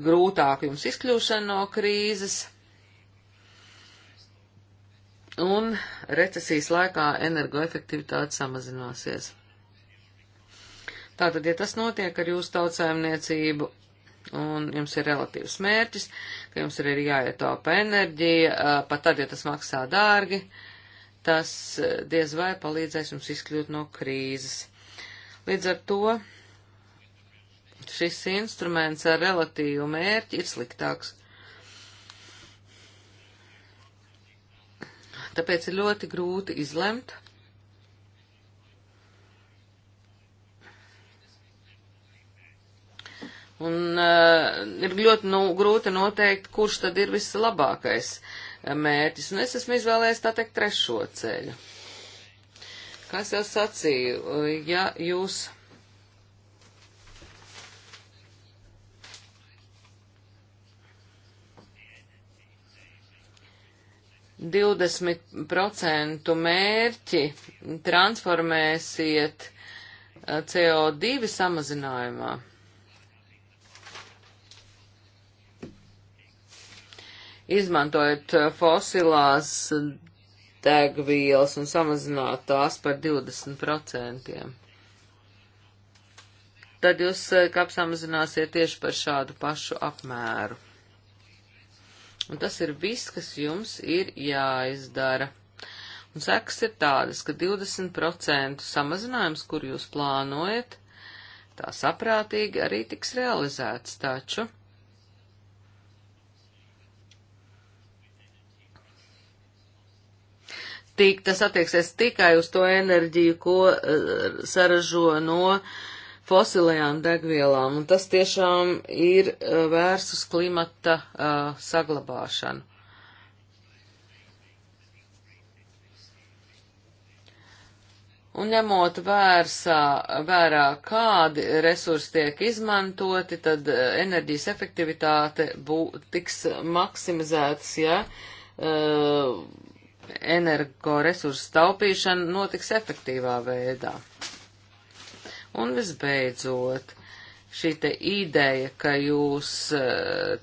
grūtāku jums izkļūšanu no krīzes. Un recesijas laikā energoefektivitāte samazināsies. Tātad, ja tas notiek ar jūsu tautsājumniecību, un jums ir relatīvs mērķis, ka jums ir arī jāietaupa enerģija, pat tad, ja tas maksā dārgi, tas diez vai palīdzēs jums izkļūt no krīzes. Līdz ar to šis instruments ar relatīvu mērķi ir sliktāks. Tāpēc ir ļoti grūti izlemt, Un uh, ir ļoti nu, grūti noteikt, kurš tad ir vislabākais eh, mērķis. Un es esmu izvēlējies tā teikt trešo ceļu. Kā es jau sacīju, eh, ja jūs. Divdesmit procentu mērķi transformēsiet CO2 samazinājumā. izmantojot uh, fosilās degvielas un samazināt tās par 20%. Tad jūs uh, kāp samazināsiet tieši par šādu pašu apmēru. Un tas ir viss, kas jums ir jāizdara. Un sekas ir tādas, ka 20% samazinājums, kur jūs plānojat, tā saprātīgi arī tiks realizēts, taču tik, tas attieksies tikai uz to enerģiju, ko uh, saražo no fosilajām degvielām, un tas tiešām ir uh, vērsts uz klimata uh, saglabāšanu. Un ņemot vērsā, vērā, kādi resursi tiek izmantoti, tad enerģijas efektivitāte bū, tiks maksimizētas, ja uh, energoresursu taupīšana notiks efektīvā veidā. Un visbeidzot, šī te ideja, ka jūs e,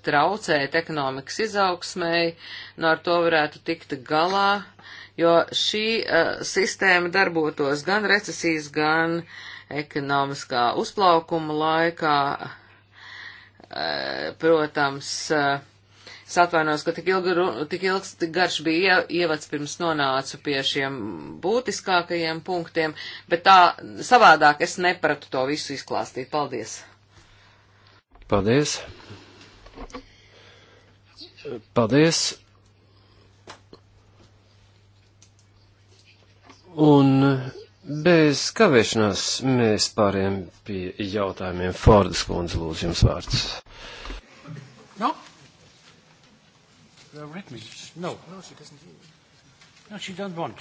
traucējat ekonomikas izaugsmēji, no nu, ar to varētu tikt galā, jo šī uh, sistēma darbotos gan recesijas, gan ekonomiskā uzplaukuma laikā, uh, protams, uh, Es atvainos, ka tik, ilgi, tik ilgs, tik garš bija ievads pirms nonācu pie šiem būtiskākajiem punktiem, bet tā savādāk es nepratu to visu izklāstīt. Paldies! Paldies! Paldies! Un bez kavēšanās mēs pāriem pie jautājumiem. Fordas kundze, lūdzu, jums vārds uh, written. No. No, she doesn't use. No, she don't want.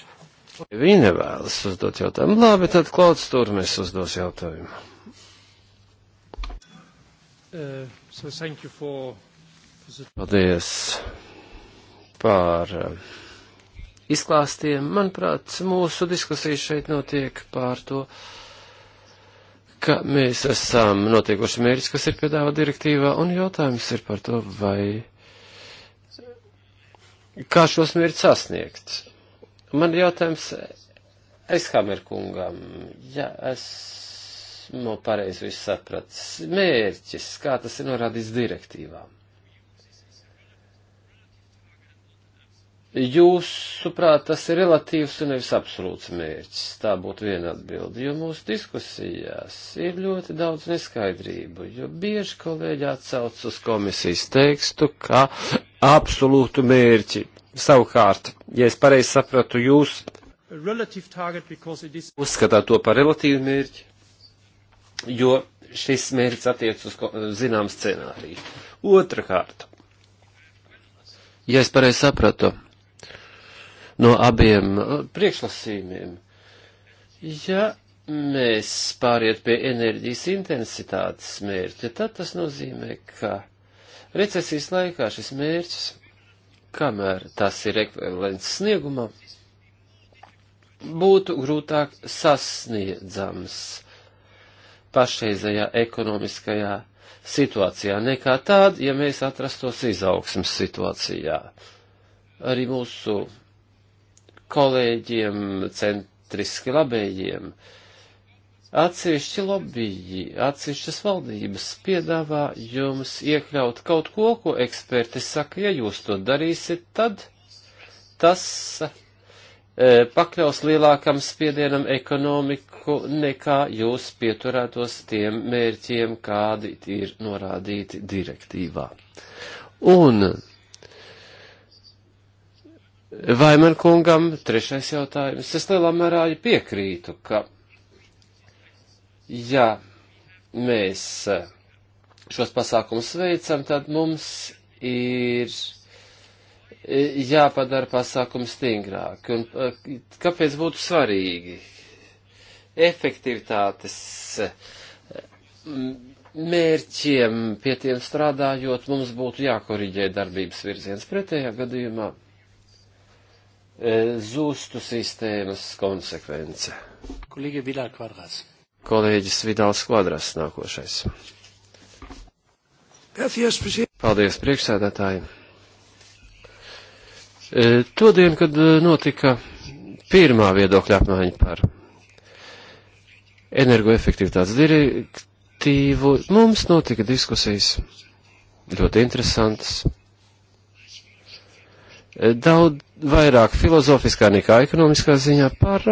Viņa vēlas uzdot jautājumu. Labi, tad Klauds Turmes uzdos jautājumu. Uh, so thank you for... Paldies par uh, izklāstiem. Manuprāt, mūsu diskusija šeit notiek pār to, ka mēs esam notiekuši mērķis, kas ir piedāvā direktīvā, un jautājums ir par to, vai kā šos mērķus sasniegt. Man jautājums Eishamer kungam, ja esmu pareizi visu sapratis, mērķis, kā tas ir norādīts direktīvām? Jūsuprāt, tas ir relatīvs un nevis absolūts mērķis, tā būtu viena atbildi, jo mūsu diskusijās ir ļoti daudz neskaidrību, jo bieži kolēģi atsauc uz komisijas tekstu, ka absolūtu mērķi. Savukārt, ja es pareizi sapratu, jūs uzskatāt to par relatīvu mērķi, jo šis mērķis attiec uz zinām scenāriju. Otrakārt, ja es pareizi sapratu, no abiem uh, priekšlasījumiem, ja mēs pāriet pie enerģijas intensitātes mērķa, tad tas nozīmē, ka Recesijas laikā šis mērķis, kamēr tas ir ekvivalents sniegumam, būtu grūtāk sasniedzams pašreizējā ekonomiskajā situācijā nekā tād, ja mēs atrastos izaugsmas situācijā. Arī mūsu kolēģiem, centriski labējiem, uh, Atsevišķi lobbyji, atsevišķas valdības piedāvā jums iekļaut kaut ko, ko eksperti saka, ja jūs to darīsiet, tad tas e, pakļaus lielākam spiedienam ekonomiku, nekā jūs pieturētos tiem mērķiem, kādi ir norādīti direktīvā. Un Vai man kungam trešais jautājums? Es lielā mērā piekrītu, ka ja mēs eh, šos pasākumus veicam, tad mums ir eh, jāpadara pasākumi stingrāki. Un eh, kāpēc būtu svarīgi? Efektivitātes mērķiem pie tiem strādājot, mums būtu jākoriģē darbības virziens. Pretējā gadījumā zūstu sistēmas konsekvence. Kolīgi Vilā Kvadrās. Kolēģis Vidāls Kvadras nākošais. Paldies, priekšsēdētāji. E, todien, kad e, notika pirmā viedokļa apmaiņa par energoefektivitātes direktīvu, mums notika diskusijas ļoti interesantas. E, daudz vairāk filozofiskā nekā ekonomiskā ziņā par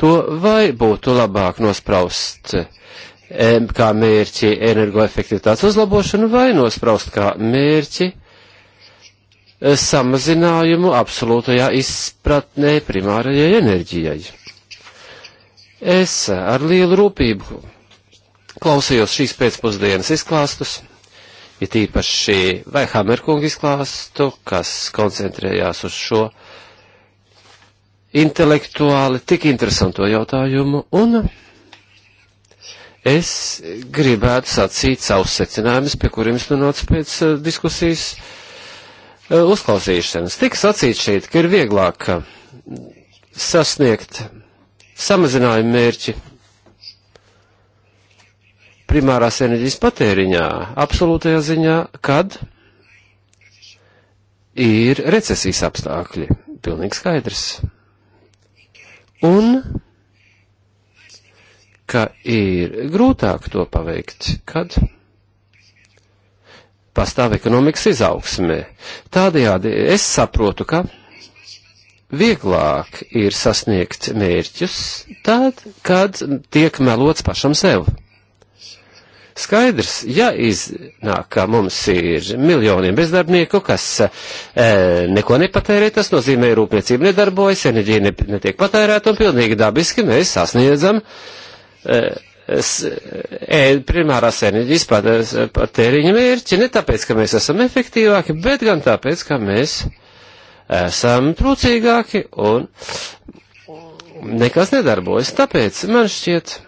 to, vai būtu labāk nospraust eh, kā mērķi energoefektivitātes uzlabošanu vai nospraust kā mērķi eh, samazinājumu absolūtajā izpratnē primārajai enerģijai. Es ar lielu rūpību klausījos šīs pēcpusdienas izklāstus, ir ja tīpaši Vaihamerkunga izklāstu, kas koncentrējās uz šo uh, intelektuāli tik interesanto jautājumu, un es gribētu sacīt savus secinājumus, pie kuriem es nonācu pēc eh, diskusijas eh, uzklausīšanas. Tik sacīt šeit, ka ir vieglāk eh, sasniegt samazinājumu mērķi primārās enerģijas patēriņā, absolūtajā ziņā, kad ir recesijas apstākļi. Pilnīgi skaidrs un ka ir grūtāk to paveikt, kad pastāv ekonomikas izaugsmē. Tādējādi es saprotu, ka vieglāk ir sasniegt mērķus tad, kad tiek melots pašam sev. Skaidrs, ja iznāk, ka mums ir miljoniem bezdarbnieku, kas e, neko nepatērē, tas nozīmē, rūpniecība nedarbojas, enerģija ne, netiek patērēta un pilnīgi dabiski mēs sasniedzam e, e primārās enerģijas e, patēriņa mērķi, ne tāpēc, ka mēs esam efektīvāki, bet gan tāpēc, ka mēs esam trūcīgāki un nekas nedarbojas. Tāpēc man šķiet,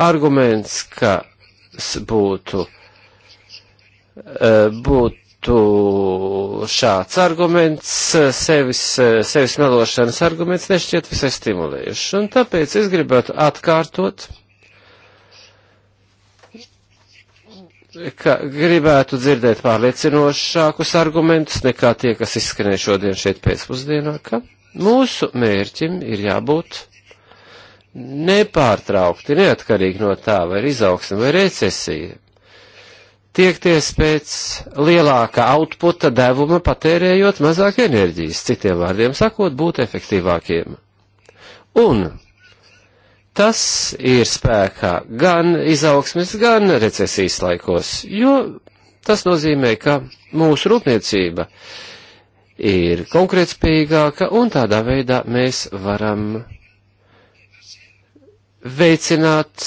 arguments, ka būtu, e, būtu šāds arguments, e, sevis, e, sevis melošanas arguments nešķiet visai stimulējuši. Un tāpēc es gribētu atkārtot, ka gribētu dzirdēt pārliecinošākus argumentus nekā tie, kas izskanēja šodien šeit pēcpusdienā, ka mūsu mērķim ir jābūt nepārtraukti, neatkarīgi no tā, vai ir izaugsme vai recesija, tiekties pēc lielāka outputa devuma, patērējot mazāk enerģijas, citiem vārdiem sakot, būt efektīvākiem. Un tas ir spēkā gan izaugsmes, gan recesijas laikos, jo tas nozīmē, ka mūsu rūpniecība ir konkrētspējīgāka un tādā veidā mēs varam veicināt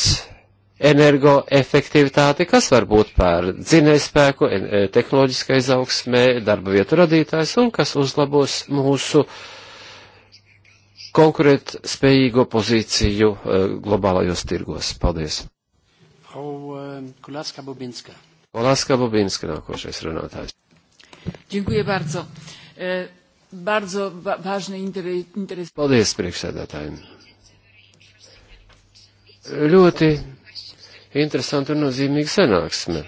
energoefektivitāti, kas var būt pār dzinējspēku, e, tehnoloģiskai izaugsmē, darba vietu radītājs un kas uzlabos mūsu konkurēt spējīgo pozīciju e, globālajos tirgos. Paldies. E, Kolaska Bobinska. Kolaska Bobinska nākošais runātājs. Dziękuję bardzo. Bardzo ważny interes. Paldies priekšsēdētājiem ļoti interesanta un nozīmīga sanāksme.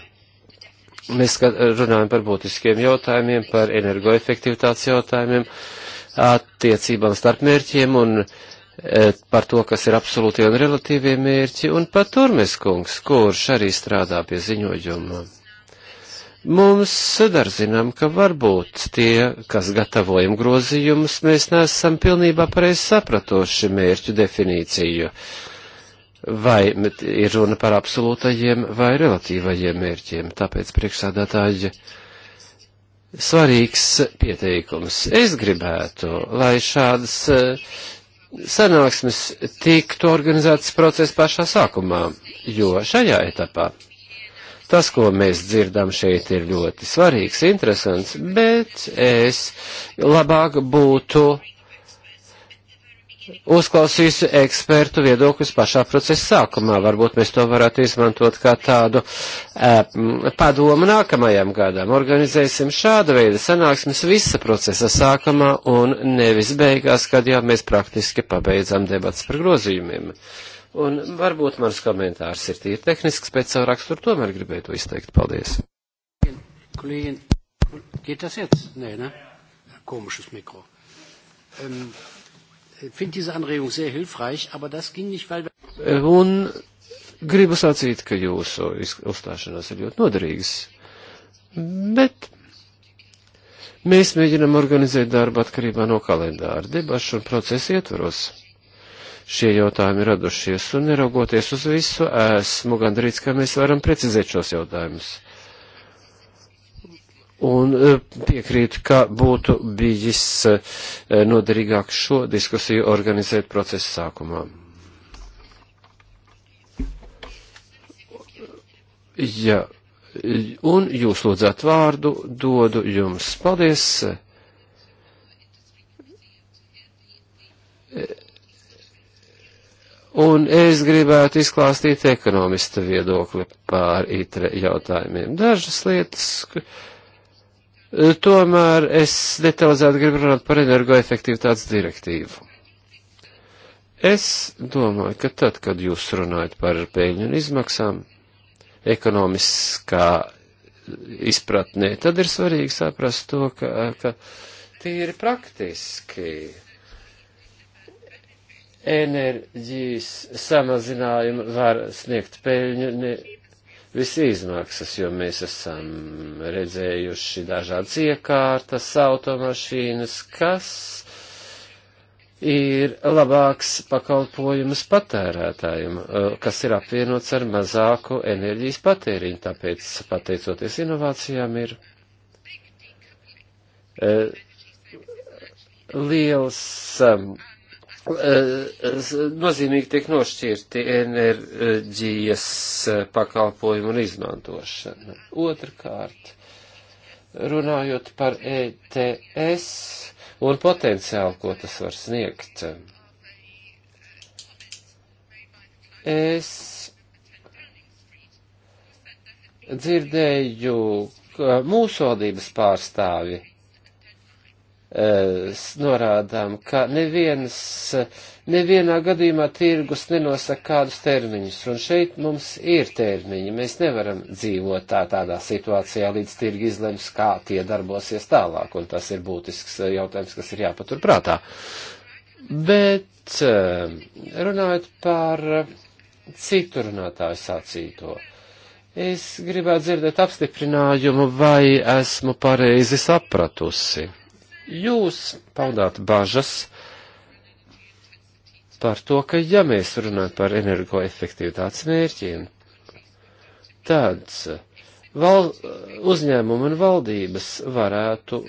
Mēs runājam par būtiskiem jautājumiem, par energoefektivitātes jautājumiem, attiecībām starp mērķiem un e, par to, kas ir absolūti un relatīvie mērķi, un pat Turmes kungs, kurš arī strādā pie ziņojuma. Mums sadarzinām, ka varbūt tie, kas gatavojam grozījumus, mēs neesam pilnībā pareizi sapratoši mērķu definīciju. Uh, vai ir runa par absolūtajiem vai relatīvajiem mērķiem. Tāpēc priekšsādātāji svarīgs pieteikums. Es gribētu, lai šādas eh, sanāksmes tiktu organizētas procesa pašā sākumā, jo šajā etapā Tas, ko mēs dzirdam šeit, ir ļoti svarīgs, interesants, bet es labāk būtu uzklausīsi ekspertu viedokļus pašā procesa sākumā. Varbūt mēs to varētu izmantot kā tādu e, padomu nākamajam gadam. Organizēsim šāda veida sanāksmes visa procesa sākumā un nevis beigās, kad jau mēs praktiski pabeidzam debats par grozījumiem. Un varbūt mans komentārs ir tīri tehnisks, pēc savu raksturu tomēr gribēju to izteikt. Paldies. Kolēģi, geht das jetzt? Nē, ne? Komisches Mikro. Ähm, um finde diese Anregung sehr hilfreich, aber das ging nicht, weil... Eh, un gribu sacīt, ka jūsu uzstāšanās ir ļoti noderīgas, bet mēs mēģinam organizēt darbu atkarībā no kalendāra, debašu un procesu ietvaros. Šie jautājumi radušies, un neraugoties uz visu, esmu gandrīz, ka mēs varam precizēt šos jautājumus un e, piekrītu, ka būtu bijis e, noderīgāk šo diskusiju organizēt procesa sākumā. Ja, un jūs lūdzat vārdu, dodu jums. Paldies! E, un es gribētu izklāstīt ekonomista viedokli pār itre jautājumiem. Dažas lietas, Tomēr es detalizēti gribu runāt par energoefektivitātes direktīvu. Es domāju, ka tad, kad jūs runājat par peļņu un izmaksām, ekonomiskā izpratnē, tad ir svarīgi saprast to, ka, ka tīri praktiski enerģijas samazinājumu var sniegt peļņu, ne, visi izmaksas, jo mēs esam redzējuši dažādas iekārtas, automašīnas, kas ir labāks pakalpojums patērētājiem, eh, kas ir apvienots ar mazāku enerģijas patēriņu, tāpēc pateicoties inovācijām ir eh, liels eh, Eh, eh, nozīmīgi tiek nošķirti enerģijas eh, pakalpojumu un izmantošana. Otrkārt, runājot par ETS un potenciālu, ko tas var sniegt. Es dzirdēju mūsu valdības pārstāvi norādām, ka nevienas, nevienā gadījumā tirgus nenosaka kādus termiņus, un šeit mums ir termiņi. Mēs nevaram dzīvot tā, tādā situācijā, līdz tirgi izlems, kā tie darbosies tālāk, un tas ir būtisks eh, jautājums, kas ir jāpatur prātā. Bet eh, runājot par eh, citu runātāju sacīto. Es gribētu dzirdēt apstiprinājumu, vai esmu pareizi sapratusi Jūs paudāt bažas par to, ka ja mēs runājam par energoefektivitātes mērķiem, tad val, uzņēmumi un valdības varētu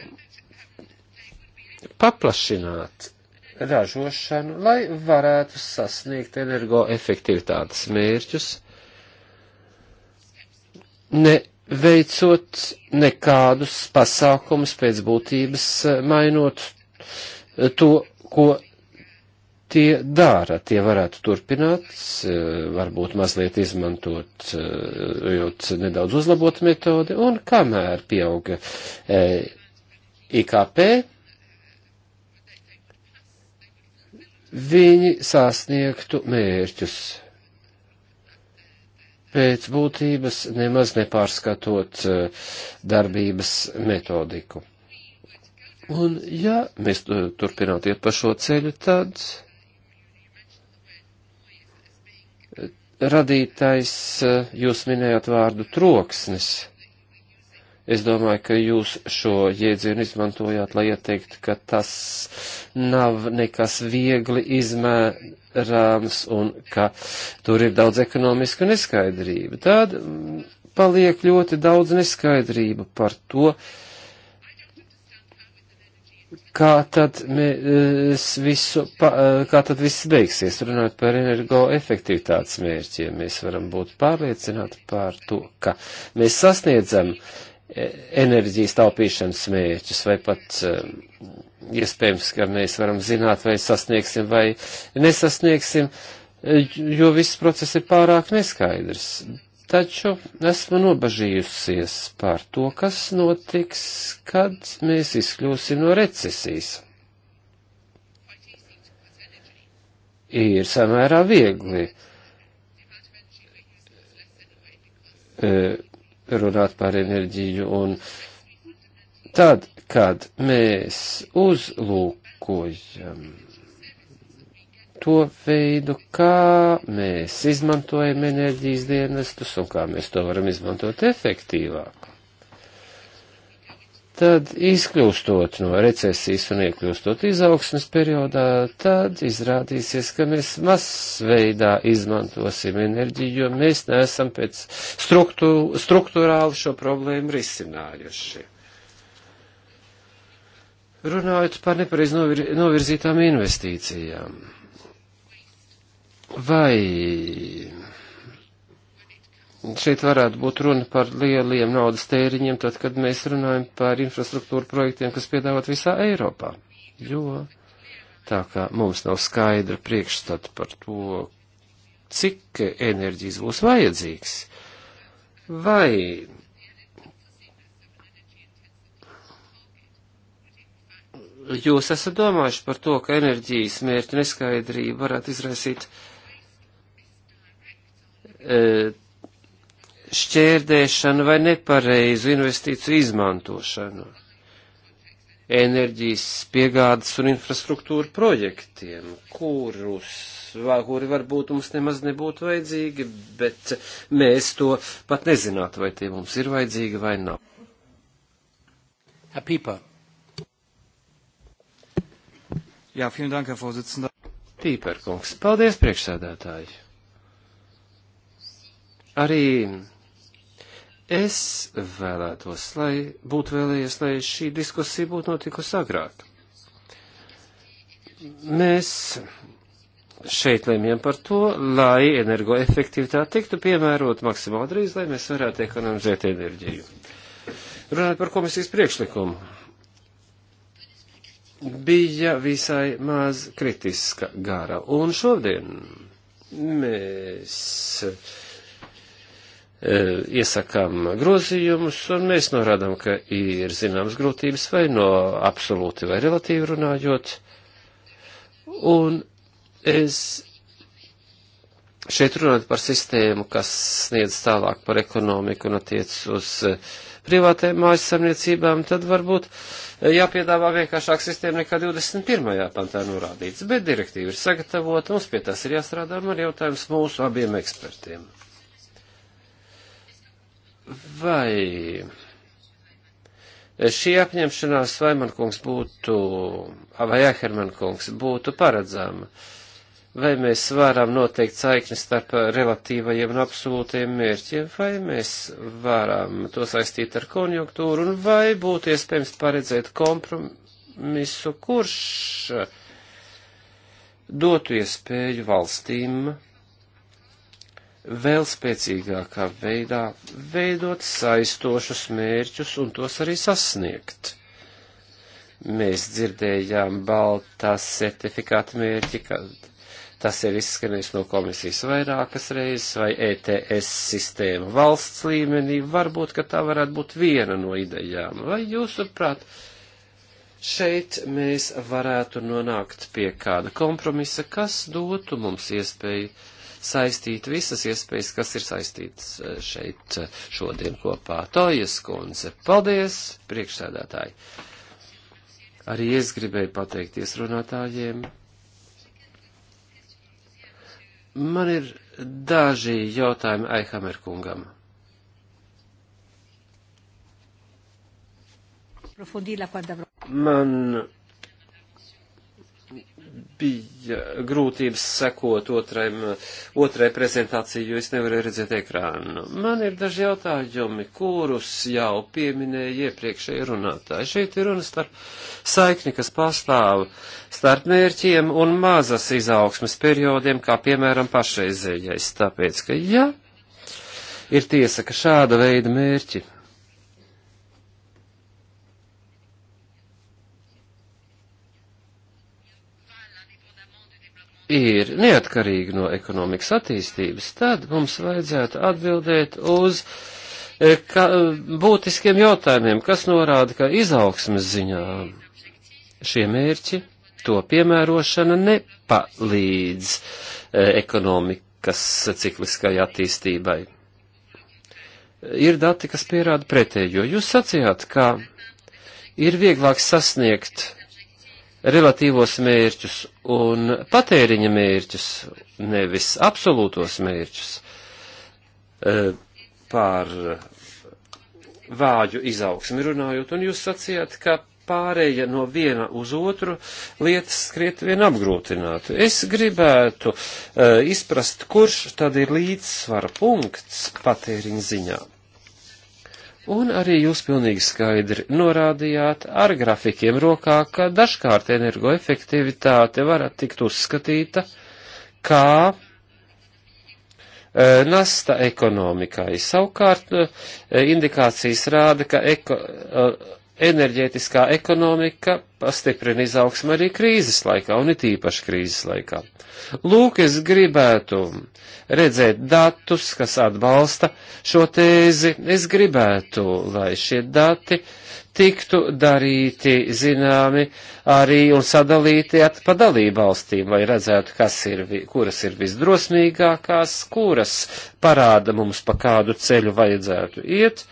paplašināt ražošanu, lai varētu sasniegt energoefektivitātes mērķus, ne veicot nekādus pasākumus pēc būtības, eh, mainot eh, to, ko tie dara. Tie varētu turpināt, eh, varbūt mazliet izmantot, jūt nedaudz uzlabot metodi, un kamēr pieauga IKP, viņi sasniegtu mērķus pēc būtības nemaz nepārskatot e, darbības metodiku. Un ja mēs turpinātu iet pa šo ceļu, tad radītais, e, jūs minējāt vārdu troksnis, Es domāju, ka jūs šo jēdzienu izmantojāt, lai ieteikt, ka tas nav nekas viegli izmērāms un ka tur ir daudz ekonomisku neskaidrību. Tad mm, paliek ļoti daudz neskaidrību par to, kā tad mēs visu, pa, kā tad viss beigsies, runājot par energoefektivitātes mērķiem, mēs varam būt pārliecināti par to, ka mēs sasniedzam uh, enerģijas taupīšanas mērķus, vai pat eh, iespējams, ka mēs varam zināt, vai sasniegsim vai nesasniegsim, eh, jo viss process ir pārāk neskaidrs. Taču esmu nobažījusies par to, kas notiks, kad mēs izkļūsim no recesijas. Ir samērā viegli. Uh, runāt par enerģiju, un tad, kad mēs uzlūkojam to veidu, kā mēs izmantojam enerģijas dienestus un kā mēs to varam izmantot efektīvāk tad izkļūstot no recesijas un iekļūstot izaugsmes periodā, tad izrādīsies, ka mēs masveidā izmantosim enerģiju, jo mēs neesam pēc struktū, struktūrāli šo problēmu risinājuši. Runājot par nepareiz novir, novirzītām investīcijām. Vai šeit varētu būt runa par lieliem naudas tēriņiem, tad, kad mēs runājam par infrastruktūru projektiem, kas piedāvāt visā Eiropā. Jo tā kā mums nav skaidra priekšstata par to, cik enerģijas būs vajadzīgs, vai jūs esat domājuši par to, ka enerģijas mērķu neskaidrība varētu izraisīt e, šķērdēšanu vai nepareizu investīciju izmantošanu enerģijas piegādes un infrastruktūra projektiem, kurus, kuri varbūt mums nemaz nebūtu vajadzīgi, bet mēs to pat nezinātu, vai tie mums ir vajadzīgi vai nav. Herr Pieper. Jā, vielen dank, Herr Vorsitzender. Pieper kungs, paldies priekšsēdētāji. Arī Es vēlētos, lai būtu vēlējies, lai šī diskusija būtu notikusi agrāk. Mēs šeit lemjam par to, lai energoefektivitāte tiktu piemērot maksimāli drīz, lai mēs varētu ekonomizēt enerģiju. Runājot par komisijas priekšlikumu, bija visai maz kritiska gara, un šodien mēs E, iesakām grozījumus, un mēs norādām, ka ir zināmas grūtības vai no absolūti vai relatīvi runājot. Un es šeit runāju par sistēmu, kas sniedz tālāk par ekonomiku un attiec uz e, privātēm mājas samniecībām, tad varbūt e, jāpiedāvā vienkāršāk sistēma nekā 21. pantā norādīts. Bet direktīva ir sagatavota, mums pie tās ir jāstrādā, un man jautājums mūsu abiem ekspertiem vai šī apņemšanās Vaimankungs būtu, vai Ehermankungs būtu paredzama? Vai mēs varam noteikt saikni starp relatīvajiem un absolūtajiem mērķiem, vai mēs varam to saistīt ar konjunktūru, un vai būtu iespējams paredzēt kompromisu, kurš dotu iespēju valstīm vēl spēcīgākā veidā veidot saistošus mērķus un tos arī sasniegt. Mēs dzirdējām baltā certifikāta mērķi, ka tas ir izskanējis no komisijas vairākas reizes, vai ETS sistēma valsts līmenī, varbūt, ka tā varētu būt viena no idejām. Vai jūsuprāt, šeit mēs varētu nonākt pie kāda kompromisa, kas dotu mums iespēju saistīt visas iespējas, kas ir saistītas e, šeit e, šodien kopā. Tojas kundze, paldies, priekšsēdētāji! Arī es gribēju pateikties runātājiem. Man ir daži jautājumi Aihamer kungam. Man bija grūtības sekot otraim, otrai prezentācijai, jo es nevarēju redzēt ekrānu. Man ir daži jautājumi, kurus jau pieminēja iepriekšēji runātāji. Šeit ir runa starp saikni, kas pastāv starp mērķiem un mazas izaugsmes periodiem, kā piemēram pašreizējais. Tāpēc, ka ja ir tiesa, ka šāda veida mērķi ir neatkarīgi no ekonomikas attīstības, tad mums vajadzētu atbildēt uz e, ka, būtiskiem jautājumiem, kas norāda, ka izaugsmes ziņā šie mērķi, to piemērošana nepalīdz e, ekonomikas cikliskai attīstībai. Ir dati, kas pierāda pretējo. Jūs sacījāt, ka ir vieglāk sasniegt relatīvos mērķus un patēriņa mērķus, nevis absolūtos mērķus e, par vāju izaugsmi runājot, un jūs sacījāt, ka pārēja no viena uz otru lietas skriet vien apgrūtinātu. Es gribētu uh, izprast, kurš tad ir līdzsvara punkts patēriņa ziņā. Un arī jūs pilnīgi skaidri norādījāt ar grafikiem rokā, ka dažkārt energoefektivitāte var tikt uzskatīta kā e, nasta ekonomikai. Savukārt e, indikācijas rāda, ka eko, e, enerģētiskā ekonomika pastiprina izaugsmu arī krīzes laikā, un it īpaši krīzes laikā. Lūk, es gribētu redzēt datus, kas atbalsta šo tēzi. Es gribētu, lai šie dati tiktu darīti zināmi arī un sadalīti at padalību valstīm, lai redzētu, kas ir, kuras ir visdrosmīgākās, kuras parāda mums pa kādu ceļu vajadzētu iet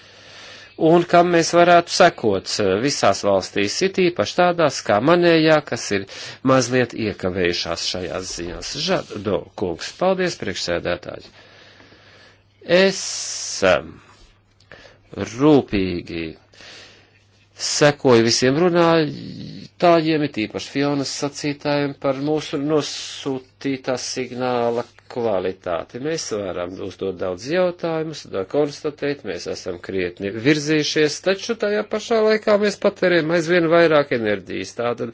un kam mēs varētu sekot eh, visās valstīs, it īpaši tādās kā manējā, kas ir mazliet iekavējušās šajās ziņās. Žado kungs, paldies priekšsēdētāji. Es ehm, rūpīgi sekoju visiem runātājiem, it īpaši Fionas sacītājiem par mūsu nosūtītā signāla kvalitāti. Mēs varam uzdot daudz jautājumus, da konstatēt, mēs esam krietni virzījušies, taču tajā pašā laikā mēs patērējam aizvien vairāk enerģijas. Tātad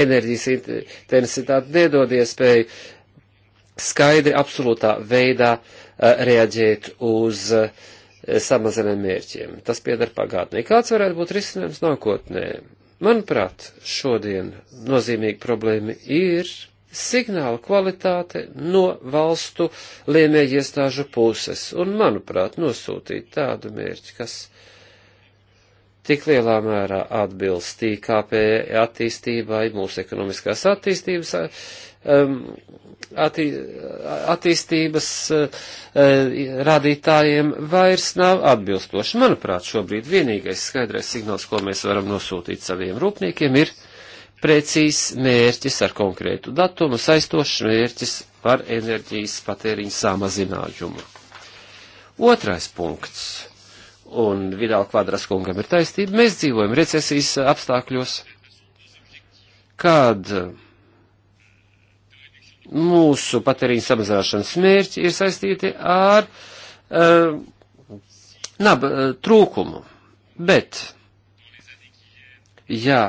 enerģijas intensitāte nedod iespēju skaidri absolūtā veidā reaģēt uz samazinājumiem mērķiem. Tas pieder pagātnē. Kāds varētu būt risinājums nākotnē? Manuprāt, šodien nozīmīga problēma ir signāla kvalitāte no valstu lēmēji iestāžu puses, un, manuprāt, nosūtīt tādu mērķi, kas tik lielā mērā atbilst IKP attīstībai, mūsu ekonomiskās attīstības, um, attī, attīstības uh, rādītājiem, vairs nav atbilstoši. Manuprāt, šobrīd vienīgais skaidrais signāls, ko mēs varam nosūtīt saviem rūpniekiem, ir precīzs mērķis ar konkrētu datumu, saistošs mērķis par enerģijas patēriņu samazinājumu. Otrais punkts, un Vidāla kvadras kungam ir taistība, mēs dzīvojam recesijas apstākļos, kad mūsu patēriņu samazināšanas mērķi ir saistīti ar uh, nab, uh, trūkumu. Bet, jā, ja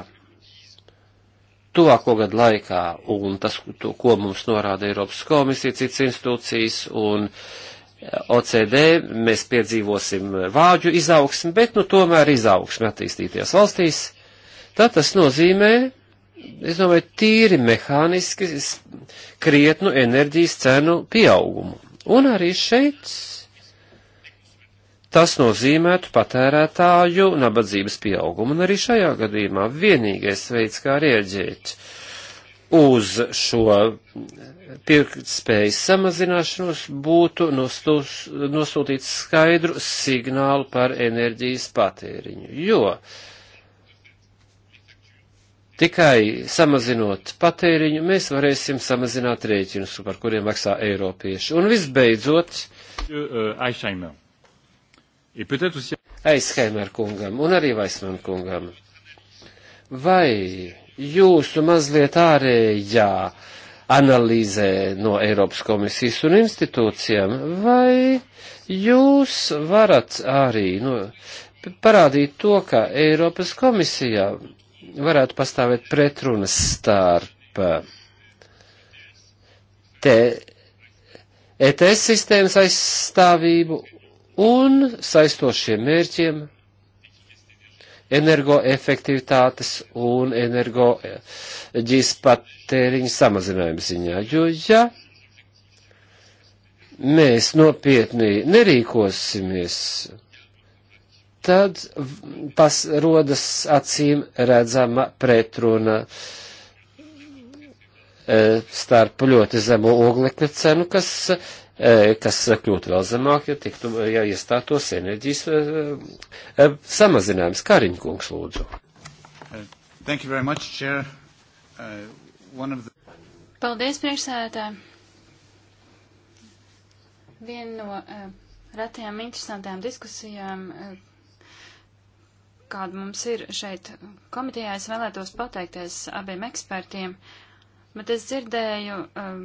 tuvāko gadu laikā, un tas, to, ko mums norāda Eiropas komisija, citas institūcijas un eh, OCD, mēs piedzīvosim eh, vāģu izaugsmi, bet nu tomēr izaugsmi attīstīties valstīs, tad tas nozīmē, es domāju, tīri mehāniski krietnu enerģijas cenu pieaugumu. Un arī šeit Tas nozīmētu patērētāju nabadzības pieaugumu, un arī šajā gadījumā vienīgais veids, kā rieģēt uz šo pirktspējas samazināšanos, būtu nostūs, nosūtīt skaidru signālu par enerģijas patēriņu, jo tikai samazinot patēriņu, mēs varēsim samazināt rēķinus, par kuriem maksā Eiropieši. Un visbeidzot, euh, Aišaimēl. Aizheimer kungam un arī Vaisman kungam. Vai jūsu mazliet ārējā analīzē no Eiropas komisijas un institūcijām, vai jūs varat arī nu, parādīt to, ka Eiropas komisijā varētu pastāvēt pretrunas starp te ETS sistēmas aizstāvību un saistošiem mērķiem energoefektivitātes un energoģijas patēriņa samazinājuma ziņā. Jo, ja mēs nopietni nerīkosimies, tad pas, rodas acīm redzama pretruna eh, starp ļoti zemo oglekļa cenu, kas E, kas kļūtu vēl zemāk, ja, tiktu, ja iestātos enerģijas e, e, samazinājums. Kariņkungs, lūdzu. Uh, much, Chair. uh, the... Paldies, priekšsēdētāji. Viena no uh, retajām interesantām diskusijām, uh, kāda mums ir šeit komitejā, es vēlētos pateikties abiem ekspertiem, bet es dzirdēju uh,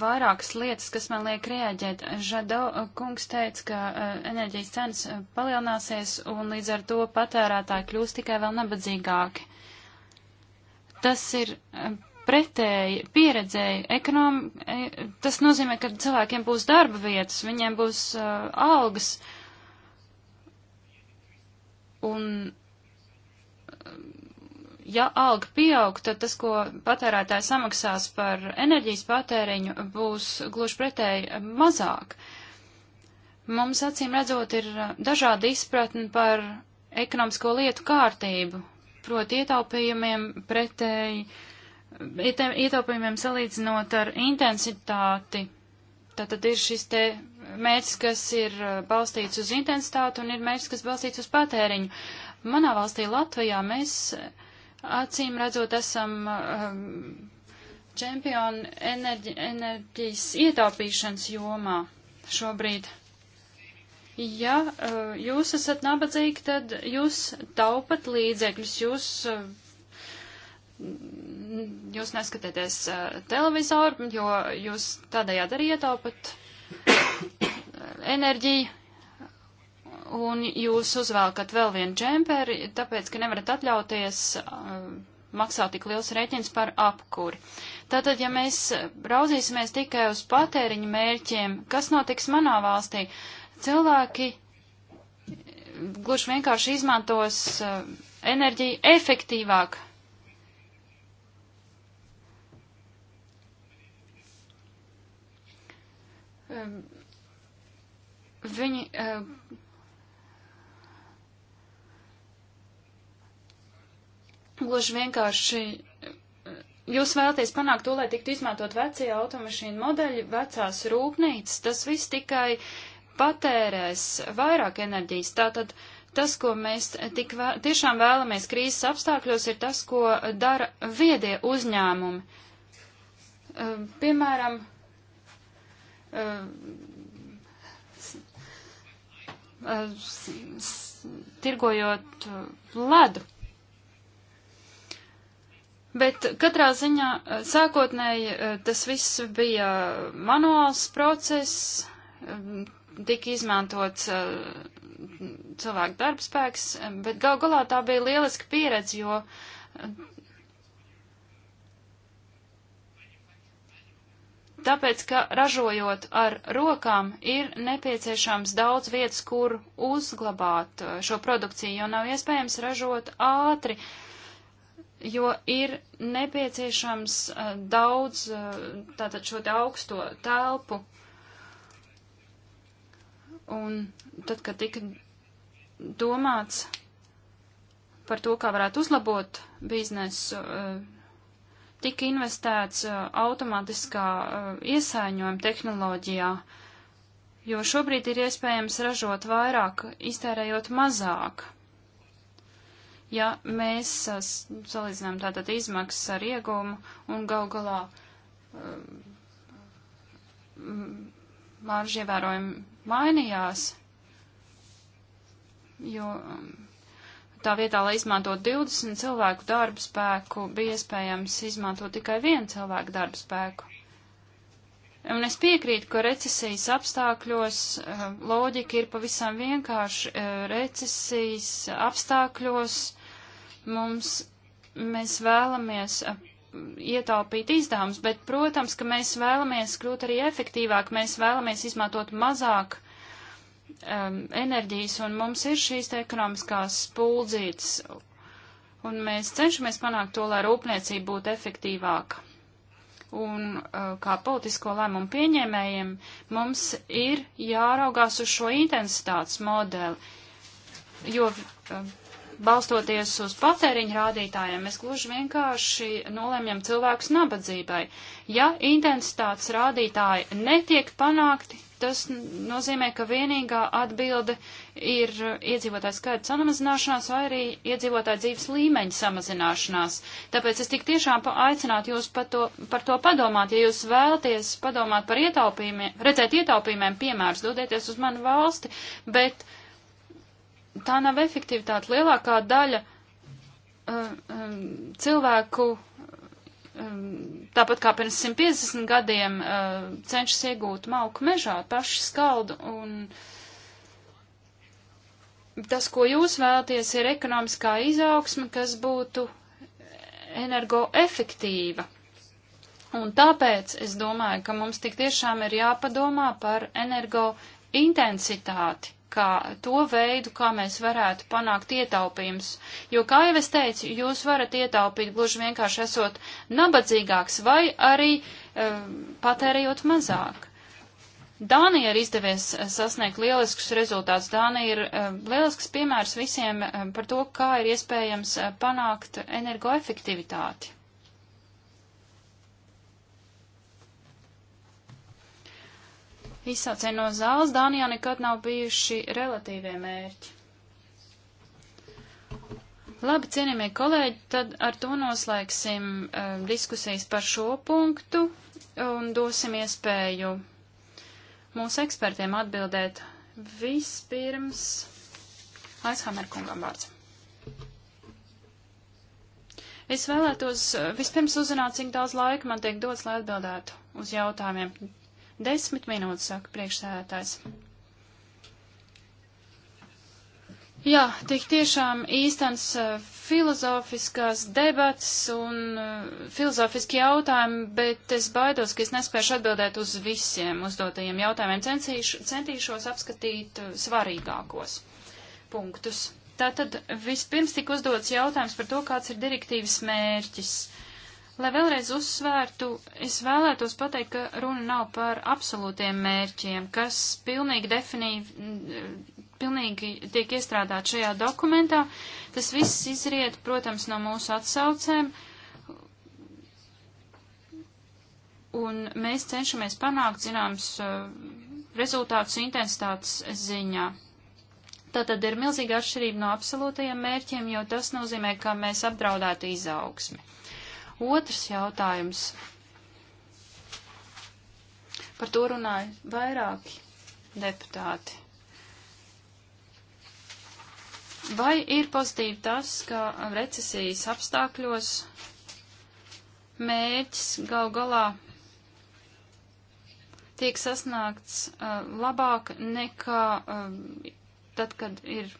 vairākas lietas, kas man liek rēģēt. Žado eh, kungs teica, ka eh, enerģijas cenas eh, palielināsies un līdz ar to patērētāji kļūs tikai vēl nabadzīgāki. Tas ir pretēji pieredzēji ekonom... Tas nozīmē, ka cilvēkiem būs darba vietas, viņiem būs uh, algas. Un ja alga pieaug, tad tas, ko patērētāji samaksās par enerģijas patēriņu, būs gluži pretēji mazāk. Mums acīm redzot ir uh, dažādi izpratni par ekonomisko lietu kārtību, proti ietaupījumiem pretēji, ietaupījumiem salīdzinot ar intensitāti. Tātad ir šis te mērķis, kas ir uh, balstīts uz intensitāti un ir mērķis, kas balstīts uz patēriņu. Manā valstī Latvijā mēs acīm redzot esam um, ehm, čempioni enerģi, enerģijas ietaupīšanas jomā šobrīd. Ja uh, jūs esat nabadzīgi, tad jūs taupat līdzekļus, jūs, uh, jūs neskatieties uh, eh, televizoru, jo jūs tādējādi arī ietaupat enerģiju, un jūs uzvelkat vēl vienu džemperi, tāpēc, ka nevarat atļauties uh, maksāt tik liels rēķins par apkuri. Tātad, ja mēs raudzīsimies tikai uz patēriņu mērķiem, kas notiks manā valstī, cilvēki gluži vienkārši izmantos uh, enerģiju efektīvāk, um, viņi uh, Gluži vienkārši jūs vēlaties panākt to, lai tiktu izmantot vecie automašīnu modeļi, vecās rūpnīcas, tas viss tikai patērēs vairāk enerģijas. Tātad tas, ko mēs tik vē, tiešām vēlamies krīzes apstākļos, ir tas, ko dara viedie uzņēmumi. Ehm, piemēram, ehm, tirgojot ledu Bet katrā ziņā eh, sākotnēji eh, tas viss bija manuāls process, eh, tika izmantots cilvēku darbspēks, bet gal galā tā bija lieliska pieredze, jo. Tāpēc, ka ražojot ar rokām, ir nepieciešams daudz vietas, kur uzglabāt šo produkciju, jo nav iespējams ražot ātri. Uh, jo ir nepieciešams uh, daudz uh, tātad šo te augsto telpu. Un tad, kad tika domāts par to, kā varētu uzlabot biznesu, uh, tika investēts uh, automātiskā uh, iesaiņojuma tehnoloģijā, jo šobrīd ir iespējams ražot vairāk, iztērējot mazāk ja mēs uh, salīdzinām tātad izmaksas ar iegumu un gal galā um, marža ievērojami mainījās, jo um, tā vietā, lai izmantot 20 cilvēku darba spēku, bija iespējams izmantot tikai vienu cilvēku darba spēku. Un es piekrītu, ka recesijas apstākļos uh, loģika ir pavisam vienkārši. Uh, recesijas apstākļos Mums, mēs vēlamies ietaupīt izdevumus, bet, protams, ka mēs vēlamies kļūt arī efektīvāk, mēs vēlamies izmantot mazāk um, enerģijas, un mums ir šīs te ekonomiskās spuldzītes, un mēs cenšamies panākt to, lai rūpniecība būtu efektīvāka. Un uh, kā politisko lēmumu pieņēmējiem mums ir jāraugās uz šo intensitātes modeli, jo uh, balstoties uz patēriņu rādītājiem, mēs gluži vienkārši nolēmjam cilvēkus nabadzībai. Ja intensitātes rādītāji netiek panākti, tas nozīmē, ka vienīgā atbilde ir iedzīvotāju skaita samazināšanās vai arī iedzīvotāju dzīves līmeņa samazināšanās. Tāpēc es tik tiešām aicinātu jūs par to, par to padomāt. Ja jūs vēlaties padomāt par ietaupījumiem, redzēt ietaupījumiem piemērus, dodieties uz manu valsti, bet uh, tā nav efektivitāte. Lielākā daļa uh, um, cilvēku, um, tāpat kā pirms 150 gadiem, uh, cenšas iegūt malku mežā, paši skaldu. Un tas, ko jūs vēlaties, ir ekonomiskā izaugsme, kas būtu energoefektīva. Un tāpēc es domāju, ka mums tik tiešām ir jāpadomā par energo intensitāti kā to veidu, kā mēs varētu panākt ietaupījums. Jo, kā jau es teicu, jūs varat ietaupīt gluži vienkārši esot nabadzīgāks vai arī e, patērējot mazāk. Dānija ir izdevies eh, sasniegt lieliskus rezultātus. Dānija ir e, lielisks piemērs visiem e, par to, kā ir iespējams panākt energoefektivitāti. izsaucēji no zāles Dānijā nekad nav bijuši relatīvie mērķi. Labi, cienījamie kolēģi, tad ar to noslēgsim um, diskusijas par šo punktu un dosim iespēju mūsu ekspertiem atbildēt vispirms Aizhamerkungam vārds. Es vēlētos eh, vispirms uzzināt, cik daudz laika man tiek dots, lai atbildētu uz jautājumiem. Desmit minūtes, saka priekšsēdētājs. Jā, tik tiešām īstenas eh, filozofiskās debats un eh, filozofiski jautājumi, bet es baidos, ka es nespēšu atbildēt uz visiem uzdotajiem jautājumiem. Centīšu, centīšos apskatīt eh, svarīgākos punktus. Tātad vispirms tika uzdots jautājums par to, kāds ir direktīvas mērķis. Uh, Lai vēlreiz uzsvērtu, es vēlētos pateikt, ka runa nav par absolūtiem mērķiem, kas pilnīgi definī, pilnīgi tiek iestrādāt šajā dokumentā. Tas viss izriet, protams, no mūsu atsaucēm, un mēs cenšamies panākt, zināms, eh, rezultātus intensitātes ziņā. Tā tad ir milzīga atšķirība no absolūtajiem mērķiem, jo tas nozīmē, ka mēs apdraudētu izaugsmi. Otrs jautājums. Par to runāja vairāki deputāti. Vai ir pozitīvi tas, ka recesijas apstākļos mērķis gal galā tiek sasniegts uh, labāk nekā uh, tad, kad ir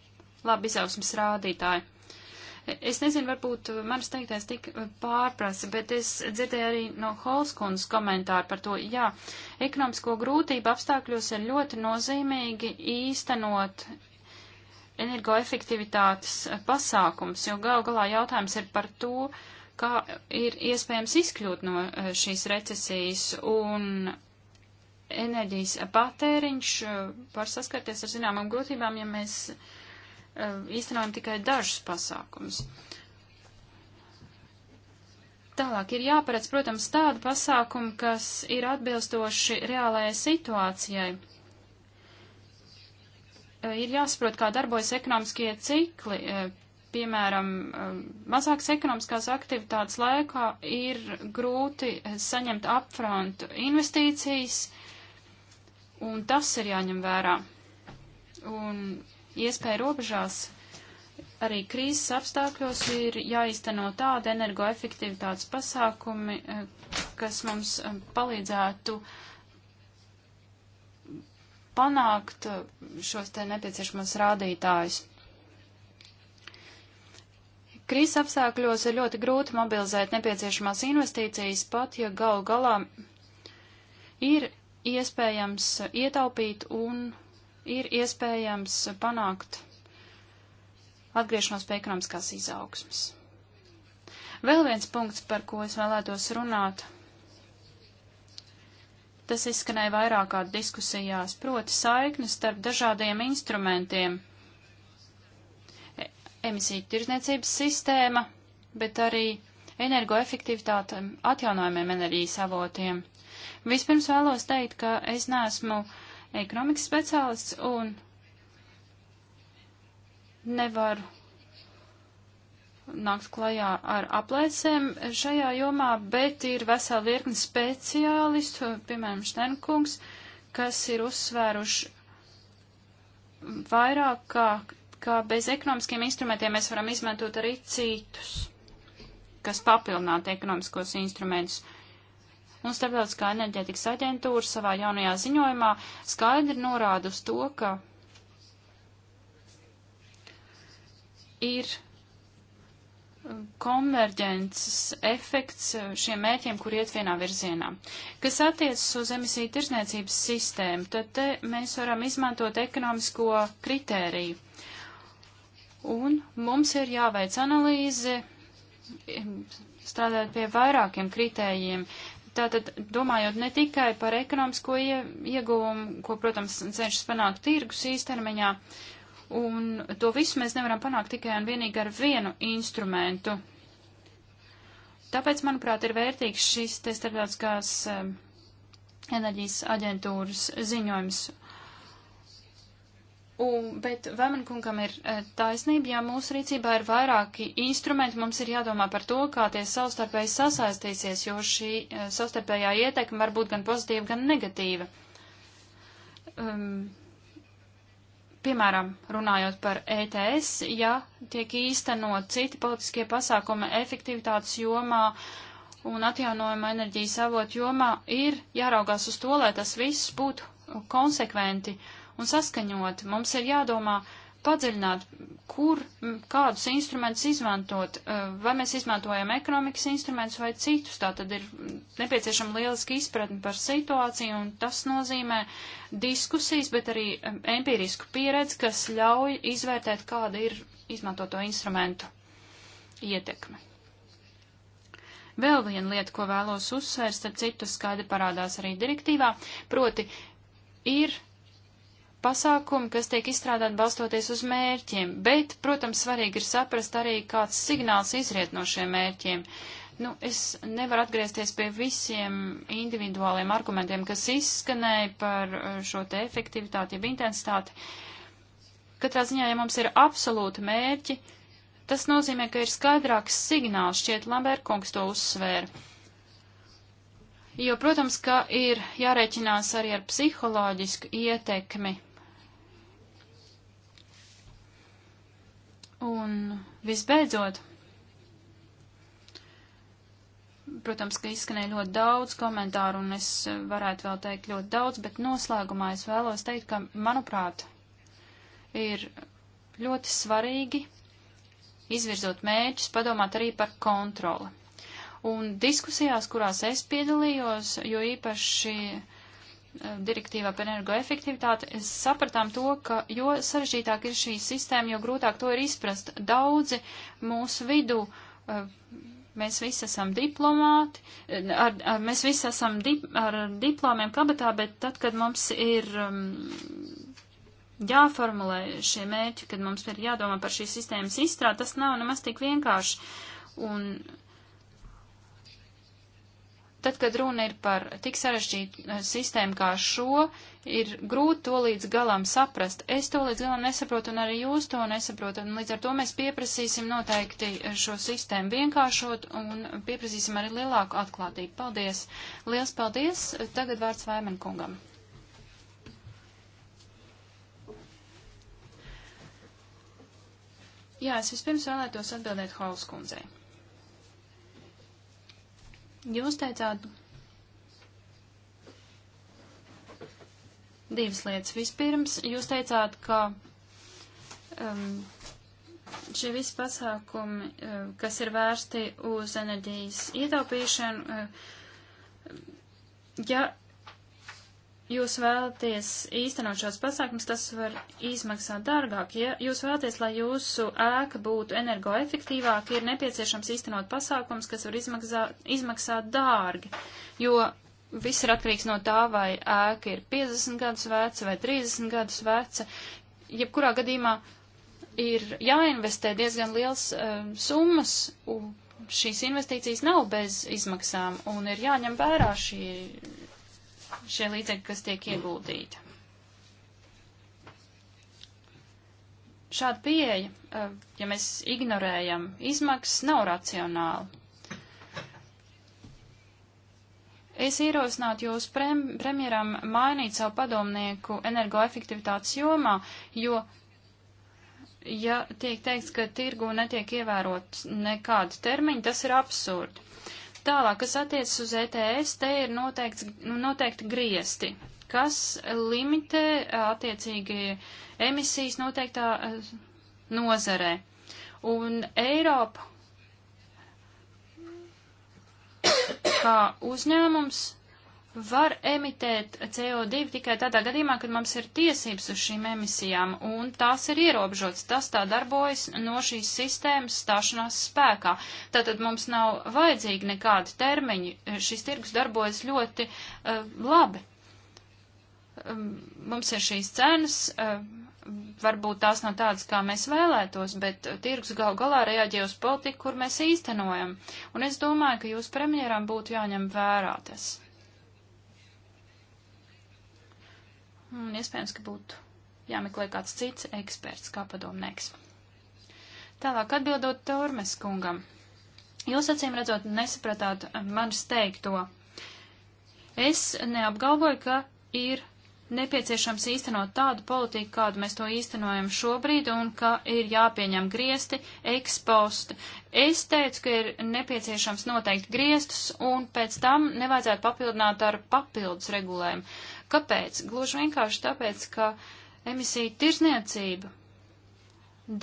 labi izaugsmas rādītāji. Es nezinu, varbūt manas teiktais tik pārprasa, bet es dzirdēju arī no Holskundas komentāru par to, jā, ekonomisko grūtību apstākļos ir ļoti nozīmīgi īstenot energoefektivitātes pasākums, jo gal galā jautājums ir par to, kā ir iespējams izkļūt no eh, šīs recesijas un enerģijas patēriņš eh, var saskarties ar zināmām grūtībām, ja mēs īstenojam tikai dažus pasākumus. Tālāk ir jāparedz, protams, tādu pasākumu, kas ir atbilstoši reālajai situācijai. Ir jāsaprot, kā darbojas ekonomiskie cikli. Piemēram, mazākas ekonomiskās aktivitātes laikā ir grūti saņemt apfrontu investīcijas, un tas ir jāņem vērā. Un iespēju robežās arī krīzes apstākļos ir jāizteno tāda energoefektivitātes pasākumi, eh, kas mums eh, palīdzētu panākt eh, šos te nepieciešamos rādītājus. Krīzes apstākļos ir ļoti grūti mobilizēt nepieciešamās investīcijas, pat ja gal galā ir iespējams ietaupīt un ir iespējams panākt atgriešanos pie ekonomiskās izaugsmas. Vēl viens punkts, par ko es vēlētos runāt, tas izskanēja vairākāt diskusijās, proti saiknes starp dažādiem instrumentiem e, - emisiju tirdzniecības sistēma, bet arī energoefektivitāte atjaunojumiem enerģijas avotiem. Vispirms vēlos teikt, ka es neesmu uh, ekonomikas speciālists un nevaru nākt klajā ar aplēsēm šajā jomā, bet ir vesela virkni speciālistu, piemēram, Štenkungs, kas ir uzsvēruši vairāk, kā, kā bez ekonomiskiem instrumentiem mēs varam izmantot arī citus, kas papilnātu ekonomiskos instrumentus. Uh, Un Starptautiskā enerģētikas aģentūra savā jaunajā ziņojumā skaidri norāda uz to, ka ir konverģences efekts šiem mēķiem, kur iet vienā virzienā. Kas attiecas uz emisiju tirzniecības sistēmu, tad te mēs varam izmantot ekonomisko kritēriju. Un mums ir jāveic analīze, strādājot pie vairākiem kritējiem. Tātad domājot ne tikai par ekonomisko ieguvumu, ko, protams, cenšas panākt tirgus īstermiņā, un to visu mēs nevaram panākt tikai un vienīgi ar vienu instrumentu. Tāpēc, manuprāt, ir vērtīgs šis te starptautiskās eh, enerģijas aģentūras ziņojums. Un, bet Vēmankungam ir eh, taisnība, ja mūsu rīcībā ir vairāki instrumenti, mums ir jādomā par to, kā tie savstarpēji sasaistīsies, jo šī eh, savstarpējā ietekme var būt gan pozitīva, gan negatīva. Um, piemēram, runājot par ETS, ja tiek īstenot citi politiskie pasākumi efektivitātes jomā un atjaunojuma enerģijas avot jomā, ir jāraugās uz to, lai tas viss būtu konsekventi. Uh, un saskaņot. Mums ir jādomā padziļināt, kur, kādus instrumentus izmantot, eh, vai mēs izmantojam ekonomikas instrumentus vai citus. Tā tad ir nepieciešama lieliski izpratni par situāciju, un tas nozīmē diskusijas, bet arī empirisku pieredzi, kas ļauj izvērtēt, kāda ir izmantoto instrumentu ietekme. Vēl viena lieta, ko vēlos uzsvērt, starp citu skaidri parādās arī direktīvā, proti ir pasākumi, kas tiek izstrādāti balstoties uz mērķiem, bet, protams, svarīgi ir saprast arī, kāds signāls izriet no šiem mērķiem. Nu, es nevaru atgriezties pie visiem individuāliem argumentiem, kas izskanēja par uh, šo te efektivitāti, jeb intensitāti. Katrā ziņā, ja mums ir absolūti mērķi, tas nozīmē, ka ir skaidrāks signāls, šķiet, Lamberkungs to uzsvēra. Jo, protams, ka ir jārēķinās arī ar psiholoģisku ietekmi Un visbeidzot, protams, ka izskanēja ļoti daudz komentāru, un es varētu vēl teikt ļoti daudz, bet noslēgumā es vēlos teikt, ka, manuprāt, ir ļoti svarīgi izvirzot mērķus, padomāt arī par kontroli. Un diskusijās, kurās es piedalījos, jo īpaši uh, direktīvā par energoefektivitāti, sapratām to, ka jo sarežģītāk ir šī sistēma, jo grūtāk to ir izprast. Daudzi mūsu vidu, eh, mēs visi esam diplomāti, eh, ar, ar, mēs visi esam dip, ar diplomiem kabatā, bet tad, kad mums ir mm, jāformulē šie mērķi, kad mums ir jādomā par šīs sistēmas izstrādi, tas nav nemaz tik vienkārši. Un Tad, kad runa ir par tik sarežģītu eh, sistēmu kā šo, ir grūti to līdz galam saprast. Es to līdz galam nesaprotu, un arī jūs to nesaprotat. Līdz ar to mēs pieprasīsim noteikti šo sistēmu vienkāršot un pieprasīsim arī lielāku atklātību. Paldies! Liels paldies! Tagad vārds Vaimenkungam. Jā, es vispirms vēlētos atbildēt Hauskundzei. Jūs teicāt divas lietas. Vispirms, jūs teicāt, ka um, šie visi pasākumi, uh, kas ir vērsti uz enerģijas ietaupīšanu, uh, ja jūs vēlaties īstenot šos pasākums, tas var izmaksāt dārgāk. Ja jūs vēlaties, lai jūsu ēka būtu energoefektīvāka, ir nepieciešams īstenot pasākums, kas var izmaksāt, izmaksāt dārgi, jo viss ir atkarīgs no tā, vai ēka ir 50 gadus veca vai 30 gadus veca. Jebkurā gadījumā ir jāinvestē diezgan liels um, summas. Un šīs investīcijas nav bez izmaksām, un ir jāņem vērā šī šie līdzekļi, kas tiek ieguldīti. Šāda pieeja, eh, ja mēs ignorējam izmaksas, nav racionāla. Es ierosinātu jūs prem, premjeram mainīt savu padomnieku energoefektivitātes jomā, jo, ja tiek teikts, ka tirgu netiek ievērot nekādi termiņi, tas ir absurdi. Tālāk, kas attiecas uz ETS, te ir noteikts, nu, noteikti griesti, kas limitē attiecīgi emisijas noteiktā nozarē. Un Eiropa kā uzņēmums var emitēt CO2 tikai tādā gadījumā, kad mums ir tiesības uz šīm emisijām, un tās ir ierobežotas. Tas tā darbojas no šīs sistēmas stāšanās spēkā. Tātad mums nav vajadzīgi nekādi termiņi. Šis tirgus darbojas ļoti uh, labi. Um, mums ir šīs cenas. Uh, varbūt tās nav tādas, kā mēs vēlētos, bet tirgus gal galā reaģē uz politiku, kur mēs īstenojam. Un es domāju, ka jūs premjeram būtu jāņem vērā tas. Un iespējams, ka būtu jāmeklē kāds cits eksperts, kā padomnieks. Tālāk atbildot Tormes kungam. Jūs acīm redzot nesapratāt manis teikto. Es neapgalvoju, ka ir nepieciešams īstenot tādu politiku, kādu mēs to īstenojam šobrīd, un ka ir jāpieņem griesti, eksposti. Es teicu, ka ir nepieciešams noteikt griestus, un pēc tam nevajadzētu papildināt ar papildus regulējumu. Kāpēc? Gluži vienkārši tāpēc, ka emisija tirzniecība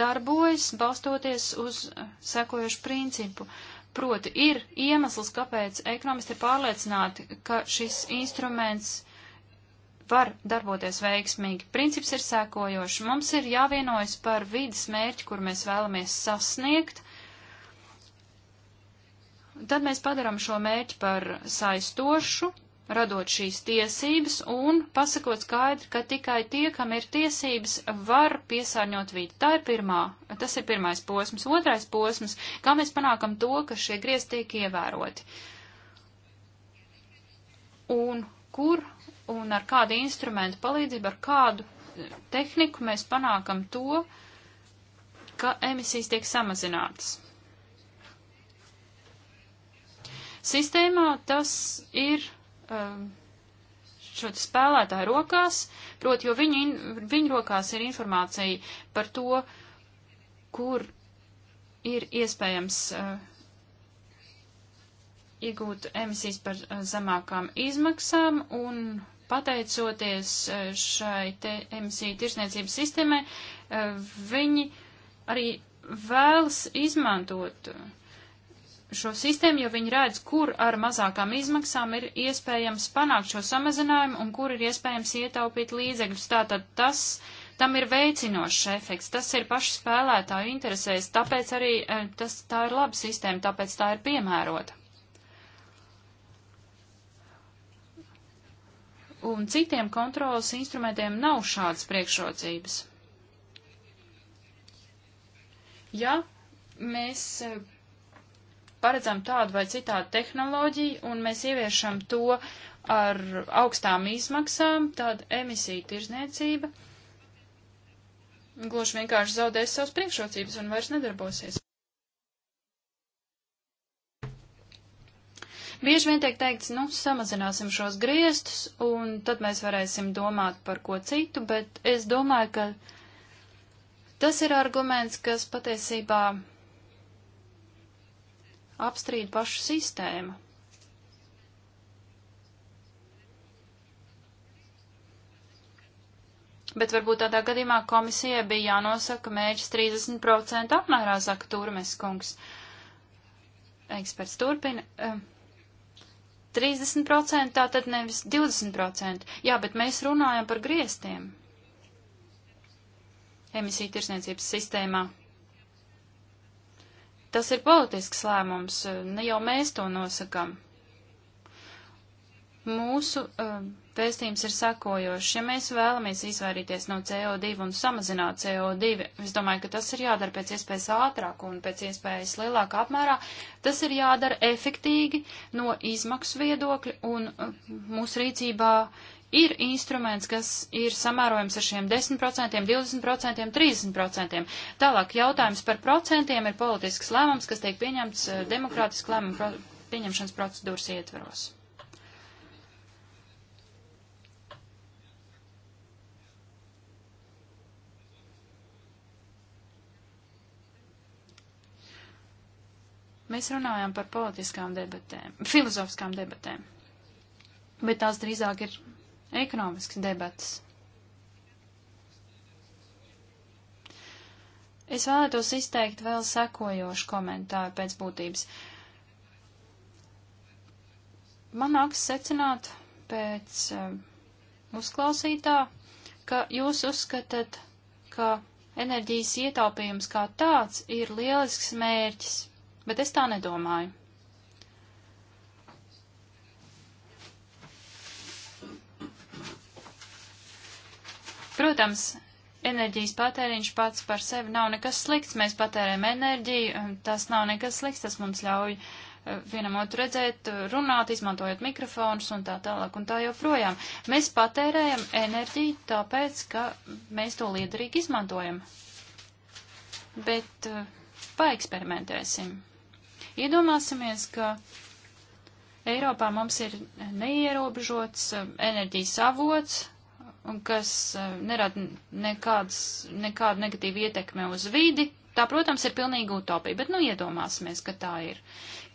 darbojas balstoties uz sekojošu principu. Proti, ir iemesls, kāpēc ekonomisti ir pārliecināti, ka šis instruments var darboties veiksmīgi. Princips ir sēkojošs. Mums ir jāvienojas par vidas mērķi, kur mēs vēlamies sasniegt. Tad mēs padaram šo mērķi par saistošu, radot šīs tiesības un pasakot skaidri, ka tikai tie, kam ir tiesības, var piesārņot vidi. Tā ir pirmā, tas ir pirmais posms. Otrais posms, kā mēs panākam to, ka šie griez tiek ievēroti. Un kur un ar kādu instrumentu palīdzību, ar kādu tehniku mēs panākam to, ka emisijas tiek samazinātas. Sistēmā tas ir Um, šo spēlētāju rokās, proti, jo viņu, in, viņu rokās ir informācija par to, kur ir iespējams uh, iegūt emisijas par uh, zemākām izmaksām un pateicoties uh, šai te emisiju tirsniecības sistēmai, uh, viņi arī vēlas izmantot uh, šo sistēmu, jo viņi redz, kur ar mazākām izmaksām ir iespējams panākt šo samazinājumu un kur ir iespējams ietaupīt līdzekļus. Tātad tas, tam ir veicinošs efekts, tas ir pašu spēlētāju interesēs, tāpēc arī eh, tas, tā ir laba sistēma, tāpēc tā ir piemērota. Un citiem kontrolas instrumentiem nav šādas priekšrocības. Ja mēs eh, paredzam tādu vai citādu tehnoloģiju un mēs ieviešam to ar augstām izmaksām, tad emisija tirzniecība gluži vienkārši zaudēs savas priekšrocības un vairs nedarbosies. Bieži vien tiek teikts, nu, samazināsim šos griestus, un tad mēs varēsim domāt par ko citu, bet es domāju, ka tas ir arguments, kas patiesībā apstrīd pašu sistēmu. Bet varbūt tādā gadījumā komisijai bija jānosaka mērķis 30% apmērā, saka Turmes kungs. Eksperts turpina. 30% ehm, tātad nevis 20%. Jā, bet mēs runājam par griestiem emisiju tirsniecības sistēmā. Tas ir politisks lēmums, eh, ne jau mēs to nosakam. Mūsu uh, vēstījums ir sakojošs. Ja mēs vēlamies izvairīties no CO2 un samazināt CO2, es domāju, ka tas ir jādara pēc iespējas ātrāk un pēc iespējas lielākā apmērā. Tas ir jādara efektīgi no izmaksu viedokļa un uh, mūsu rīcībā ir instruments, kas ir samērojams ar šiem 10%, 20%, 30%. Tālāk jautājums par procentiem ir politisks lēmums, kas tiek pieņemts eh, demokrātiski lēmumu pro pieņemšanas procedūras ietvaros. mēs runājam par politiskām debatēm, filozofiskām debatēm, bet tās drīzāk ir ekonomiskas debatas. Es vēlētos izteikt vēl sekojošu komentāru pēc būtības. Man nāks secināt pēc um, uzklausītā, ka jūs uzskatāt, ka enerģijas ietaupījums kā tāds ir lielisks mērķis, bet es tā nedomāju. Protams, enerģijas patēriņš pats par sevi nav nekas slikts. Mēs patērējam enerģiju, tas nav nekas slikts, tas mums ļauj eh, vienam otru redzēt, runāt, izmantojot mikrofonus un tā tālāk un tā joprojām. Mēs patērējam enerģiju tāpēc, ka mēs to liederīgi izmantojam. Bet eh, paeksperimentēsim. Iedomāsimies, ka Eiropā mums ir neierobežots eh, enerģijas avots, un kas e, nerada nekādas, nekādu negatīvu ietekmi uz vidi. Tā, protams, ir pilnīga utopija, bet nu iedomāsimies, ka tā ir.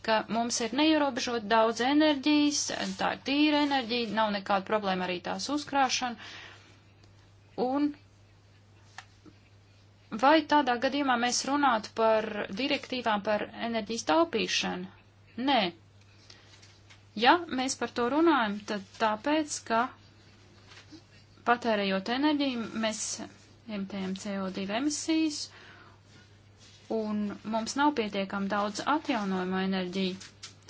Ka mums ir neierobežot daudz enerģijas, tā ir tīra enerģija, nav nekāda problēma arī tās uzkrāšana. Un vai tādā gadījumā mēs runātu par direktīvām par enerģijas taupīšanu? Nē. Ja mēs par to runājam, tad tāpēc, ka patērējot enerģiju, mēs emitējam CO2 emisijas, un mums nav pietiekami daudz atjaunojumu enerģiju.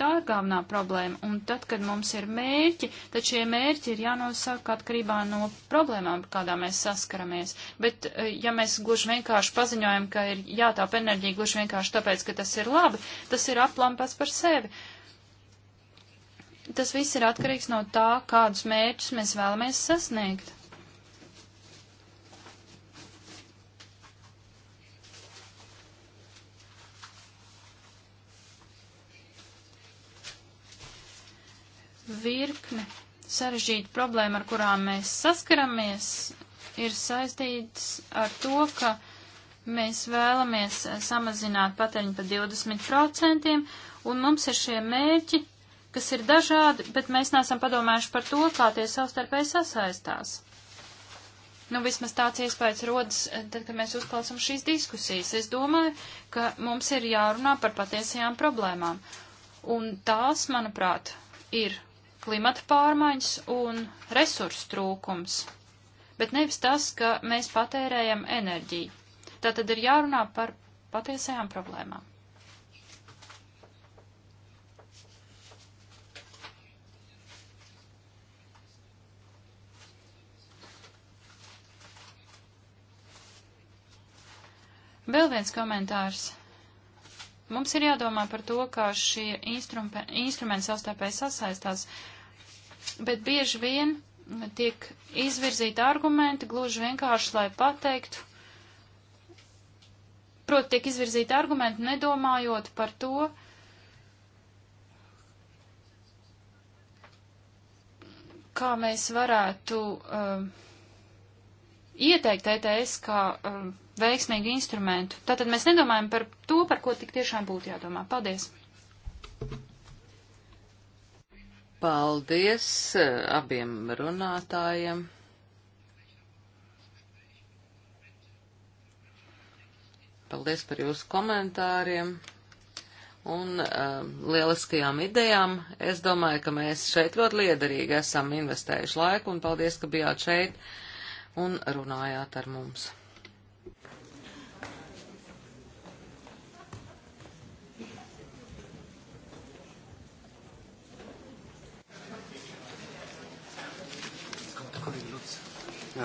Tā ir galvenā problēma, un tad, kad mums ir mērķi, tad šie mērķi ir jānosaka atkarībā no problēmām, kādā mēs saskaramies. Bet, eh, ja mēs gluži vienkārši paziņojam, ka ir jātāpa enerģija gluži vienkārši tāpēc, ka tas ir labi, tas ir aplam pats par sevi tas viss ir atkarīgs no tā, kādus mērķus mēs vēlamies sasniegt. virkne sarežģīta problēma, ar kurām mēs saskaramies, ir saistīts ar to, ka mēs vēlamies samazināt patēriņu par 20%, un mums ir šie mērķi, kas ir dažādi, bet mēs neesam padomājuši par to, kā tie savstarpēji sasaistās. Nu, vismaz tāds iespējas rodas, tad, kad mēs uzklausām šīs diskusijas. Es domāju, ka mums ir jārunā par patiesajām problēmām. Un tās, manuprāt, ir klimata pārmaiņas un resursu trūkums, bet nevis tas, ka mēs patērējam enerģiju. Tā tad ir jārunā par patiesajām problēmām. Vēl viens komentārs Mums ir jādomā par to, kā šie instrumenti savstarpēji sasaistās, bet bieži vien tiek izvirzīti argumenti gluži vienkārši, lai pateiktu, proti tiek izvirzīti argumenti, nedomājot par to, kā mēs varētu uh, ieteikt ETS kā uh, veiksmīgu instrumentu. Tātad mēs nedomājam par to, par ko tik tiešām būtu jādomā. Paldies! Paldies eh, abiem runātājiem! Paldies par jūsu komentāriem un uh, lieliskajām idejām. Es domāju, ka mēs šeit ļoti liederīgi esam investējuši laiku un paldies, ka bijāt šeit un runājāt ar mums.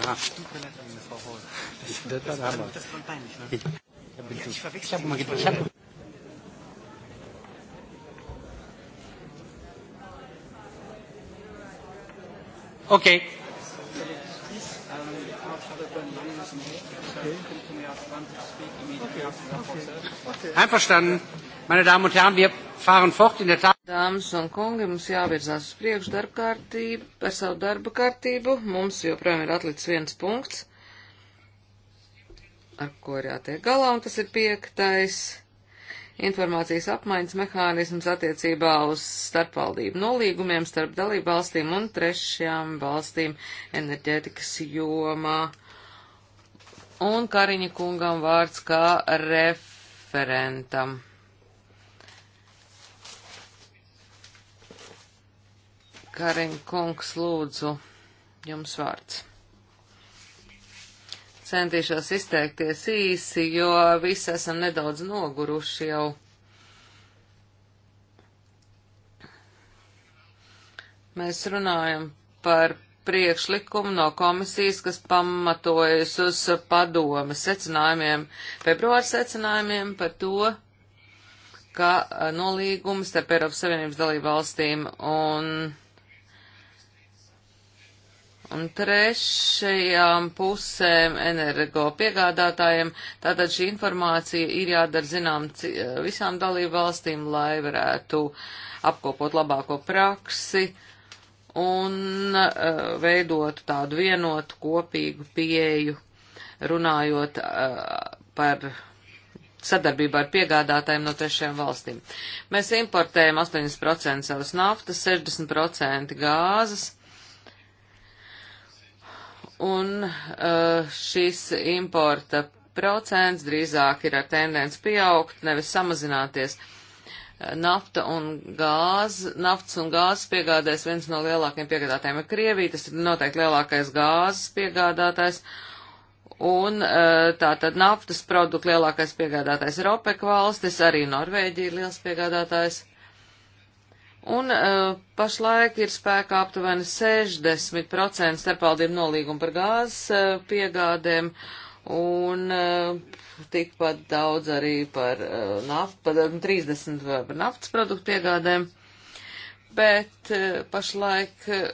Aha. Das war der Hammer. Das war peinlich, ne? Ich, ich verwechsel. Ich habe Okay. Einverstanden. Meine Damen und Herren, wir Dāmas un kungi, mums jāvirzās uz priekšu darbkārtību, par savu darba kārtību. Mums joprojām ir atlicis viens punkts, ar ko ir jātiek galā, un tas ir piektais informācijas apmaiņas mehānisms attiecībā uz starpvaldību nolīgumiem starp dalību valstīm un trešajām valstīm enerģētikas jomā. Un Kariņa kungam vārds kā referentam. Karim Kungs, lūdzu, jums vārds. Centīšos izteikties īsi, jo visi esam nedaudz noguruši jau. Mēs runājam par priekšlikumu no komisijas, kas pamatojas uz padomas secinājumiem, februāra secinājumiem par to, ka nolīgums starp Eiropas Savienības dalību valstīm un Un trešajām pusēm energo piegādātājiem tātad šī informācija ir jādara zinām visām dalību valstīm, lai varētu apkopot labāko praksi un uh, veidot tādu vienotu kopīgu pieeju, runājot uh, par sadarbībā ar piegādātājiem no trešajām valstīm. Mēs importējam 80% savas naftas, 60% gāzes Un uh, šis importa procents drīzāk ir ar tendenci pieaugt, nevis samazināties. Eh, nafta un gāze, naftas un gāzes piegādēs viens no lielākajiem piegādātājiem ir Krievija, tas ir noteikti lielākais gāzes piegādātājs. Un eh, tātad naftas produktu lielākais piegādātājs ir OPEC valstis, arī Norvēģija ir liels piegādātājs. Un uh, pašlaik ir spēkā aptuveni 60% starpvaldību nolīgumu par gāzes uh, piegādēm un uh, tikpat daudz arī par uh, naftu, 30 um, par naftas produktu piegādēm. Bet uh, pašlaik uh,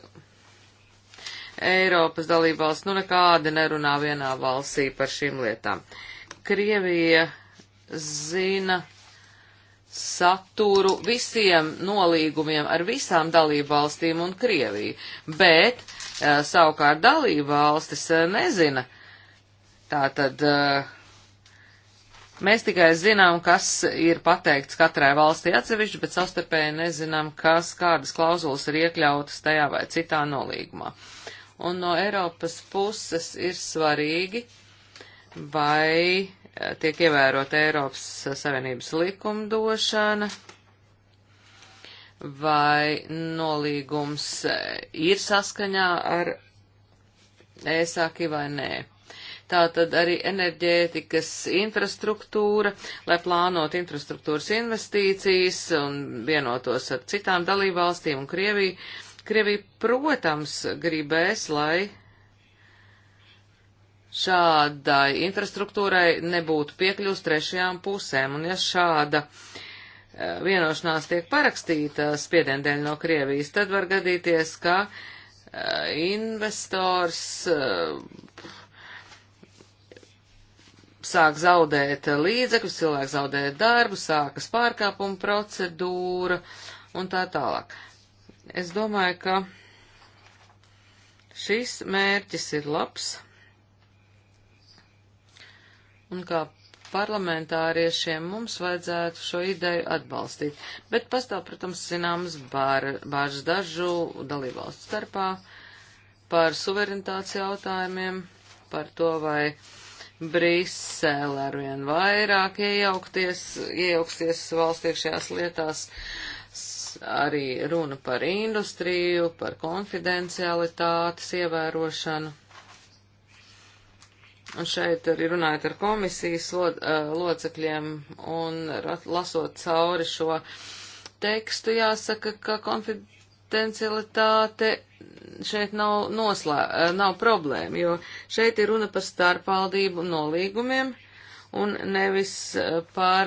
Eiropas dalībvalsts nu nekādi nerunā vienā valstī par šīm lietām. Krievija zina saturu visiem nolīgumiem ar visām dalībvalstīm un Krieviju, bet eh, savukārt dalībvalstis eh, nezina. Tātad eh, mēs tikai zinām, kas ir pateikts katrai valstī atsevišķi, bet savstarpēji nezinām, kas, kādas klauzulas ir iekļautas tajā vai citā nolīgumā. Un no Eiropas puses ir svarīgi, vai tiek ievērot Eiropas Savienības likumdošana, vai nolīgums ir saskaņā ar ēsāki vai nē. Tātad arī enerģētikas infrastruktūra, lai plānot infrastruktūras investīcijas un vienotos ar citām dalībvalstīm un Krieviju. Krievija, protams, gribēs, lai šādai infrastruktūrai nebūtu piekļūst trešajām pusēm, un ja šāda eh, vienošanās tiek parakstīta spiediendēļ no Krievijas, tad var gadīties, ka eh, investors eh, sāk zaudēt līdzekļus, cilvēks zaudē darbu, sākas pārkāpuma procedūra un tā tālāk. Es domāju, ka šis mērķis ir labs. Un kā parlamentāriešiem mums vajadzētu šo ideju atbalstīt. Bet pastāv, protams, zināmas bāžas dažu dalībvalstu starpā par suverenitātes jautājumiem, par to, vai Brisele ar vien vairāk iejaukties, iejauksties valsts iekšējās lietās, arī runa par industriju, par konfidencialitātes ievērošanu. Un šeit arī runājot ar komisijas eh, locekļiem un lasot cauri šo tekstu, jāsaka, ka konfidencialitāte šeit nav, noslē, eh, nav problēma, jo šeit ir runa par starpvaldību nolīgumiem un nevis eh, par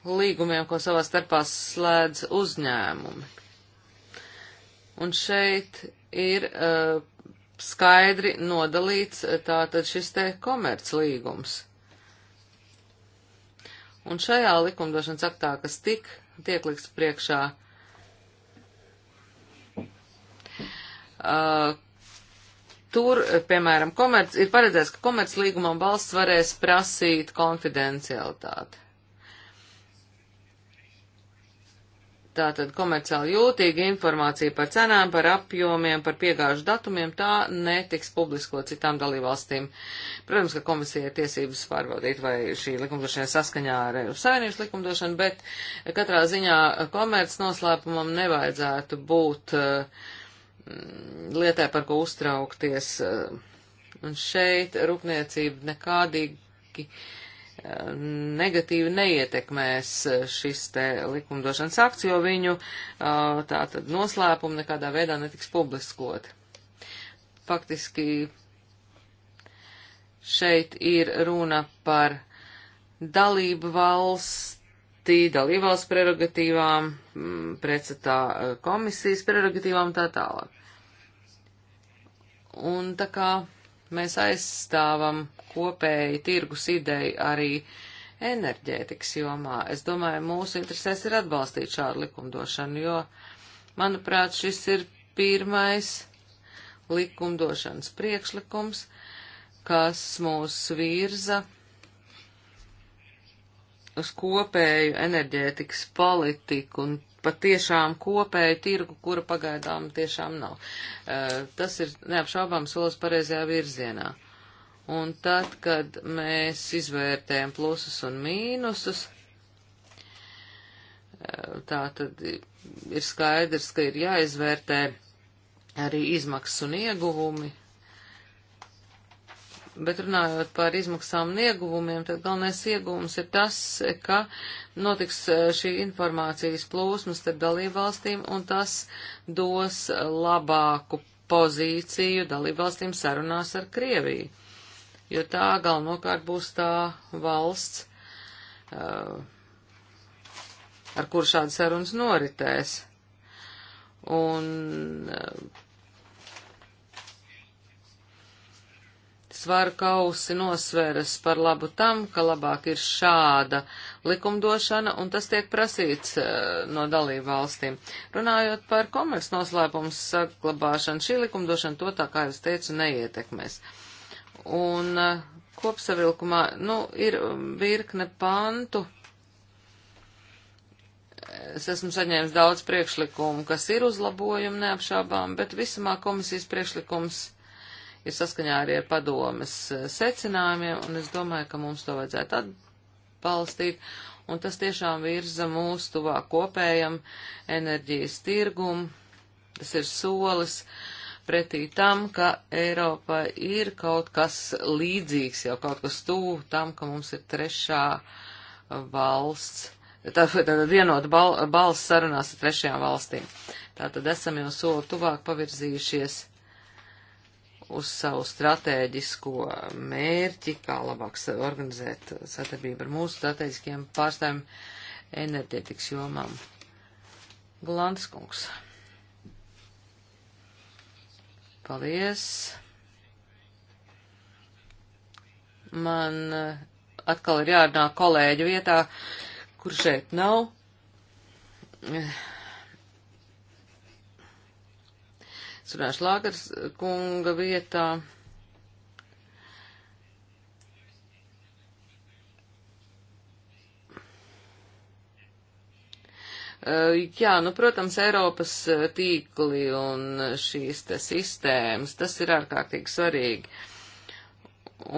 līgumiem, ko savā starpā slēdz uzņēmumi. Un šeit ir uh, skaidri nodalīts eh, tātad šis te komerclīgums. Un šajā likumdošanas aktā, kas tik tiek liks priekšā, uh, tur, piemēram, komerc, ir paredzēts, ka komerclīgumam valsts varēs prasīt konfidencialitāti. Tātad komerciāli jūtīga informācija par cenām, par apjomiem, par piegāžu datumiem, tā netiks publisko citām dalībvalstīm. Protams, ka komisija ir tiesības pārbaudīt, vai šī likumdošana saskaņā ar Eiropas Savienības likumdošanu, bet katrā ziņā komerc noslēpumam nevajadzētu būt uh, lietai, par ko uztraukties. Uh, un šeit rūpniecība nekādīgi negatīvi neietekmēs šis te likumdošanas akts, jo viņu tātad noslēpumi nekādā veidā netiks publiskoti. Faktiski šeit ir runa par dalību valsti, dalību valsts prerogatīvām, precetā komisijas prerogatīvām tā tālāk. Un tā kā mēs aizstāvam kopēja tirgus ideja arī enerģētikas jomā. Es domāju, mūsu interesēs ir atbalstīt šādu likumdošanu, jo, manuprāt, šis ir pirmais likumdošanas priekšlikums, kas mūs virza uz kopēju enerģētikas politiku un patiešām kopēju tirgu, kura pagaidām tiešām nav. Eh, tas ir neapšaubām solis pareizajā virzienā. Un tad, kad mēs izvērtējam plusus un mīnusus, tā tad ir skaidrs, ka ir jāizvērtē arī izmaksas un ieguvumi. Bet runājot par izmaksām un ieguvumiem, tad galvenais ieguvums ir tas, ka notiks e, šī informācijas plūsmas starp dalībvalstīm un tas dos labāku pozīciju dalībvalstīm sarunās ar Krieviju jo tā galvenokārt būs tā valsts, eh, ar kur šādas sarunas noritēs. Un eh, svaru kausi nosveras par labu tam, ka labāk ir šāda likumdošana, un tas tiek prasīts uh, no dalību valstīm. Runājot par komerc noslēpumu saglabāšanu, šī likumdošana to, tā kā es teicu, neietekmēs. Uh, Un e, kopsavilkumā, nu, ir um, virkne pantu. Es esmu saņēmis daudz priekšlikumu, kas ir uzlabojumi neapšābām, bet visamā komisijas priekšlikums ir saskaņā arī ar padomes e, secinājumiem, un es domāju, ka mums to vajadzētu atbalstīt, un tas tiešām virza mūsu tuvāk kopējam enerģijas tirgumu. Tas ir solis, uh, pretī tam, ka Eiropā ir kaut kas līdzīgs, jau kaut kas tuvu tam, ka mums ir trešā valsts, tātad tā, vienota bal, balss sarunās ar trešajām valstīm. Tātad esam jau soli tuvāk pavirzījušies uz savu strateģisko mērķi, kā labāk organizēt sadarbību ar mūsu strateģiskiem pārstāvjiem enerģetikas jomām. Glantskungs. kungs. Paldies. Man eh, atkal ir jārunā kolēģa vietā, kur šeit nav. Eh, es runāšu Lāgars eh, kunga vietā. Eh, jā, nu, protams, Eiropas eh, tīkli un eh, šīs te sistēmas, tas ir ārkārtīgi svarīgi.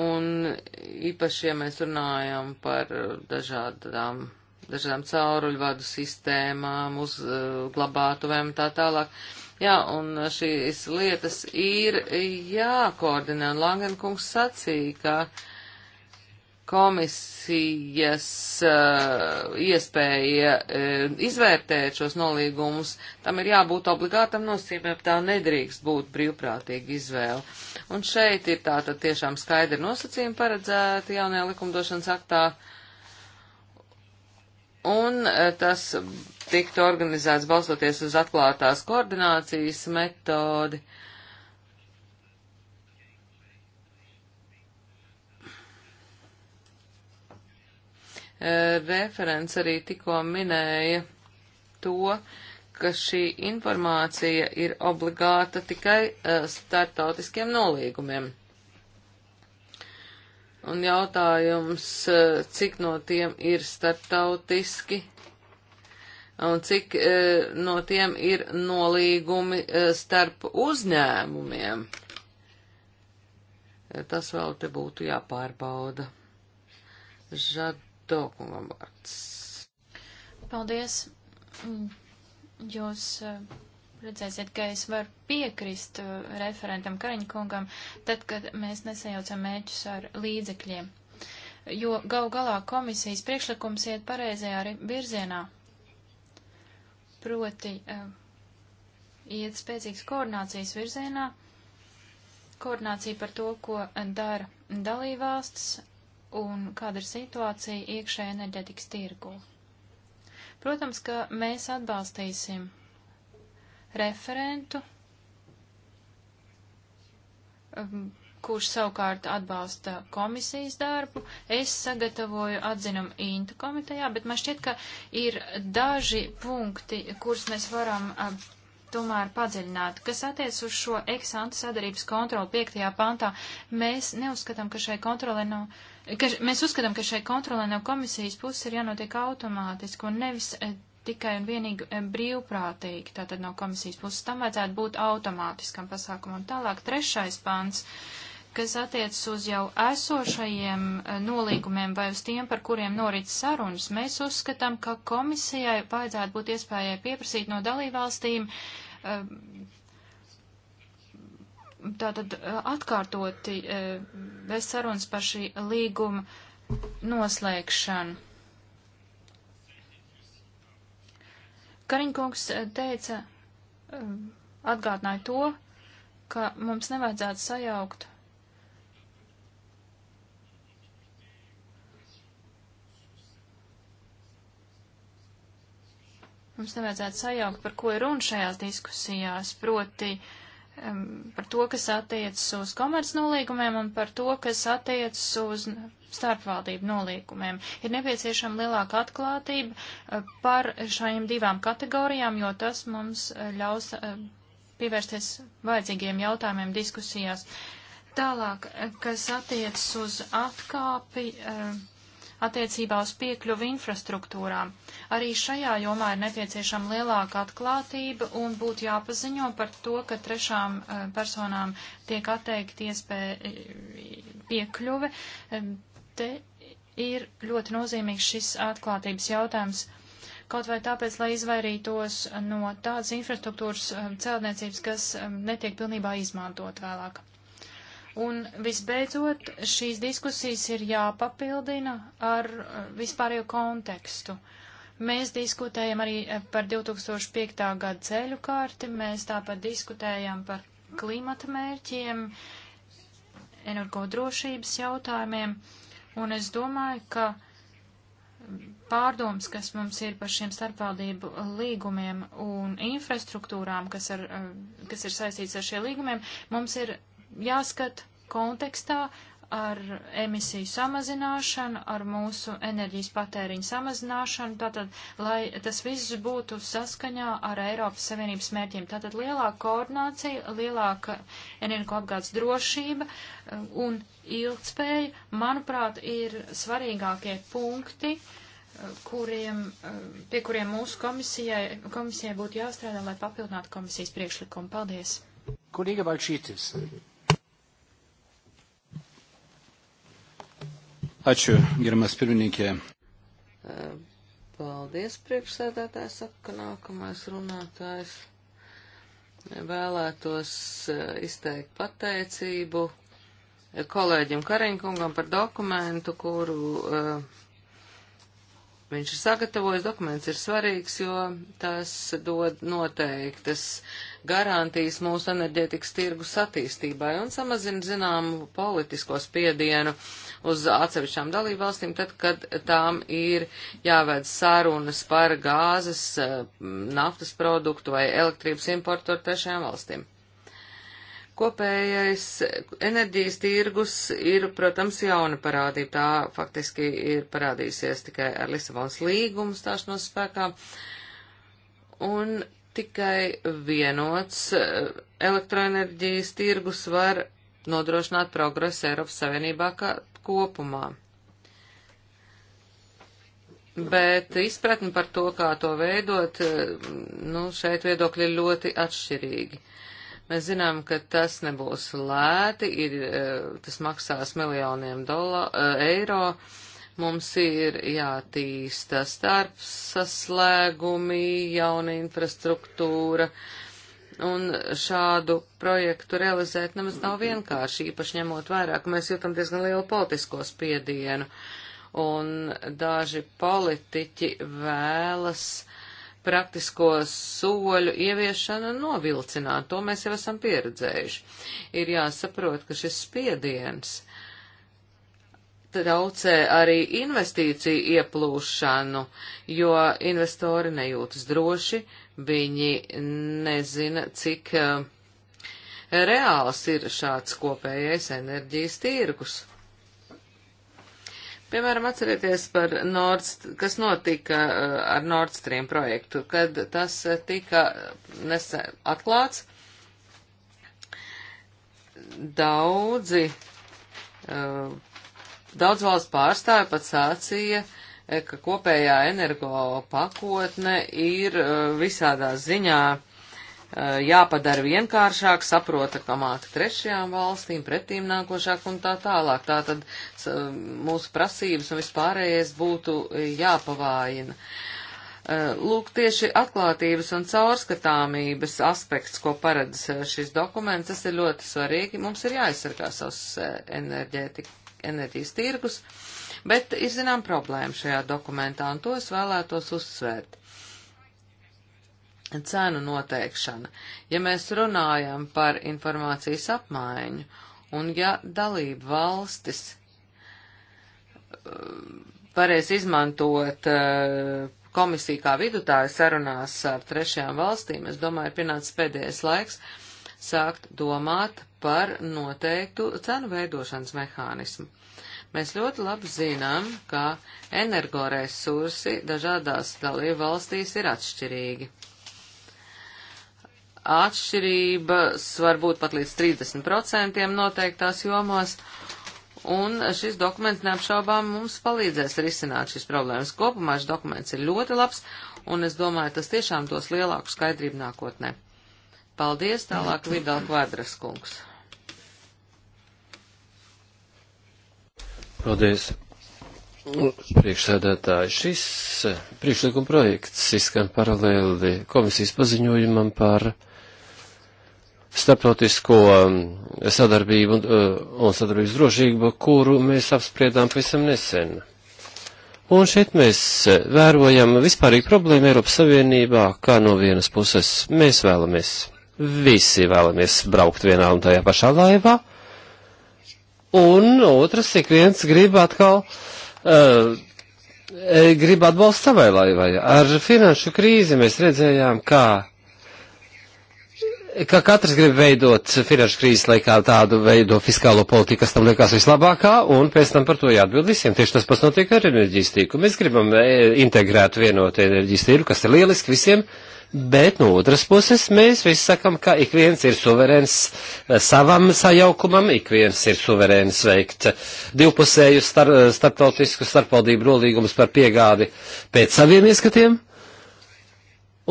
Un īpaši, ja mēs runājam par dažādām, dažādām cauruļvadu sistēmām, uzglabātuvēm un tā tālāk. Jā, un šīs lietas ir jākoordinē. Un Langenkungs sacīja, ka komisijas uh, iespēja uh, izvērtēt šos nolīgumus, tam ir jābūt obligātam nosacījumam, tā nedrīkst būt brīvprātīga izvēle. Un šeit ir tātad tiešām skaidri nosacījumi paredzēti jaunajā likumdošanas aktā, un uh, tas tiktu organizēts balstoties uz atklātās koordinācijas metodi. Uh, Referents arī tikko minēja to, ka šī informācija ir obligāta tikai eh, startautiskiem nolīgumiem. Un jautājums, eh, cik no tiem ir startautiski un cik eh, no tiem ir nolīgumi starp uzņēmumiem. Tas vēl te būtu jāpārbauda. Žad Dokumam vārds. Paldies. Mm, Jūs eh, redzēsiet, ka es varu piekrist eh, referentam Kariņkungam, tad, kad mēs nesajaucam mēķus ar līdzekļiem. Jo gau galā komisijas priekšlikums iet pareizajā virzienā. Proti, eh, iet spēcīgas koordinācijas virzienā, koordinācija par to, ko dara dalībvalstis un kāda ir situācija iekšē enerģetikas tirgu. Protams, ka mēs atbalstīsim referentu, um, kurš savukārt atbalsta komisijas darbu. Es sagatavoju atzinumu Intu komitejā, bet man šķiet, ka ir daži punkti, kurus mēs varam um, tomēr padziļināt. Kas attiec uz šo eksantu sadarības kontroli 5. pantā, mēs neuzskatām, ka šai kontrolē nav. No ka mēs uzskatām, ka šai kontrolē no komisijas puses ir jānotiek automātiski un nevis e, tikai un vienīgi e, brīvprātīgi. Tātad no komisijas puses tam vajadzētu būt automātiskam pasākumam. Tālāk trešais pants, kas attiecas uz jau esošajiem e, nolīgumiem vai uz tiem, par kuriem norit sarunas, mēs uzskatām, ka komisijai vajadzētu būt iespējai pieprasīt no dalībvalstīm tātad atkārtoti bez sarunas par šī līguma noslēgšanu. Kariņkungs teica, atgādināja to, ka mums nevajadzētu sajaukt Mums nevajadzētu sajaukt, par ko ir runa šajās diskusijās, proti uh, par to, kas attiecas uz komercnolīgumiem un par to, kas attiecas uz starpvaldību nolīgumiem. Ir nepieciešama lielāka atklātība eh, par šajām divām kategorijām, jo tas mums eh, ļaus eh, pievērsties vajadzīgiem jautājumiem diskusijās. Tālāk, kas attiecas uz atkāpi attiecībā uz piekļuvi infrastruktūrām. Arī šajā jomā ir nepieciešama lielāka atklātība un būtu jāpaziņo par to, ka trešām eh, personām tiek atteikti iespēja eh, piekļuve. Te ir ļoti nozīmīgs šis atklātības jautājums kaut vai tāpēc, lai izvairītos no tādas infrastruktūras celtniecības, kas netiek pilnībā izmantot vēlāk. Un visbeidzot, šīs diskusijas ir jāpapildina ar eh, vispārējo kontekstu. Mēs diskutējam arī eh, par 2005. gada ceļu karti, mēs tāpat diskutējam par klimata mērķiem, energodrošības jautājumiem, un es domāju, ka pārdoms, kas mums ir par šiem starpvaldību līgumiem un infrastruktūrām, kas, ar, eh, kas ir saistīts ar šiem līgumiem, mums ir jāskat kontekstā ar emisiju samazināšanu, ar mūsu enerģijas patēriņu samazināšanu, tātad, lai tas viss būtu saskaņā ar Eiropas Savienības mērķiem. Tātad lielāka koordinācija, lielāka energoapgādes drošība uh, un ilgtspēja, manuprāt, ir svarīgākie punkti, uh, kuriem, uh, pie kuriem mūsu komisijai, komisijai būtu jāstrādā, lai papildinātu komisijas priekšlikumu. Paldies! Kolīga Balčītis. Ačiū, gerimas pirmininkė. Paldies, priekšsēdētājs, saka nākamais runātājs. Vēlētos e, izteikt pateicību kolēģim Kariņkungam par dokumentu, kuru uh, viņš ir sagatavojis, dokuments ir svarīgs, jo tas dod noteiktas garantijas mūsu enerģētikas tirgus attīstībai un samazina zināmu politisko spiedienu uz atsevišķām dalībvalstīm, tad, kad tām ir jāved sarunas par gāzes, eh, naftas produktu vai elektrības importu ar trešajām valstīm. Kopējais enerģijas tirgus ir, protams, jauna parādība. Tā faktiski ir parādījusies tikai ar Lisabonas līgumu stāšanos spēkā. Un tikai vienots eh, elektroenerģijas tirgus var nodrošināt progresu Eiropas Savienībā kā kopumā. Bet izpratni par to, kā to veidot, nu, šeit viedokļi ir ļoti atšķirīgi. Mēs zinām, ka tas nebūs lēti, ir, e, tas maksās miljoniem dola, e, eiro. Mums ir jātīsta starpsaslēgumi, jauna infrastruktūra. Uh, un šādu projektu realizēt nemaz nav vienkārši, īpaši ņemot vērā, ka mēs jūtam diezgan lielu politisko spiedienu, un daži politiķi vēlas praktisko soļu ieviešanu novilcināt, to mēs jau esam pieredzējuši. Ir jāsaprot, ka šis spiediens traucē arī investīciju ieplūšanu, jo investori nejūtas droši, uh, Viņi nezina, cik uh, reāls ir šāds kopējais enerģijas tirgus. Piemēram, atcerieties par Nord, kas notika eh, ar Nord Stream projektu, kad tas eh, tika nesen atklāts. Daudzi, daudz valsts pārstāvi pat sācīja, E, ka kopējā energo pakotne ir e, visādā ziņā e, jāpadara vienkāršāk, saprotamāk trešajām valstīm, pretīm nākošāk un tā tālāk. Tātad mūsu prasības un vispārējais būtu jāpavājina. Lūk, tieši atklātības un caurskatāmības aspekts, ko paredz šis dokuments, tas ir ļoti svarīgi. Mums ir jāaizsargā savs enerģētikas tirgus. Uh, Bet ir zinām problēma šajā dokumentā, un to es vēlētos uzsvērt. Cenu noteikšana. Ja mēs runājam par informācijas apmaiņu, un ja dalība valstis uh, varēs izmantot uh, komisiju kā vidutāju sarunās ar trešajām valstīm, es domāju, ir pienācis pēdējais laiks sākt domāt par noteiktu cenu veidošanas mehānismu. Mēs ļoti labi zinām, ka energoresursi dažādās dalību valstīs ir atšķirīgi. Atšķirības var būt pat līdz 30% noteiktās jomās, un šis dokuments neapšaubām mums palīdzēs risināt šīs problēmas. Kopumā šis dokuments ir ļoti labs, un es domāju, tas tiešām dos lielāku skaidrību nākotnē. Paldies, tālāk Vidal Kvadras kungs. Paldies. Priekšsēdētāji, šis priekšlikuma projekts izskan paralēli komisijas paziņojumam par starptautisko um, sadarbību un, uh, un sadarbības drošību, kuru mēs apspriedām pavisam nesen. Un šeit mēs vērojam vispārīgu problēmu Eiropas Savienībā, kā no vienas puses mēs vēlamies, visi vēlamies braukt vienā un tajā pašā laivā, un otrs, ik viens grib atkal, uh, grib atbalstu savai laivai. Ar finanšu krīzi mēs redzējām, kā, ka katrs grib veidot finanšu krīzes laikā tādu veido fiskālo politiku, kas tam liekas vislabākā, un pēc tam par to jāatbild visiem. Tieši tas pats notiek ar enerģijas tīku. Mēs gribam eh, integrēt vienotu enerģijas tīru, kas ir lieliski visiem. Uh, bet no otras puses mēs visi sakam, ka ik viens ir suverēns eh, savam sajaukumam, ik viens ir suverēns veikt eh, divpusēju star, eh, starptautisku starpvaldību rolīgumus par piegādi pēc saviem ieskatiem,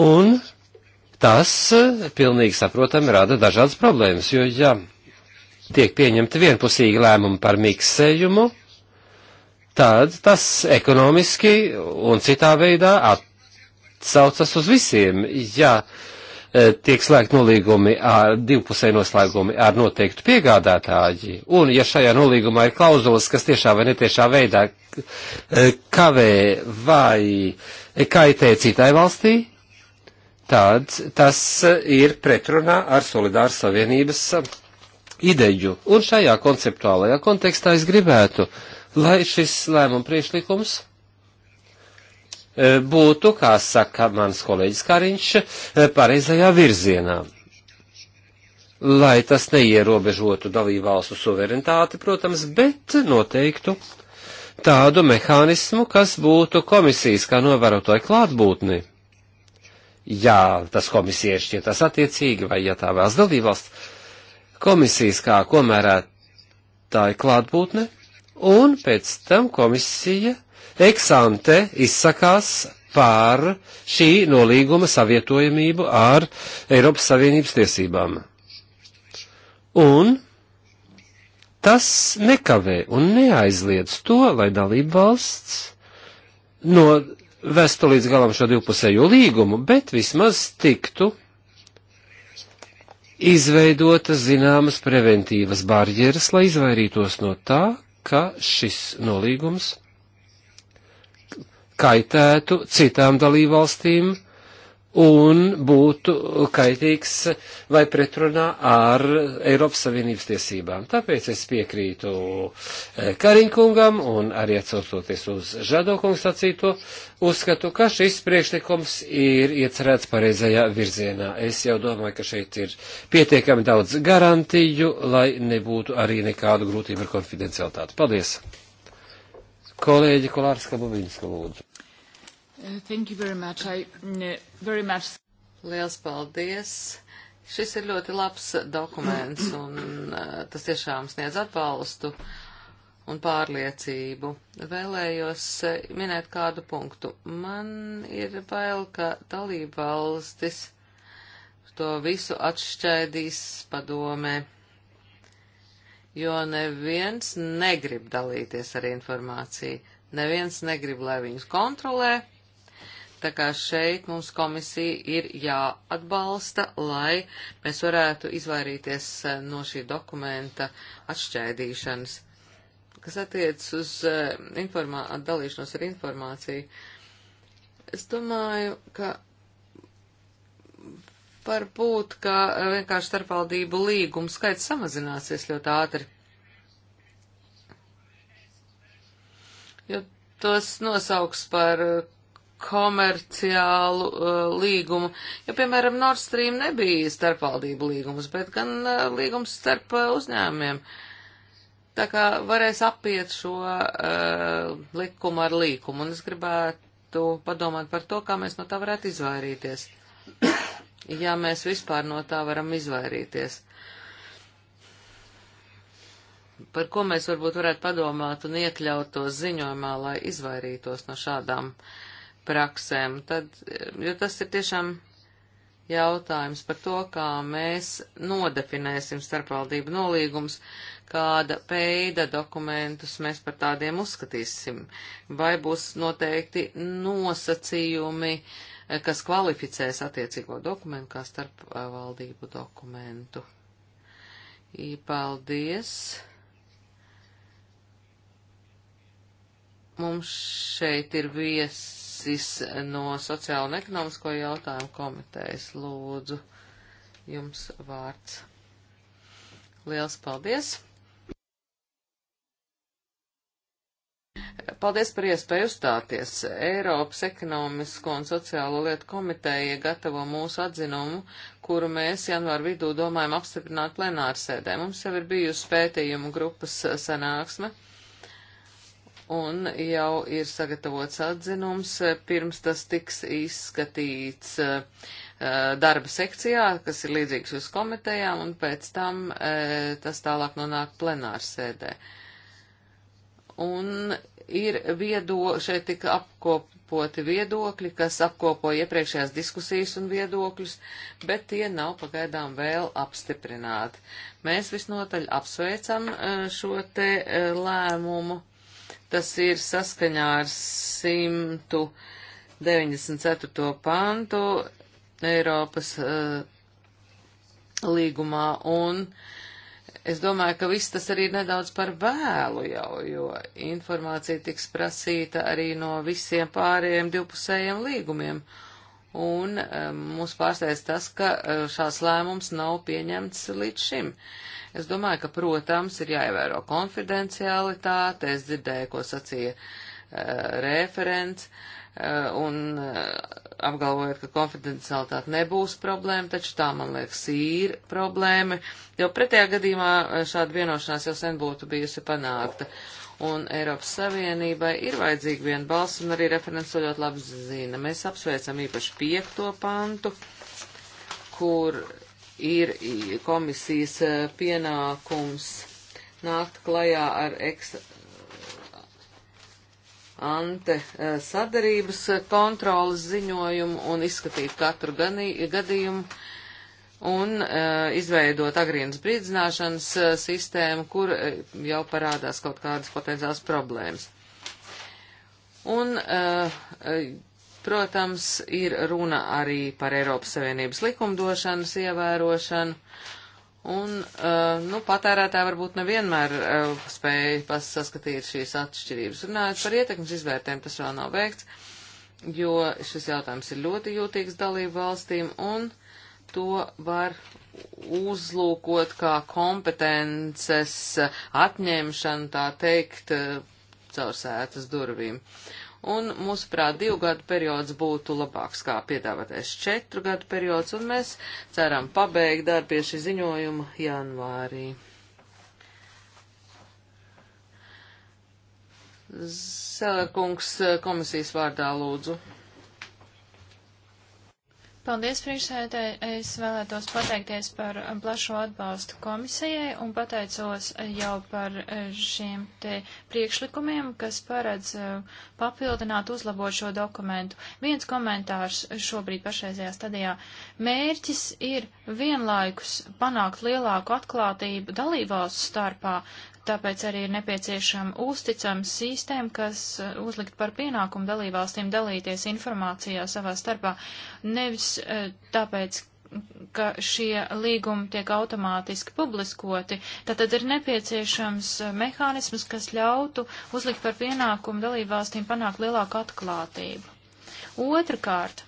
un tas pilnīgi saprotami rada dažādas problēmas, jo, ja tiek pieņemta vienpusīgi lēmumi par miksējumu, tad tas ekonomiski un citā veidā at, atcaucas uz visiem. Ja e, tiek slēgt nolīgumi ar divpusēju noslēgumi ar noteiktu piegādātāji, un ja šajā nolīgumā ir klauzulas, kas tiešā vai netiešā veidā e, kavē vai kaitē citai valstī, tad tas ir pretrunā ar solidāras savienības ideju. Un šajā konceptuālajā kontekstā es gribētu, lai šis lēmuma priekšlikums E, būtu, kā saka mans kolēģis Kariņš, e, pareizajā virzienā. Lai tas neierobežotu dalību valstu suverenitāti, protams, bet noteiktu tādu mehānismu, kas būtu komisijas kā novērotāju klātbūtni. Jā, tas komisija šķiet tas attiecīgi, vai ja tā vēlas dalībvalsts, komisijas kā komērētāja klātbūtne, un pēc tam komisija eksante izsakās pār šī nolīguma savietojamību ar Eiropas Savienības tiesībām. Un tas nekavē un neaizliedz to, lai dalība valsts no vestu līdz galam šo divpusējo līgumu, bet vismaz tiktu izveidotas zināmas preventīvas barjeras, lai izvairītos no tā, ka šis nolīgums kaitētu citām dalībvalstīm un būtu kaitīgs vai pretrunā ar Eiropas Savienības tiesībām. Tāpēc es piekrītu eh, Kariņkungam un arī atsaucoties uz Žadokungu sacīto, uzskatu, ka šis priekšlikums ir iecerēts pareizajā virzienā. Es jau domāju, ka šeit ir pietiekami daudz garantiju, lai nebūtu arī nekādu grūtību ar konfidencialitāti. Paldies! Kolēģi Kolārska Bubinska lūdzu. Uh, thank you very much. I mm, uh, very much. Liels paldies. Šis ir ļoti labs dokuments un uh, tas tiešām sniedz atbalstu un pārliecību. Vēlējos minēt kādu punktu. Man ir bail, ka dalība valstis to visu atšķaidīs padomē, jo neviens negrib dalīties ar informāciju. Neviens negrib, lai viņus kontrolē Tā kā šeit mums komisija ir jāatbalsta, lai mēs varētu izvairīties eh, no šī dokumenta atšķaidīšanas. Kas attiec uz eh, informā dalīšanos ar informāciju, es domāju, ka varbūt, ka vienkārši starpvaldību līgumu skaits samazināsies ļoti ātri. Jo tos nosauks par komerciālu uh, līgumu, jo, piemēram, Nord Stream nebija starpvaldību līgums, bet gan uh, līgums starp uh, uzņēmumiem. Tā kā varēs apiet šo uh, likumu ar līkumu, un es gribētu padomāt par to, kā mēs no tā varētu izvairīties, ja mēs vispār no tā varam izvairīties. Par ko mēs varbūt varētu padomāt un iekļaut to ziņojumā, lai izvairītos no šādām uh, praksēm, tad, jo tas ir tiešām jautājums par to, kā mēs nodefinēsim starpvaldību nolīgums, kāda veida dokumentus mēs par tādiem uzskatīsim, vai būs noteikti nosacījumi, kas kvalificēs attiecīgo dokumentu kā starpvaldību dokumentu. I, paldies! Mums šeit ir viesis no sociāla un ekonomisko jautājumu komitejas. Lūdzu, jums vārds. Liels paldies! Paldies par iespēju uzstāties. Eiropas ekonomisko un sociālo lietu komiteja gatavo mūsu atzinumu, kuru mēs janvāra vidū domājam apstiprināt plenārsēdē. Mums jau ir bijusi pētījumu grupas sanāksme. Uh, un jau ir sagatavots atzinums, eh, pirms tas tiks izskatīts uh, darba sekcijā, kas ir līdzīgs uz komitejām, un pēc tam uh, tas tālāk nonāk plenārsēdē. Un ir viedo, šeit tika apkopoti viedokļi, kas apkopo iepriekšējās diskusijas un viedokļus, bet tie nav pagaidām vēl apstiprināti. Mēs visnotaļ apsveicam uh, šo te lēmumu Tas ir saskaņā ar 194. pantu Eiropas uh, līgumā, un es domāju, ka viss tas arī ir nedaudz par vēlu jau, jo informācija tiks prasīta arī no visiem pārējiem divpusējiem līgumiem. Un um, mūs pārsteidz tas, ka uh, eh, šās lēmums nav pieņemts līdz šim. Uh, Es domāju, ka, protams, ir jāievēro konfidencialitāte, es dzirdēju, ko sacīja uh, referents, uh, un uh, apgalvojot, ka konfidencialitāte nebūs problēma, taču tā, man liekas, ir problēma, jo pretējā gadījumā šāda vienošanās jau sen būtu bijusi panākta. Un Eiropas Savienībai ir vajadzīga viena balss, un arī referents to ļoti labi zina. Mēs apsveicam īpaši piekto pantu, kur ir komisijas eh, pienākums nākt klajā ar ekstra eh, ante eh, sadarības kontrolas ziņojumu un izskatīt katru ganī, gadījumu un uh, izveidot agrīnas brīdzināšanas uh, sistēmu, kur uh, jau parādās kaut kādas potenciāls problēmas. Un uh, Protams, ir runa arī par Eiropas Savienības likumdošanas ievērošanu, un, uh, nu, patērētāji varbūt nevienmēr uh, eh, spēja saskatīt šīs atšķirības. Runājot par ietekmes izvērtēm, tas vēl nav veikts, jo šis jautājums ir ļoti jūtīgs dalību valstīm, un to var uzlūkot kā kompetences atņemšanu, tā teikt, eh, caur sētas durvīm. Uh, un mūsuprāt divu gadu periods būtu labāks kā piedāvātais četru gadu periods, un mēs ceram pabeigt darbu pie šī ziņojuma janvārī. Selerkungs komisijas vārdā lūdzu. Paldies, priekšsēdētāji. Es vēlētos pateikties par um, plašo atbalstu komisijai un pateicos uh, jau par uh, šiem te priekšlikumiem, kas paredz uh, papildināt uzlabot šo dokumentu. Viens komentārs šobrīd pašreizajā stadijā. Mērķis ir vienlaikus panākt lielāku atklātību dalībvalstu starpā, Tāpēc arī ir nepieciešama uzticama sistēma, kas uh, uzlikt par pienākumu dalībvalstīm dalīties informācijā savā starpā. Nevis uh, tāpēc, ka šie līgumi tiek automātiski publiskoti. Tātad ir nepieciešams uh, mehānisms, kas ļautu uzlikt par pienākumu dalībvalstīm panākt lielāku atklātību. Otrakārt,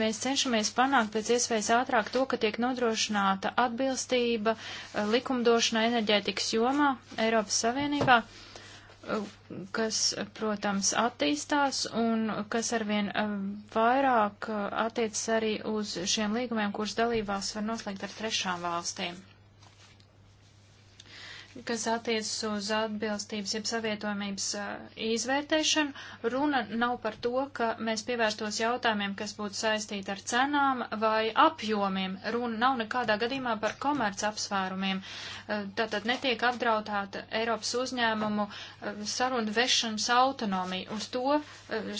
Mēs cenšamies panākt pēc iespējas ātrāk to, ka tiek nodrošināta atbilstība eh, likumdošanai enerģētikas jomā Eiropas Savienībā, eh, kas, protams, attīstās un kas arvien eh, vairāk attiecas arī uz šiem līgumiem, kurus dalībās var noslēgt ar trešām valstīm kas attiecas uz atbilstības, jeb savietojumības izvērtēšanu. Runa nav par to, ka mēs pievērstos jautājumiem, kas būtu saistīti ar cenām vai apjomiem. Runa nav nekādā gadījumā par komerc apsvērumiem. Tātad netiek apdrautāta Eiropas uzņēmumu sarunu vešanas autonomija. Uz to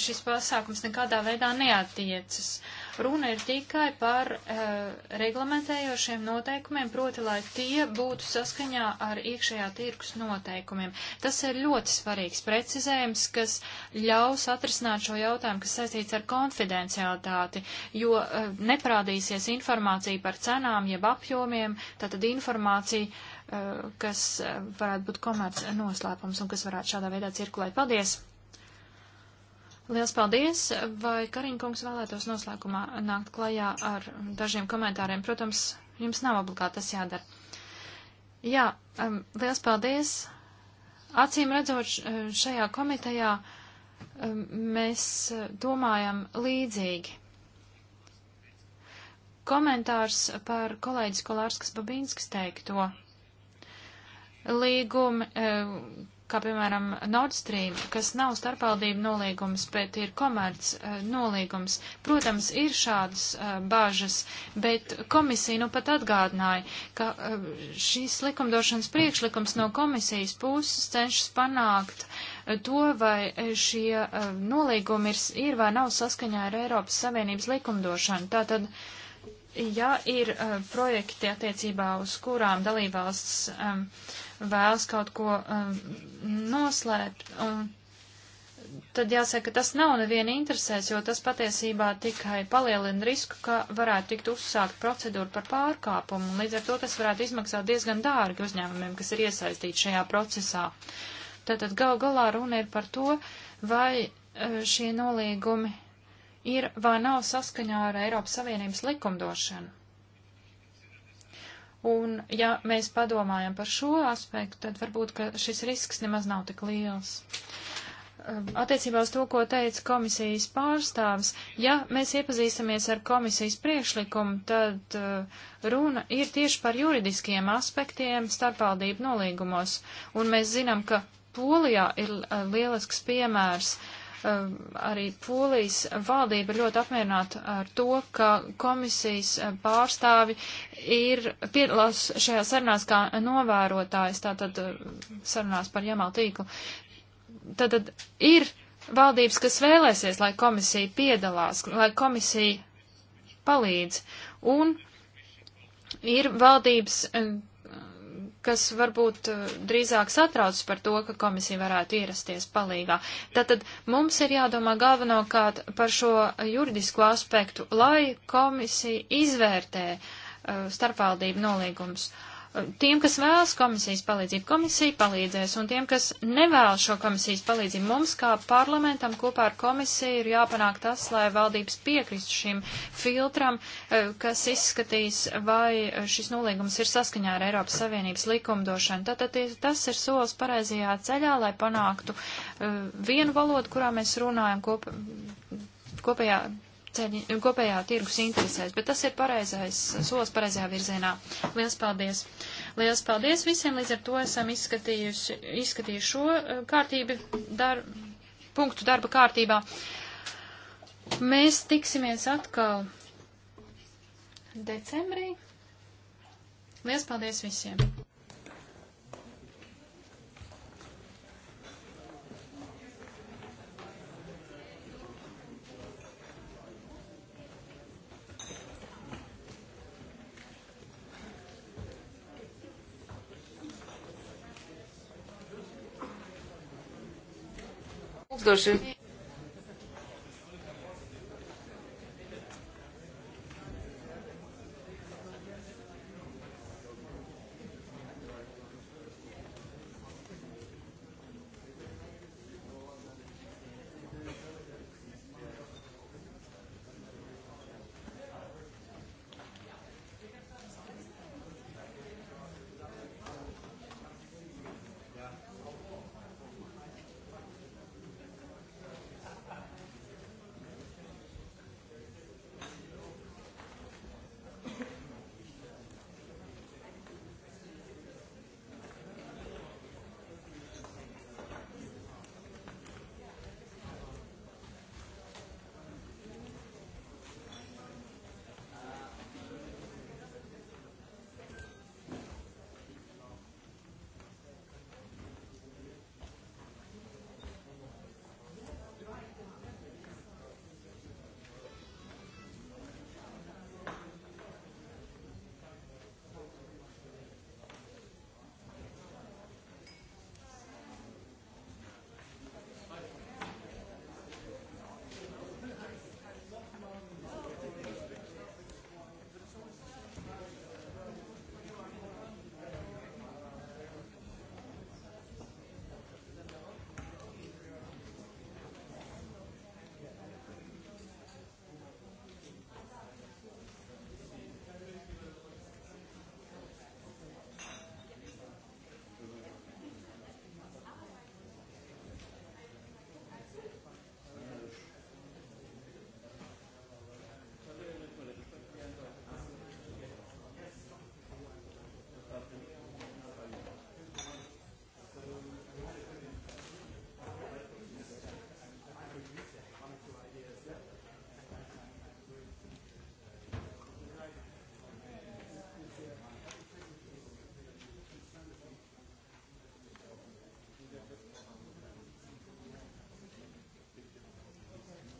šis pasākums nekādā veidā neatiecas. Uh, Runa ir tikai par uh, reglamentējošiem noteikumiem, proti, lai tie būtu saskaņā ar iekšējā tirkus noteikumiem. Tas ir ļoti svarīgs precizējums, kas ļaus atrisināt šo jautājumu, kas saistīts ar konfidencialitāti, jo uh, eh, neprādīsies informācija par cenām jeb apjomiem, tātad informācija uh, kas varētu būt komerc noslēpums un kas varētu šādā veidā cirkulēt. Paldies! Liels paldies! Vai Kariņkungs vēlētos noslēgumā nākt klajā ar dažiem komentāriem? Protams, jums nav obligāti tas jādara. Jā, um, liels paldies! Acīm redzot, šajā komitejā um, mēs eh, domājam līdzīgi. Komentārs par kolēģis Kolārskas Babīnskas teikto. Līgumi, um, kā piemēram Nord Stream, kas nav starpvaldību nolīgums, bet ir komerc eh, nolīgums. Protams, ir šādas eh, bāžas, bet komisija nu pat atgādināja, ka eh, šīs likumdošanas priekšlikums no komisijas puses cenšas panākt to, vai šie nolīgumi ir, ir vai nav saskaņā ar Eiropas Savienības likumdošanu. Tātad, uh, ja ir uh, projekti attiecībā uz kurām dalībvalsts um, vēlas kaut ko um, noslēpt, un tad jāsaka, ka tas nav neviena interesēs, jo tas patiesībā tikai palielina risku, ka varētu tikt uzsākt procedūru par pārkāpumu, un līdz ar to tas varētu izmaksāt diezgan dārgi uzņēmumiem, kas ir iesaistīti šajā procesā. Tātad gal galā runa ir par to, vai eh, šie nolīgumi ir vai nav saskaņā ar Eiropas Savienības likumdošanu. Un, ja mēs padomājam par šo aspektu, tad varbūt, ka šis risks nemaz nav tik liels. Ehm, attiecībā uz to, ko teica komisijas pārstāvis, ja mēs iepazīstamies ar komisijas priekšlikumu, tad uh, runa ir tieši par juridiskiem aspektiem starpvaldību nolīgumos. Un mēs zinām, ka Polijā ir uh, lielisks piemērs uh, Um, arī Polijas valdība ļoti apmierināta ar to, ka komisijas um, pārstāvi ir piedalās šajā sarunās kā novērotājs, tātad um, sarunās par jamal tīklu. Tātad ir valdības, kas vēlēsies, lai komisija piedalās, lai komisija palīdz, un ir valdības, kas varbūt eh, drīzāk satrauc par to, ka komisija varētu ierasties palīgā. Tātad mums ir jādomā galvenokārt par šo juridisko aspektu, lai komisija izvērtē eh, starpvaldību nolīgumus. Uh, Tiem, kas vēlas komisijas palīdzību, komisija palīdzēs, un tiem, kas nevēlas šo komisijas palīdzību, mums kā parlamentam kopā ar komisiju ir jāpanāk tas, lai valdības piekristu šim filtram, eh, kas izskatīs, vai eh, šis nolīgums ir saskaņā ar Eiropas Savienības likumdošanu. Tātad tas ir solis pareizajā ceļā, lai panāktu eh, vienu valodu, kurā mēs runājam kop, kopējā ceļi, kopējā tirgus interesēs, bet tas ir pareizais solis pareizajā virzienā. Liels paldies! Liels paldies visiem! Līdz ar to esam izskatījuši, izskatījuši šo eh, kārtību, dar, punktu darba kārtībā. Mēs tiksimies atkal decembrī. Liels paldies visiem! Tūkstoši